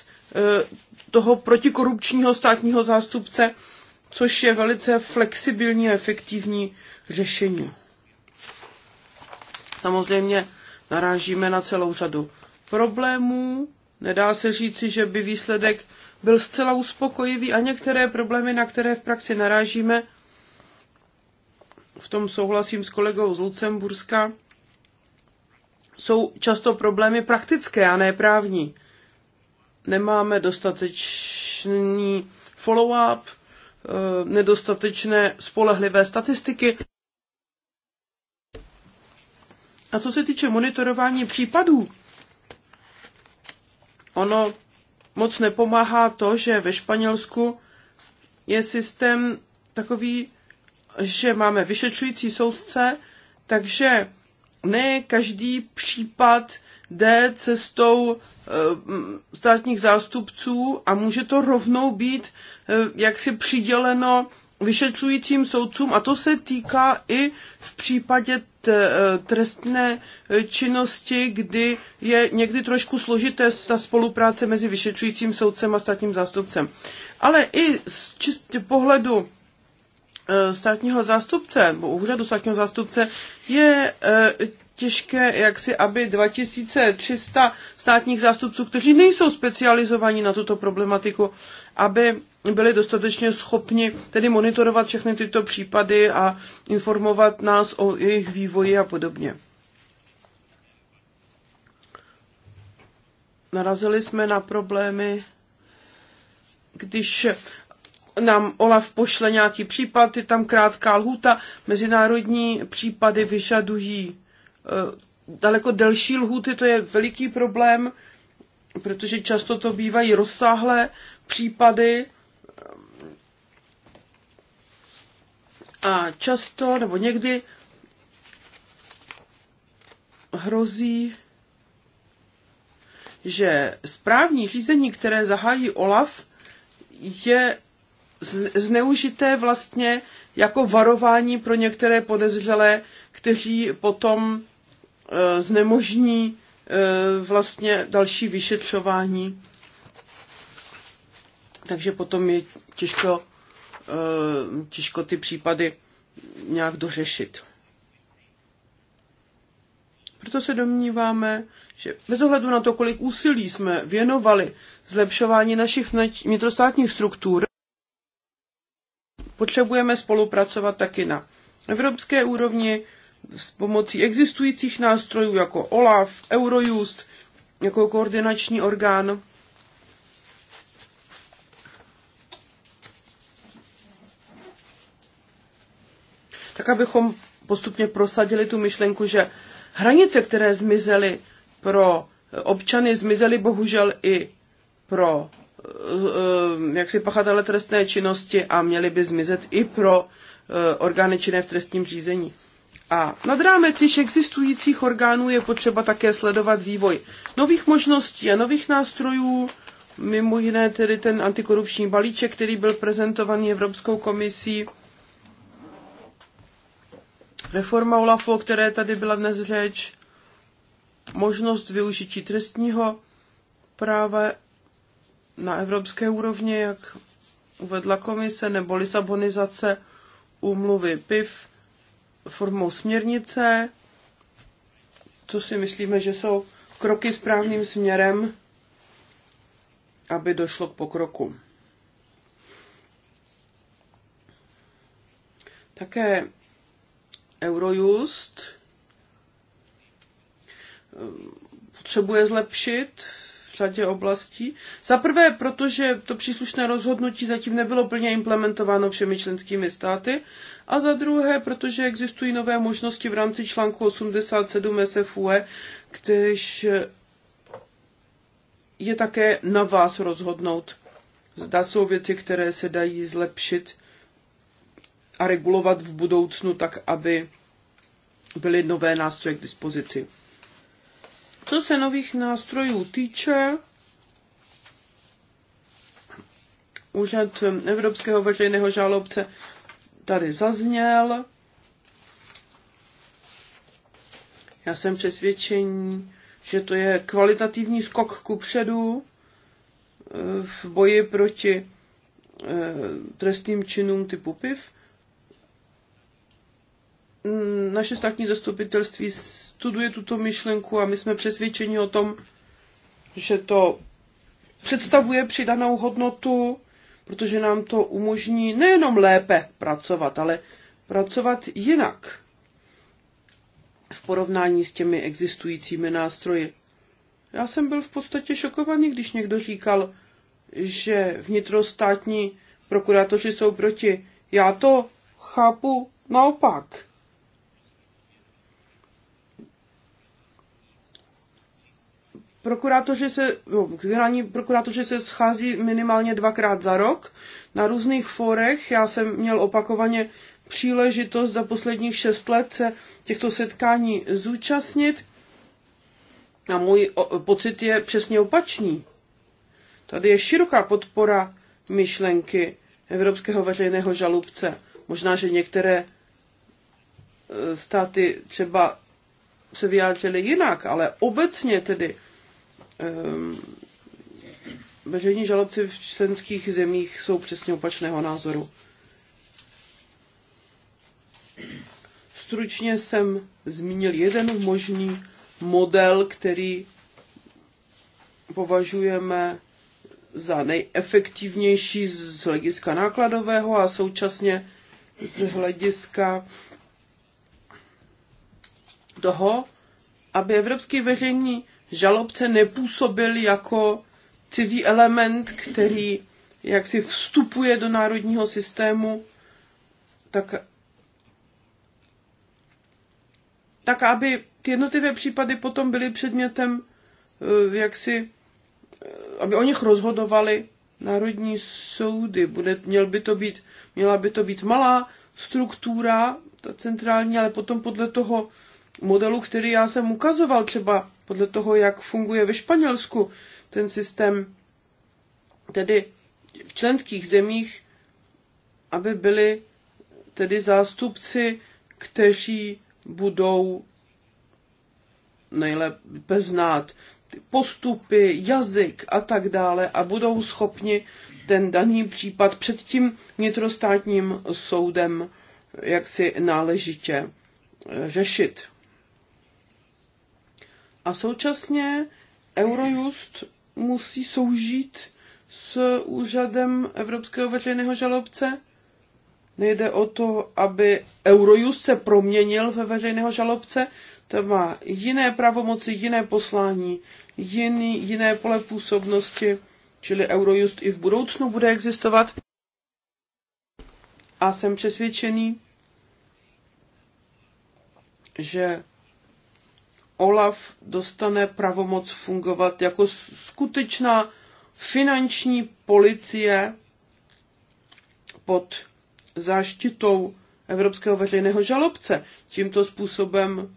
toho protikorupčního státního zástupce, což je velice flexibilní a efektivní řešení. Samozřejmě narážíme na celou řadu problémů, Nedá se říci, že by výsledek byl zcela uspokojivý a některé problémy, na které v praxi narážíme, v tom souhlasím s kolegou z Lucemburska, jsou často problémy praktické a ne právní. Nemáme dostatečný follow-up, eh, nedostatečné spolehlivé statistiky. A co se týče monitorování případů, ono moc nepomáhá to, že ve Španělsku je systém takový, že máme vyšetřující soudce, takže ne každý případ jde cestou eh, státních zástupců a může to rovnou být eh, jaksi přiděleno vyšetřujícím soudcům a to se týká i v případě E, trestné činnosti, kdy je někdy trošku složité ta spolupráce mezi vyšetřujícím soudcem a státním zástupcem. Ale i z čistě pohledu e, státního zástupce, nebo úřadu státního zástupce, je e, těžké, jak si, aby 2300 státních zástupců, kteří nejsou specializovaní na tuto problematiku, aby byli dostatečně schopni tedy monitorovat všechny tyto případy a informovat nás o jejich vývoji a podobně. Narazili jsme na problémy, když nám Olaf pošle nějaký případ, je tam krátká lhuta, mezinárodní případy vyžadují Eh, daleko delší lhuty, to je veliký problém, protože často to bývají rozsáhlé případy a často nebo někdy hrozí, že správní řízení, které zahájí OLAF, je zneužité vlastně jako varování pro některé podezřelé, kteří potom Eh, znemožní eh, vlastně další vyšetřování. Takže potom je těžko, eh, těžko ty případy nějak dořešit. Proto se domníváme, že bez ohledu na to, kolik úsilí jsme věnovali zlepšování našich vnitrostátních struktur, potřebujeme spolupracovat taky na evropské úrovni s pomocí existujících nástrojů jako OLAF, Eurojust, jako koordinační orgán. Tak abychom postupně prosadili tu myšlenku, že hranice, které zmizely pro občany, zmizely bohužel i pro eh, jaksi pachatele trestné činnosti a měly by zmizet i pro eh, orgány činné v trestním řízení. A nad rámec již existujících orgánů je potřeba také sledovat vývoj nových možností a nových nástrojů, mimo jiné tedy ten antikorupční balíček, který byl prezentovaný Evropskou komisí, reforma OLAFu, o které tady byla dnes řeč, možnost využití trestního práva na evropské úrovni, jak uvedla komise, nebo Lisabonizace úmluvy PIV, formou směrnice. Co si myslíme, že jsou kroky správným směrem, aby došlo k pokroku. Také Eurojust eh, potřebuje zlepšit řadě oblastí. Za prvé, protože to příslušné rozhodnutí zatím nebylo plně implementováno všemi členskými státy. A za druhé, protože existují nové možnosti v rámci článku 87 SFUE, kteréž je také na vás rozhodnout. Zda jsou věci, které se dají zlepšit a regulovat v budoucnu tak, aby byly nové nástroje k dispozici. Co se nových nástrojů týče, úřad Evropského veřejného žalobce tady zazněl. Já jsem přesvědčení, že to je kvalitativní skok ku předu eh, v boji proti eh, trestným činům typu PIV. Mm, naše státní zastupitelství studuje tuto myšlenku a my jsme přesvědčeni o tom, že to představuje přidanou hodnotu, protože nám to umožní nejenom lépe pracovat, ale pracovat jinak v porovnání s těmi existujícími nástroji. Já jsem byl v podstatě šokovaný, když někdo říkal, že vnitrostátní prokurátoři jsou proti. Já to chápu naopak. Prokurátoři se, no, generální prokurátoři se schází minimálně dvakrát za rok na různých forech. Já jsem měl opakovaně příležitost za posledních šest let se těchto setkání zúčastnit. A můj pocit je přesně opačný. Tady je široká podpora myšlenky Evropského veřejného žalubce. Možná, že některé e, státy třeba se vyjádřily jinak, ale obecně tedy Ehm, veřejní žalobci v členských zemích jsou přesně opačného názoru. Stručně jsem zmínil jeden možný model, který považujeme za nejefektivnější z hlediska nákladového a současně z hlediska toho, aby evropský veřejný žalobce nepůsobil jako cizí element, který jak si vstupuje do národního systému, tak, tak aby ty jednotlivé případy potom byly předmětem eh, jaksi, eh, aby o nich rozhodovali národní soudy. Bude, měl by to být, měla by to být malá struktura, ta centrální, ale potom podle toho modelu, který já jsem ukazoval, třeba podle toho, jak funguje ve Španělsku ten systém, tedy v členských zemích, aby byli tedy zástupci, kteří budou nejlépe znát postupy, jazyk a tak dále a budou schopni ten daný případ před tím vnitrostátním soudem jaksi náležitě eh, řešit. A současně Eurojust musí soužít s úřadem Evropského veřejného žalobce. Nejde o to, aby Eurojust se proměnil ve veřejného žalobce, to má jiné pravomoci, jiné poslání, jiný, jiné pole působnosti, čili Eurojust i v budoucnu bude existovat. A jsem přesvědčený, že OLAF dostane pravomoc fungovat jako skutečná finanční policie pod záštitou Evropského veřejného žalobce. Tímto způsobem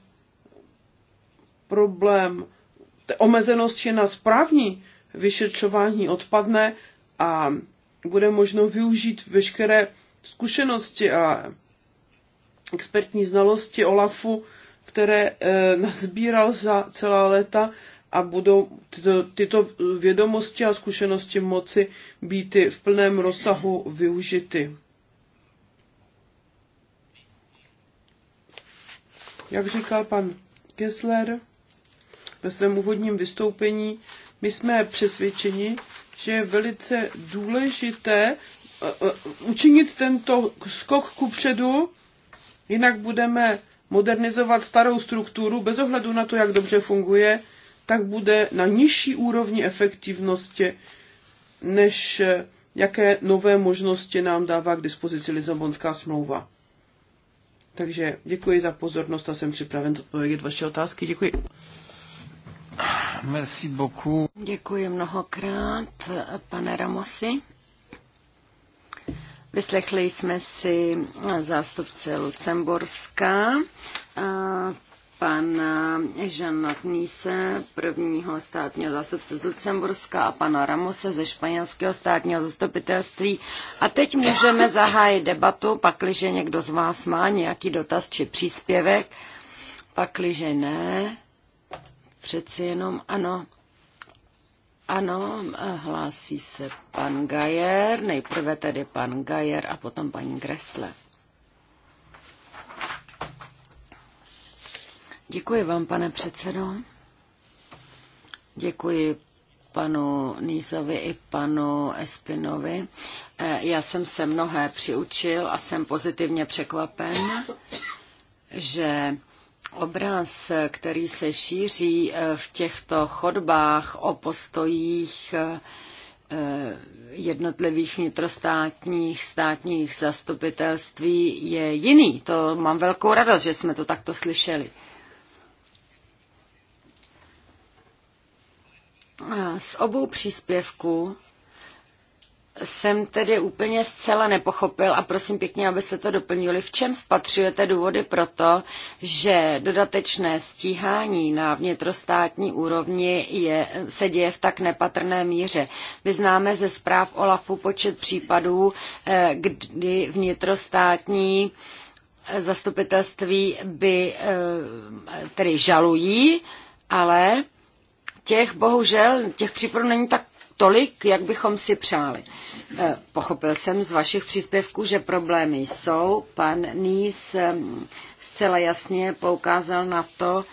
problém omezenosti na správní vyšetřování odpadne a bude možno využít veškeré zkušenosti a expertní znalosti OLAFu které eh, nazbíral za celá léta a budou tyto, tyto vědomosti a zkušenosti moci být v plném rozsahu využity. Jak říkal pan Kessler ve svém úvodním vystoupení, my jsme přesvědčeni, že je velice důležité eh, eh, učinit tento skok ku předu, jinak budeme modernizovat starou strukturu bez ohledu na to, jak dobře funguje, tak bude na nižší úrovni efektivnosti, než eh, jaké nové možnosti nám dává k dispozici Lisabonská smlouva. Takže děkuji za pozornost a jsem připraven odpovědět vaše otázky. Děkuji. Merci beaucoup. Děkuji mnohokrát, pane Ramosi. Vyslechli jsme si zástupce Lucemburska, pana Žana Tníse, prvního státního zástupce z Lucemburska a pana Ramose ze španělského státního zastupitelství. A teď můžeme zahájit debatu, pakliže někdo z vás má nějaký dotaz či příspěvek, pakliže ne, přeci jenom ano, ano, hlásí se pan Gajer, nejprve tedy pan Gajer a potom paní Gresle. Děkuji vám, pane předsedo. Děkuji panu Nízovi i panu Espinovi. Eh, já jsem se mnohé přiučil a jsem pozitivně překvapen, že obraz, který se šíří eh, v těchto chodbách o postojích eh, jednotlivých vnitrostátních státních zastupitelství je jiný. To mám velkou radost, že jsme to takto slyšeli. Z obou příspěvků jsem tedy úplně zcela nepochopil a prosím pěkně, abyste to doplnili. V čem spatřujete důvody pro to, že dodatečné stíhání na vnitrostátní úrovni je, se děje v tak nepatrné míře? My známe ze zpráv OLAFu počet případů, eh, kdy vnitrostátní eh, zastupitelství by eh, tedy žalují, ale těch bohužel, těch případů není tak tolik, jak bychom si přáli. Eh, pochopil jsem z vašich příspěvků, že problémy jsou. Pan Nýs ehm, zcela jasně poukázal na to,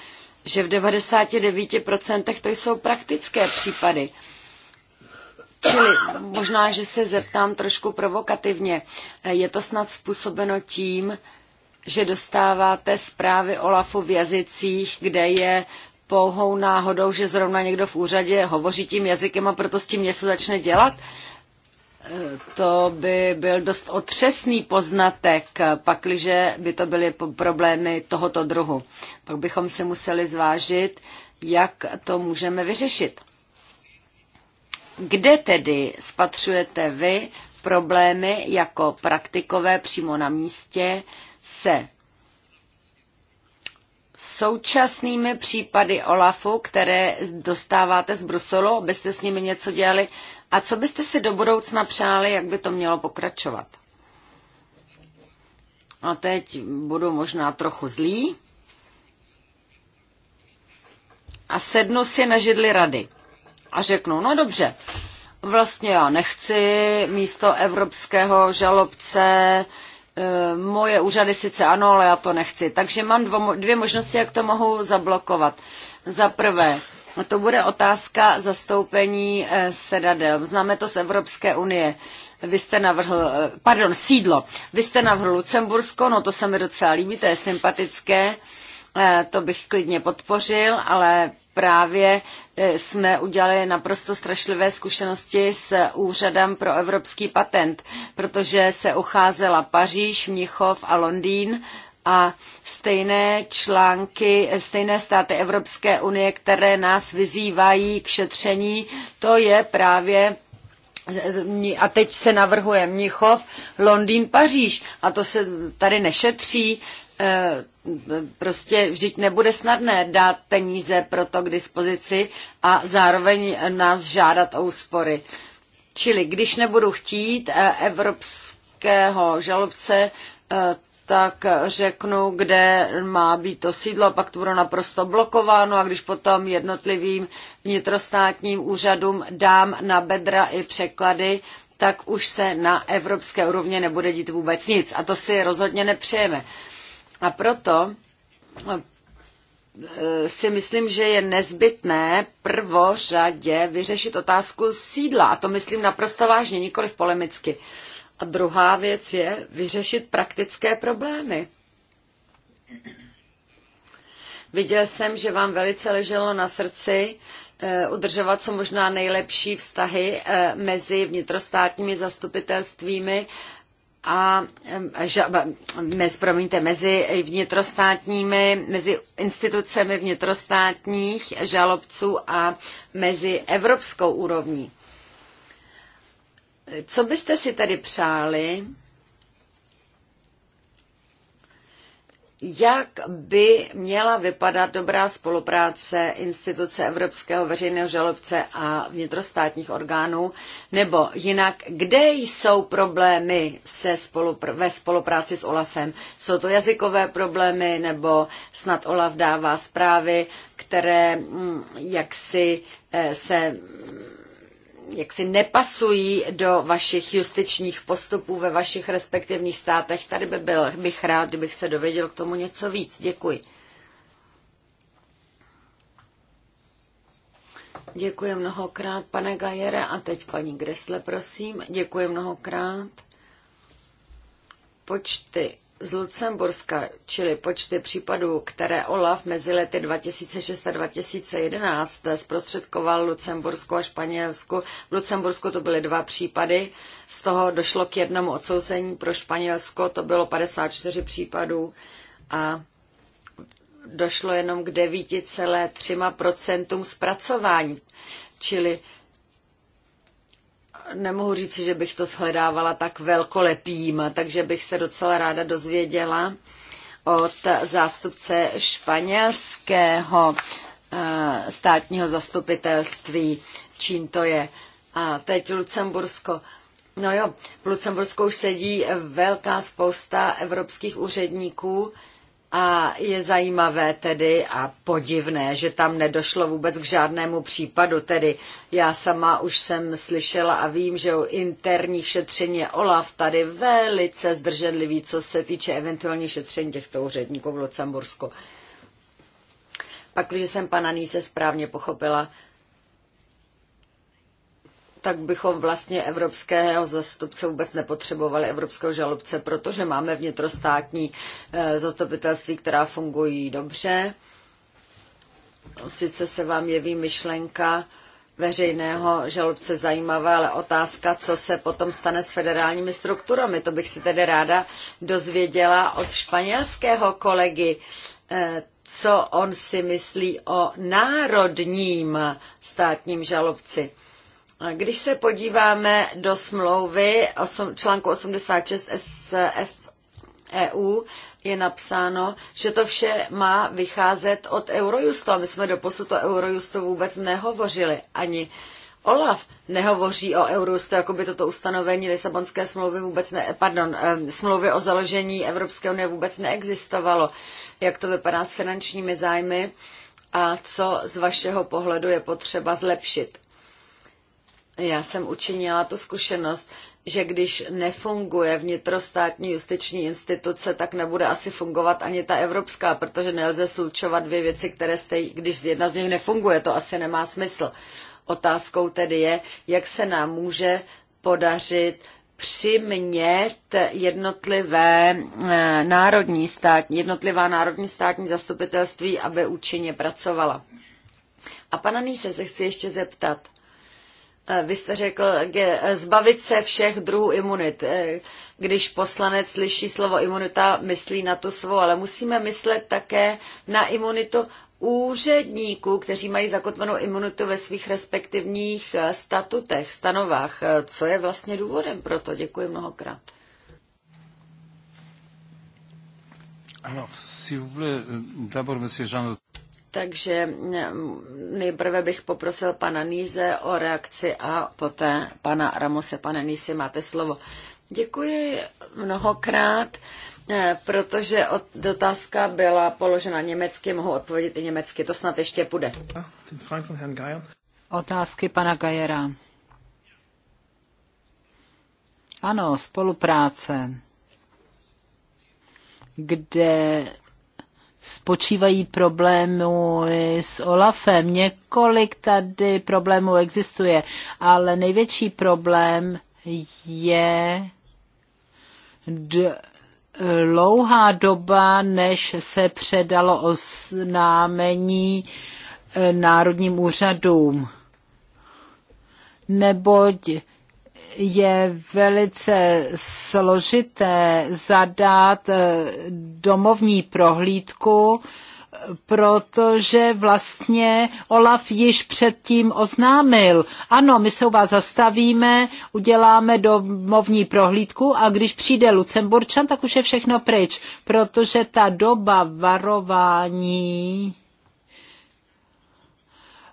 že v 99% to jsou praktické případy. Čili možná, že se zeptám trošku provokativně. Eh, je to snad způsobeno tím, že dostáváte zprávy Olafu v jazycích, kde je pouhou náhodou, že zrovna někdo v úřadě hovoří tím jazykem a proto s tím něco začne dělat? Eh, to by byl dost otřesný poznatek, pakliže by to byly problémy tohoto druhu. Pak bychom si museli zvážit, jak to můžeme vyřešit. Kde tedy spatřujete vy problémy jako praktikové přímo na místě se současnými případy OLAFu, které dostáváte z Bruselu, abyste s nimi něco dělali a co byste si do budoucna přáli, jak by to mělo pokračovat? A teď budu možná trochu zlý a sednu si na židli rady a řeknu, no dobře, vlastně já nechci místo evropského žalobce, Eh, moje úřady sice ano, ale já to nechci. Takže mám dvo, dvě možnosti, jak to mohu zablokovat. Za prvé, to bude otázka zastoupení eh, sedadel. Známe to z Evropské unie. Vy jste navrhl, eh, pardon, sídlo. Vy jste navrhl Lucembursko, no to se mi docela líbí, to je sympatické. To bych klidně podpořil, ale právě eh, jsme udělali naprosto strašlivé zkušenosti s úřadem pro evropský patent, protože se ucházela Paříž, Mnichov a Londýn a stejné články, eh, stejné státy Evropské unie, které nás vyzývají k šetření, to je právě eh, a teď se navrhuje Mnichov, Londýn, Paříž a to se tady nešetří, prostě vždyť nebude snadné dát peníze pro to k dispozici a zároveň nás žádat o úspory. Čili když nebudu chtít eh, evropského žalobce, eh, tak řeknu, kde má být to sídlo, pak to bude naprosto blokováno a když potom jednotlivým vnitrostátním úřadům dám na bedra i překlady, tak už se na evropské úrovně nebude dít vůbec nic. A to si rozhodně nepřejeme. Uh, a proto eh, si myslím, že je nezbytné prvořadě vyřešit otázku sídla. A to myslím naprosto vážně, nikoli polemicky. A druhá věc je vyřešit praktické problémy. Viděl jsem, že vám velice leželo na srdci eh, udržovat co možná nejlepší vztahy eh, mezi vnitrostátními zastupitelstvími a mez, promiňte, mezi vnitrostátními, mezi institucemi vnitrostátních žalobců a mezi evropskou úrovní. Co byste si tedy přáli, jak by měla vypadat dobrá spolupráce instituce Evropského veřejného žalobce a vnitrostátních orgánů, nebo jinak, kde jsou problémy se spolupr- ve spolupráci s OLAFem? Jsou to jazykové problémy, nebo snad OLAF dává zprávy, které mm, jaksi eh, se jaksi nepasují do vašich justičních postupů ve vašich respektivních státech. Tady by byl, bych rád, kdybych se dověděl k tomu něco víc. Děkuji. Děkuji mnohokrát, pane Gajere. A teď paní Gresle, prosím. Děkuji mnohokrát. Počty z Lucemburska, čili počty případů, které OLAF mezi lety 2006 a 2011 zprostředkoval Lucembursku a Španělsku. V Lucembursku to byly dva případy, z toho došlo k jednomu odsouzení pro Španělsko, to bylo 54 případů a došlo jenom k 9,3% zpracování, čili nemohu říci, že bych to shledávala tak velkolepým, takže bych se docela ráda dozvěděla od zástupce španělského eh, státního zastupitelství, čím to je. A teď Lucembursko. No jo, v Lucembursku už sedí velká spousta evropských úředníků, a je zajímavé tedy a podivné, že tam nedošlo vůbec k žádnému případu. Tedy já sama už jsem slyšela a vím, že u interních šetření OLAF tady velice zdrženlivý, co se týče eventuální šetření těchto úředníků v Lucembursku. Pak, když jsem pana Níse správně pochopila, tak bychom vlastně evropského zastupce vůbec nepotřebovali, evropského žalobce, protože máme vnitrostátní eh, zastupitelství, která fungují dobře. Sice se vám jeví myšlenka, veřejného žalobce zajímavá, ale otázka, co se potom stane s federálními strukturami, to bych si tedy ráda dozvěděla od španělského kolegy, eh, co on si myslí o národním státním žalobci. Když se podíváme do smlouvy článku 86 SF EU, je napsáno, že to vše má vycházet od Eurojustu. A my jsme do posud o Eurojustu vůbec nehovořili. Ani Olaf nehovoří o Eurojustu, jako by toto ustanovení Lisabonské smlouvy vůbec ne, pardon, smlouvy o založení Evropské unie vůbec neexistovalo. Jak to vypadá s finančními zájmy a co z vašeho pohledu je potřeba zlepšit? Já jsem učinila tu zkušenost, že když nefunguje vnitrostátní justiční instituce, tak nebude asi fungovat ani ta evropská, protože nelze slučovat dvě věci, které stejí, když jedna z nich nefunguje, to asi nemá smysl. Otázkou tedy je, jak se nám může podařit přimět jednotlivé eh, národní státní, jednotlivá národní státní zastupitelství, aby účinně pracovala. A pana Nýse se chci ještě zeptat. Eh, vy jste řekl, eh, zbavit se všech druhů imunit. Eh, když poslanec slyší slovo imunita, myslí na tu svou, ale musíme myslet také na imunitu úředníků, kteří mají zakotvenou imunitu ve svých respektivních statutech, stanovách. Co je vlastně důvodem pro to? Děkuji mnohokrát. Alors, si vous voulez, euh, takže mm, nejprve bych poprosil pana Níze o reakci a poté pana Ramose. Pane Nízi, máte slovo. Děkuji mnohokrát, eh, protože otázka byla položena německy, mohu odpovědět i německy, to snad ještě půjde. Otázky pana Gajera. Ano, spolupráce, kde spočívají problémů s Olafem. Několik tady problémů existuje, ale největší problém je dlouhá doba, než se předalo oznámení eh, národním úřadům. Neboť je velice složité zadat eh, domovní prohlídku, protože vlastně Olaf již předtím oznámil, ano, my se u vás zastavíme, uděláme domovní prohlídku a když přijde Lucemburčan, tak už je všechno pryč, protože ta doba varování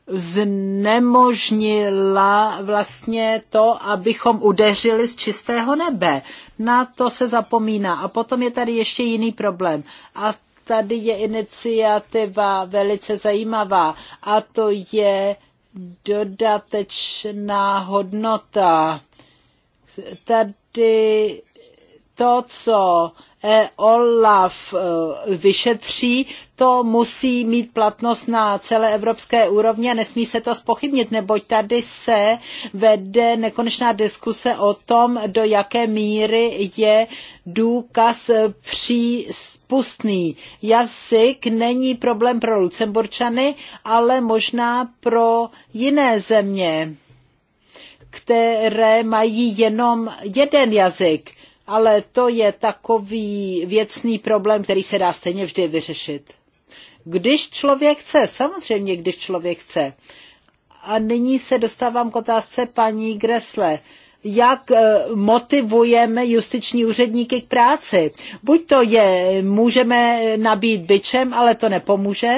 znemožnila vlastně to, abychom udeřili z čistého nebe. Na to se zapomíná. A potom je tady ještě jiný problém. A tady je iniciativa velice zajímavá. A to je dodatečná hodnota. Tady to, co OLAF e, vyšetří, to musí mít platnost na celé evropské úrovni a nesmí se to spochybnit, neboť tady se vede nekonečná diskuse o tom, do jaké míry je důkaz přípustný. Jazyk není problém pro Lucemburčany, ale možná pro jiné země, které mají jenom jeden jazyk ale to je takový věcný problém, který se dá stejně vždy vyřešit. Když člověk chce, samozřejmě, když člověk chce. A nyní se dostávám k otázce paní Gresle jak eh, motivujeme justiční úředníky k práci. Buď to je, můžeme nabít byčem, ale to nepomůže,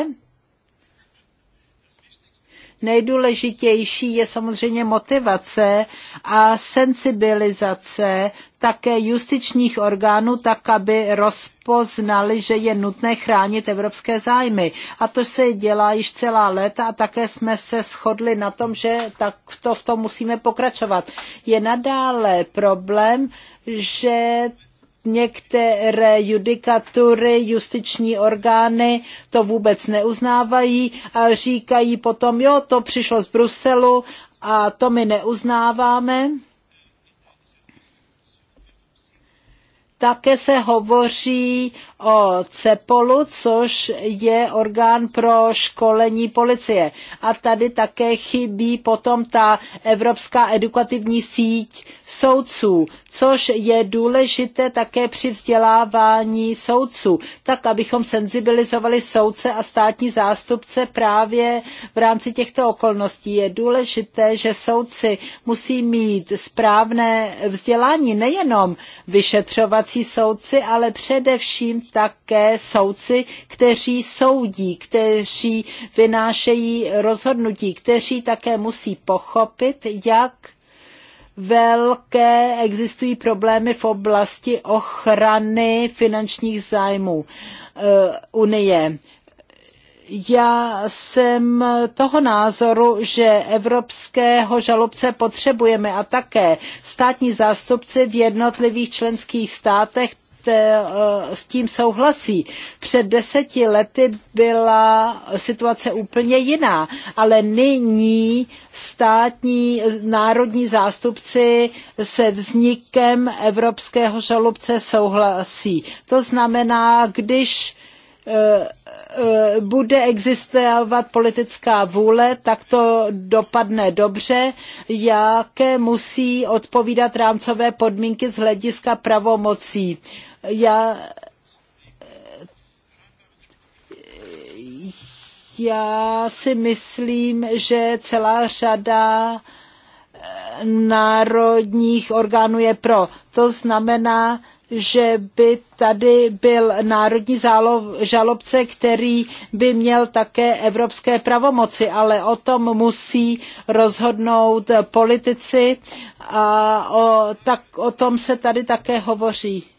Nejdůležitější je samozřejmě motivace a sensibilizace také justičních orgánů, tak aby rozpoznali, že je nutné chránit evropské zájmy. A to se dělá již celá léta a také jsme se shodli na tom, že tak to v tom musíme pokračovat. Je nadále problém, že některé judikatury, justiční orgány to vůbec neuznávají a říkají potom, jo, to přišlo z Bruselu a to my neuznáváme. Také se hovoří o CEPOLu, což je orgán pro školení policie. A tady také chybí potom ta Evropská edukativní síť soudců, což je důležité také při vzdělávání soudců, tak abychom senzibilizovali soudce a státní zástupce právě v rámci těchto okolností. Je důležité, že soudci musí mít správné vzdělání, nejenom vyšetřovací soudci, ale především také soudci, kteří soudí, kteří vynášejí rozhodnutí, kteří také musí pochopit, jak velké existují problémy v oblasti ochrany finančních zájmů eh, Unie. Já jsem toho názoru, že evropského žalobce potřebujeme a také státní zástupci v jednotlivých členských státech E, s tím souhlasí. Před deseti lety byla situace úplně jiná, ale nyní státní národní zástupci se vznikem evropského žalobce souhlasí. To znamená, když e, e, bude existovat politická vůle, tak to dopadne dobře, jaké musí odpovídat rámcové podmínky z hlediska pravomocí. Uh, já já si myslím, že celá řada eh, národních orgánů je pro. To znamená, že by tady byl národní žalobce, který by měl také evropské pravomoci, ale o tom musí rozhodnout politici a o, tak, o tom se tady také hovoří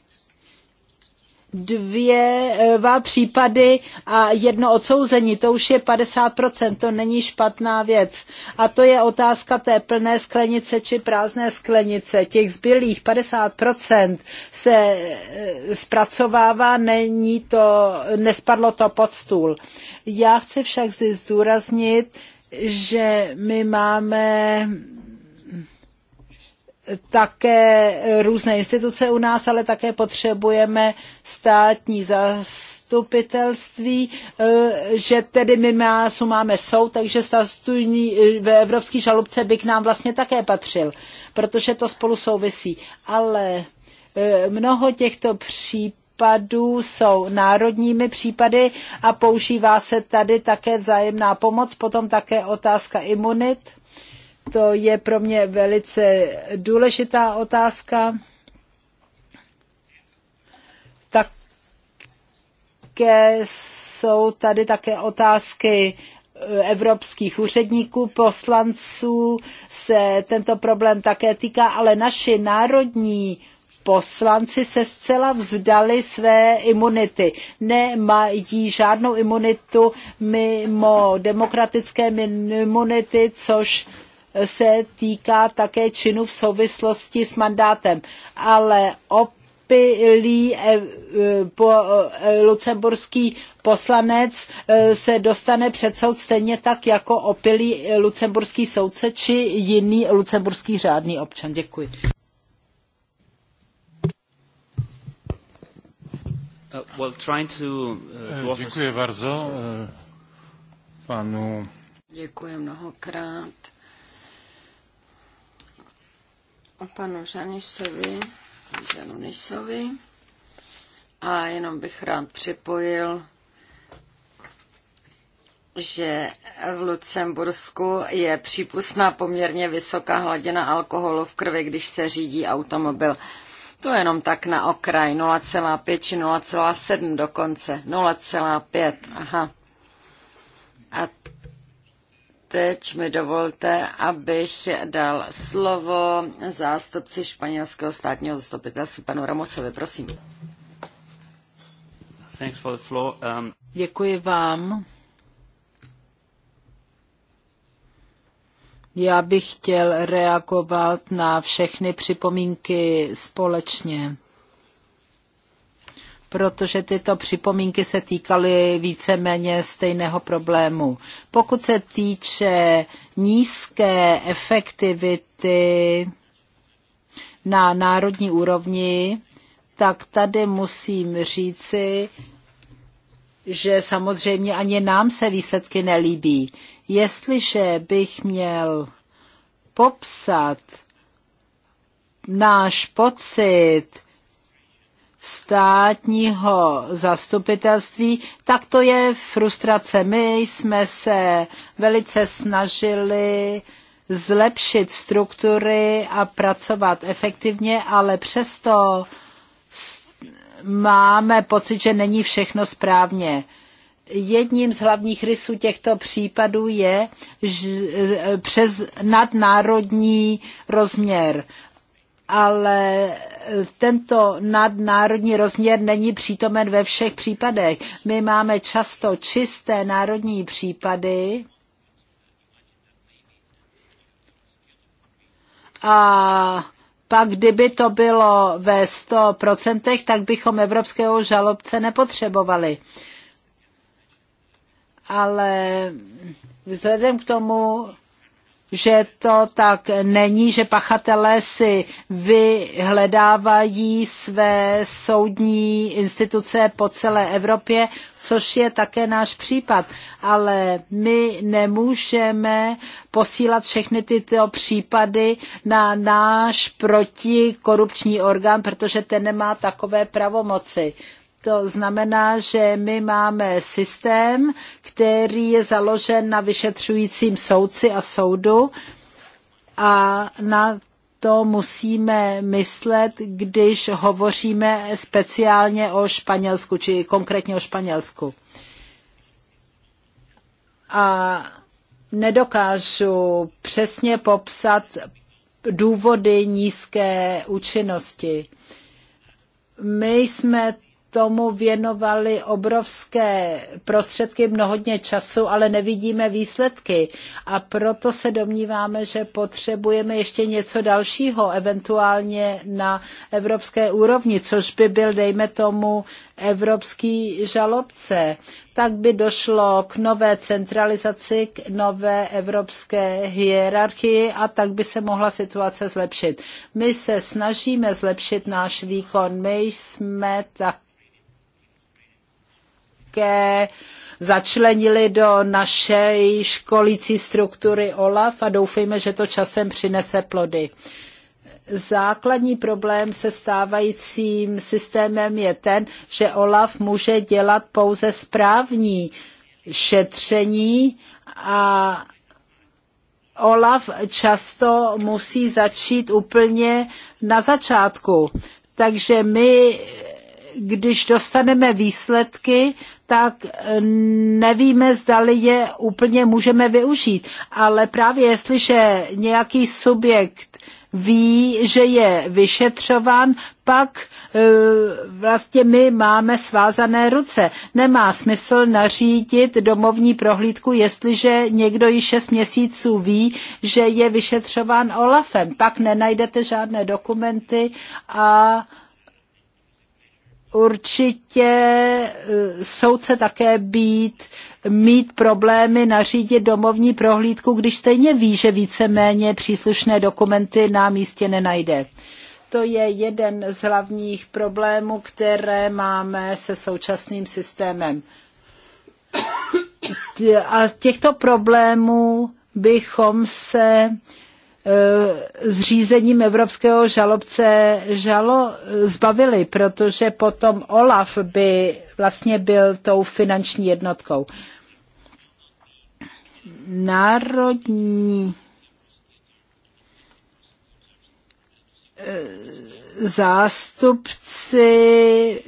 dvě, e, dva případy a jedno odsouzení, to už je 50%, to není špatná věc. A to je otázka té plné sklenice či prázdné sklenice. Těch zbylých 50% se e, zpracovává, není to, nespadlo to pod stůl. Já chci však zde zdůraznit, že my máme také různé instituce u nás, ale také potřebujeme státní zastupitelství, eh, že tedy my másu máme soud, takže státní eh, evropský žalobce by k nám vlastně také patřil, protože to spolu souvisí. Ale eh, mnoho těchto případů případů jsou národními případy a používá se tady také vzájemná pomoc, potom také otázka imunit to je pro mě velice důležitá otázka. Také jsou tady také otázky evropských úředníků, poslanců se tento problém také týká, ale naši národní poslanci se zcela vzdali své imunity. Nemají žádnou imunitu mimo demokratické imunity, což se týká také činu v souvislosti s mandátem, ale opilý eh, po, eh, lucemburský poslanec eh, se dostane před soud stejně tak jako opilý lucemburský soudce či jiný lucemburský řádný občan. Děkuji. Uh, well, to uh, Děkuji bardzo panu. Děkuji mnohokrát panu Žanisovi, Nisovi. A jenom bych rád připojil, že v Lucembursku je přípustná poměrně vysoká hladina alkoholu v krvi, když se řídí automobil. To je jenom tak na okraj, 0,5 či 0,7 dokonce, 0,5, aha teď mi dovolte, abych dal slovo zástupci španělského státního zastupitelství panu Ramosovi. Prosím. Thanks for the floor. Um... Děkuji vám. Já bych chtěl reagovat na všechny připomínky společně protože tyto připomínky se týkaly víceméně stejného problému. Pokud se týče nízké efektivity na národní úrovni, tak tady musím říci, že samozřejmě ani nám se výsledky nelíbí. Jestliže bych měl popsat náš pocit, státního zastupitelství, tak to je frustrace. My jsme se velice snažili zlepšit struktury a pracovat efektivně, ale přesto máme pocit, že není všechno správně. Jedním z hlavních rysů těchto případů je přes nadnárodní rozměr ale eh, tento nadnárodní rozměr není přítomen ve všech případech. My máme často čisté národní případy a pak kdyby to bylo ve 100%, tak bychom evropského žalobce nepotřebovali. Ale vzhledem k tomu, že to tak není, že pachatelé si vyhledávají své soudní instituce po celé Evropě, což je také náš případ. Ale my nemůžeme posílat všechny tyto případy na náš protikorupční orgán, protože ten nemá takové pravomoci. To znamená, že my máme systém, který je založen na vyšetřujícím soudci a soudu a na to musíme myslet, když hovoříme speciálně o Španělsku, či konkrétně o Španělsku. A nedokážu přesně popsat důvody nízké účinnosti. My jsme tomu věnovali obrovské prostředky, mnohodně času, ale nevidíme výsledky. A proto se domníváme, že potřebujeme ještě něco dalšího, eventuálně na evropské úrovni, což by byl, dejme tomu, evropský žalobce. Tak by došlo k nové centralizaci, k nové evropské hierarchii a tak by se mohla situace zlepšit. My se snažíme zlepšit náš výkon. My jsme tak také začlenili do naší školící struktury OLAF a doufejme, že to časem přinese plody. Základní problém se stávajícím systémem je ten, že OLAF může dělat pouze správní šetření a OLAF často musí začít úplně na začátku. Takže my když dostaneme výsledky, tak eh, nevíme, zdali je úplně můžeme využít. Ale právě jestliže nějaký subjekt ví, že je vyšetřován, pak eh, vlastně my máme svázané ruce. Nemá smysl nařídit domovní prohlídku, jestliže někdo již 6 měsíců ví, že je vyšetřován Olafem. Pak nenajdete žádné dokumenty a určitě eh, soudce také být, mít problémy nařídit domovní prohlídku, když stejně ví, že víceméně příslušné dokumenty na místě nenajde. To je jeden z hlavních problémů, které máme se současným systémem. <coughs> A těchto problémů bychom se E, zřízením evropského žalobce žalo, zbavili, protože potom Olaf by vlastně byl tou finanční jednotkou. Národní e, zástupci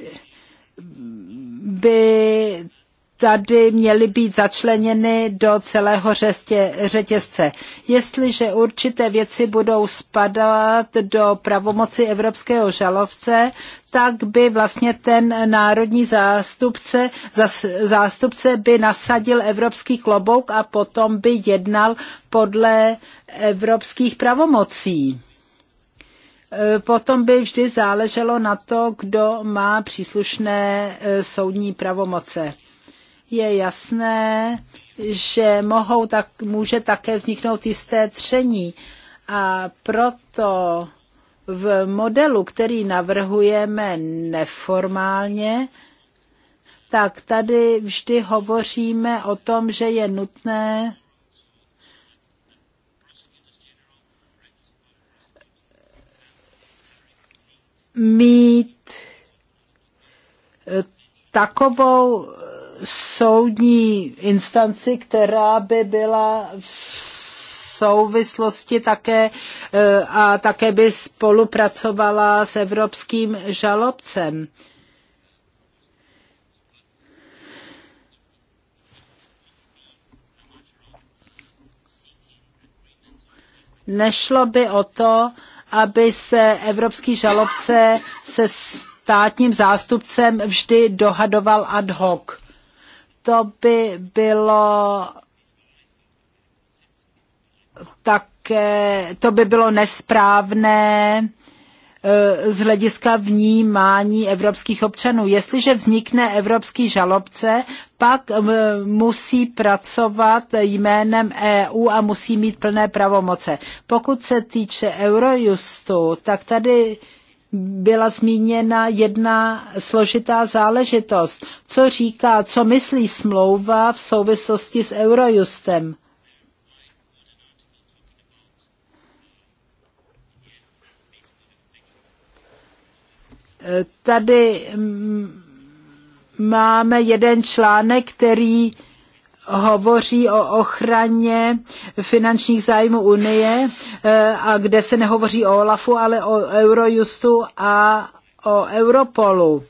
by tady měly být začleněny do celého řestě, řetězce. Jestliže určité věci budou spadat do pravomoci evropského žalovce, tak by vlastně ten národní zástupce, zástupce by nasadil evropský klobouk a potom by jednal podle evropských pravomocí. E, potom by vždy záleželo na to, kdo má příslušné e, soudní pravomoce je jasné, že mohou tak, může také vzniknout jisté tření. A proto v modelu, který navrhujeme neformálně, tak tady vždy hovoříme o tom, že je nutné mít takovou soudní instanci, která by byla v souvislosti také eh, a také by spolupracovala s evropským žalobcem. Nešlo by o to, aby se evropský žalobce se státním zástupcem vždy dohadoval ad hoc to by bylo také, to by bylo nesprávné eh, z hlediska vnímání evropských občanů. Jestliže vznikne evropský žalobce, pak eh, musí pracovat jménem EU a musí mít plné pravomoce. Pokud se týče Eurojustu, tak tady byla zmíněna jedna složitá záležitost. Co říká, co myslí smlouva v souvislosti s Eurojustem? Tady máme jeden článek, který hovoří o ochraně finančních zájmů Unie eh, a kde se nehovoří o OLAFu, ale o Eurojustu a o Europolu.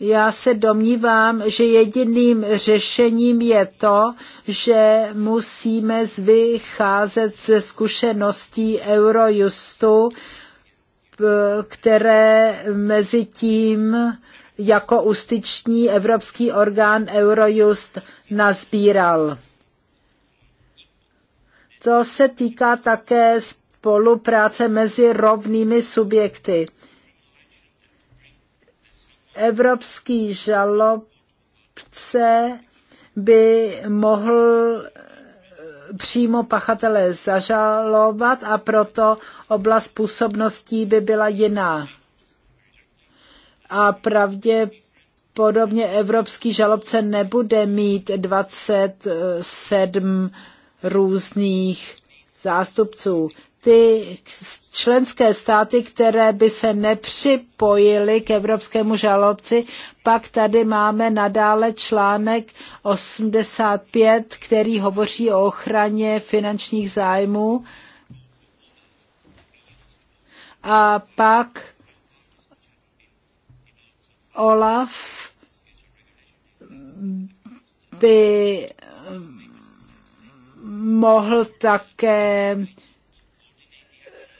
Já se domnívám, že jediným řešením je to, že musíme vycházet ze zkušeností Eurojustu, které mezi tím jako ústyční evropský orgán Eurojust nazbíral. To se týká také spolupráce mezi rovnými subjekty. Evropský žalobce by mohl eh, přímo pachatele zažalovat a proto oblast působností by byla jiná a pravděpodobně evropský žalobce nebude mít 27 různých zástupců. Ty členské státy, které by se nepřipojily k evropskému žalobci, pak tady máme nadále článek 85, který hovoří o ochraně finančních zájmů. A pak Olaf by mohl také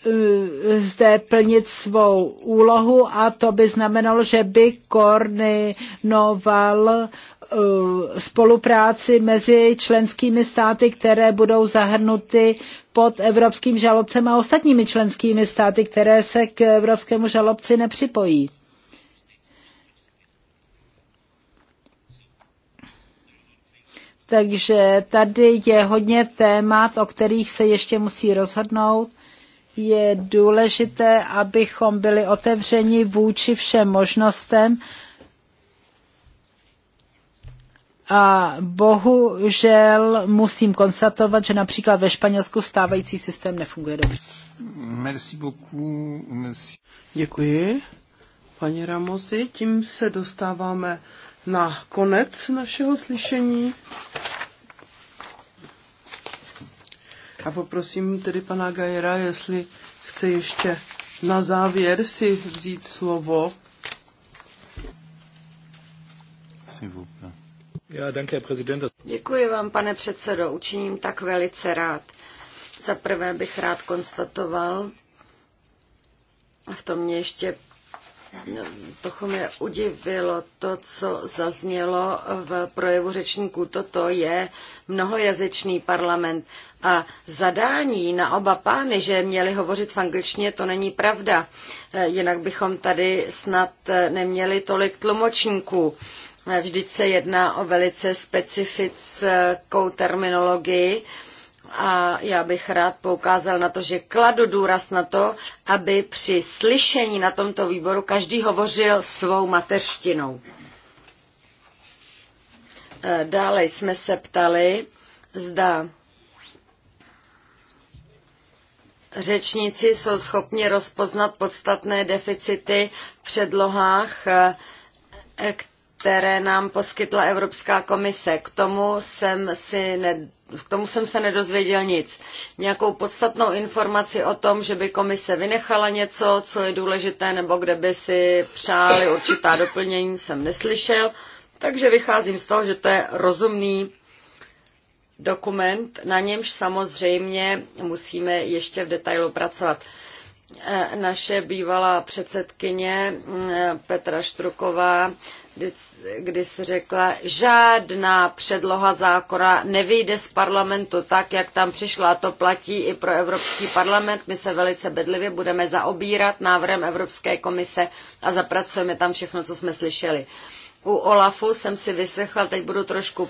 eh, zde plnit svou úlohu a to by znamenalo, že by koordinoval eh, spolupráci mezi členskými státy, které budou zahrnuty pod evropským žalobcem a ostatními členskými státy, které se k evropskému žalobci nepřipojí. Takže tady je hodně témat, o kterých se ještě musí rozhodnout. Je důležité, abychom byli otevřeni vůči všem možnostem. A bohužel musím konstatovat, že například ve Španělsku stávající systém nefunguje dobře. Merci beaucoup. Merci. Děkuji. Paní Ramosi, tím se dostáváme na konec našeho slyšení. A poprosím tedy pana Gajera, jestli chce ještě na závěr si vzít slovo. Děkuji vám, pane předsedo, učiním tak velice rád. Za prvé bych rád konstatoval, a v tom mě ještě No, trochu mě udivilo to, co zaznělo v projevu řečníků. Toto je mnohojazyčný parlament a zadání na oba pány, že měli hovořit v angličtině, to není pravda. Eh, jinak bychom tady snad eh, neměli tolik tlumočníků. Eh, vždyť se jedná o velice specifickou terminologii a já bych rád poukázal na to, že kladu důraz na to, aby při slyšení na tomto výboru každý hovořil svou mateřštinou. E, dále jsme se ptali, zda řečníci jsou schopni rozpoznat podstatné deficity v předlohách, e, které nám poskytla Evropská komise. K tomu jsem, si ne, k tomu jsem se nedozvěděl nic. Nějakou podstatnou informaci o tom, že by komise vynechala něco, co je důležité, nebo kde by si přáli určitá doplnění, jsem neslyšel. Takže vycházím z toho, že to je rozumný dokument, na němž samozřejmě musíme ještě v detailu pracovat. E, naše bývalá předsedkyně e, Petra Štruková když se řekla, žádná předloha zákona nevyjde z parlamentu tak, jak tam přišla. A to platí i pro Evropský parlament. My se velice bedlivě budeme zaobírat návrhem Evropské komise a zapracujeme tam všechno, co jsme slyšeli. U Olafu jsem si vyslechla, teď budu trošku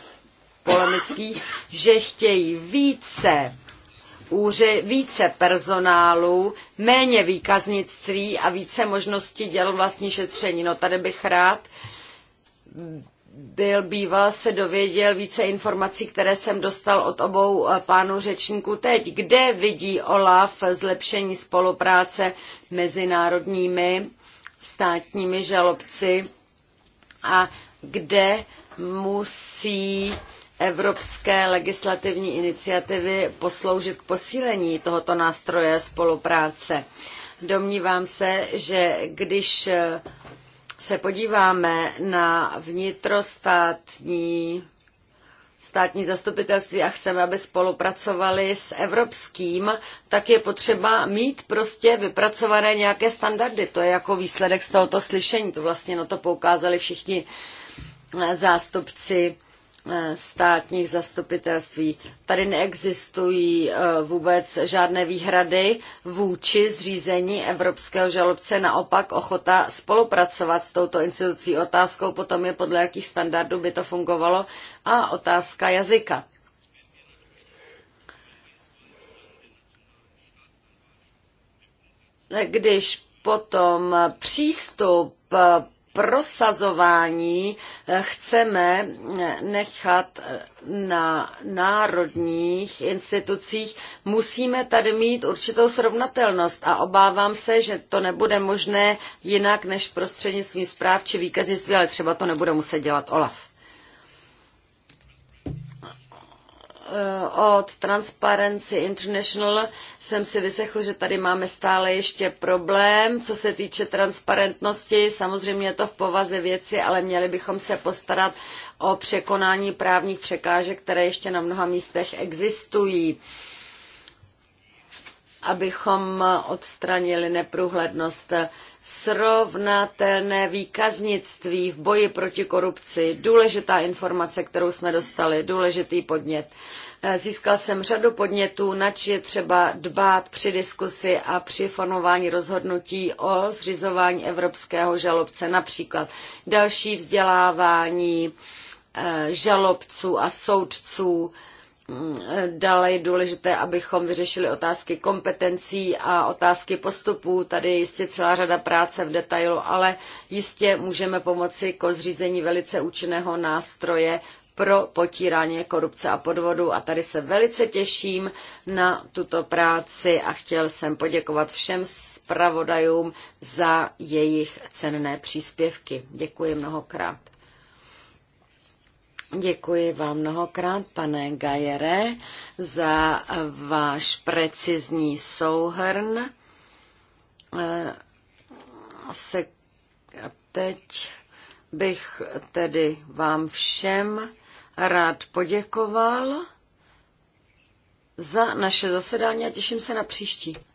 polemický, že chtějí více úře více personálu, méně výkaznictví a více možností dělat vlastní šetření. No tady bych rád byl býval se dověděl více informací, které jsem dostal od obou eh, pánů řečníků teď. Kde vidí OLAF zlepšení spolupráce mezi národními státními žalobci a kde musí evropské legislativní iniciativy posloužit k posílení tohoto nástroje spolupráce. Domnívám se, že když se podíváme na vnitrostátní státní zastupitelství a chceme, aby spolupracovali s evropským, tak je potřeba mít prostě vypracované nějaké standardy. To je jako výsledek z tohoto slyšení. To vlastně na to poukázali všichni zástupci Eh, státních zastupitelství. Tady neexistují eh, vůbec žádné výhrady vůči zřízení evropského žalobce, naopak ochota spolupracovat s touto institucí. Otázkou potom je, podle jakých standardů by to fungovalo a otázka jazyka. Když potom přístup prosazování eh, chceme nechat eh, na národních institucích, musíme tady mít určitou srovnatelnost a obávám se, že to nebude možné jinak než prostřednictvím zpráv či výkaznictví, ale třeba to nebude muset dělat OLAF. Eh, od Transparency International jsem si vyslechl, že tady máme stále ještě problém, co se týče transparentnosti. Samozřejmě je to v povaze věci, ale měli bychom se postarat o překonání právních překážek, které ještě na mnoha místech existují abychom odstranili neprůhlednost srovnatelné výkaznictví v boji proti korupci. Důležitá informace, kterou jsme dostali, důležitý podnět. Eh, Získal jsem řadu podnětů, nač je třeba dbát při diskusi a při formování rozhodnutí o zřizování evropského žalobce, například další vzdělávání eh, žalobců a soudců, Dále je důležité, abychom vyřešili otázky kompetencí a otázky postupů. Tady je jistě celá řada práce v detailu, ale jistě můžeme pomoci k zřízení velice účinného nástroje pro potírání korupce a podvodu a tady se velice těším na tuto práci a chtěl jsem poděkovat všem zpravodajům za jejich cenné příspěvky. Děkuji mnohokrát. Děkuji vám mnohokrát, pane Gajere, za váš precizní souhrn. Eh, se, teď bych tedy vám všem rád poděkoval za naše zasedání a těším se na příští.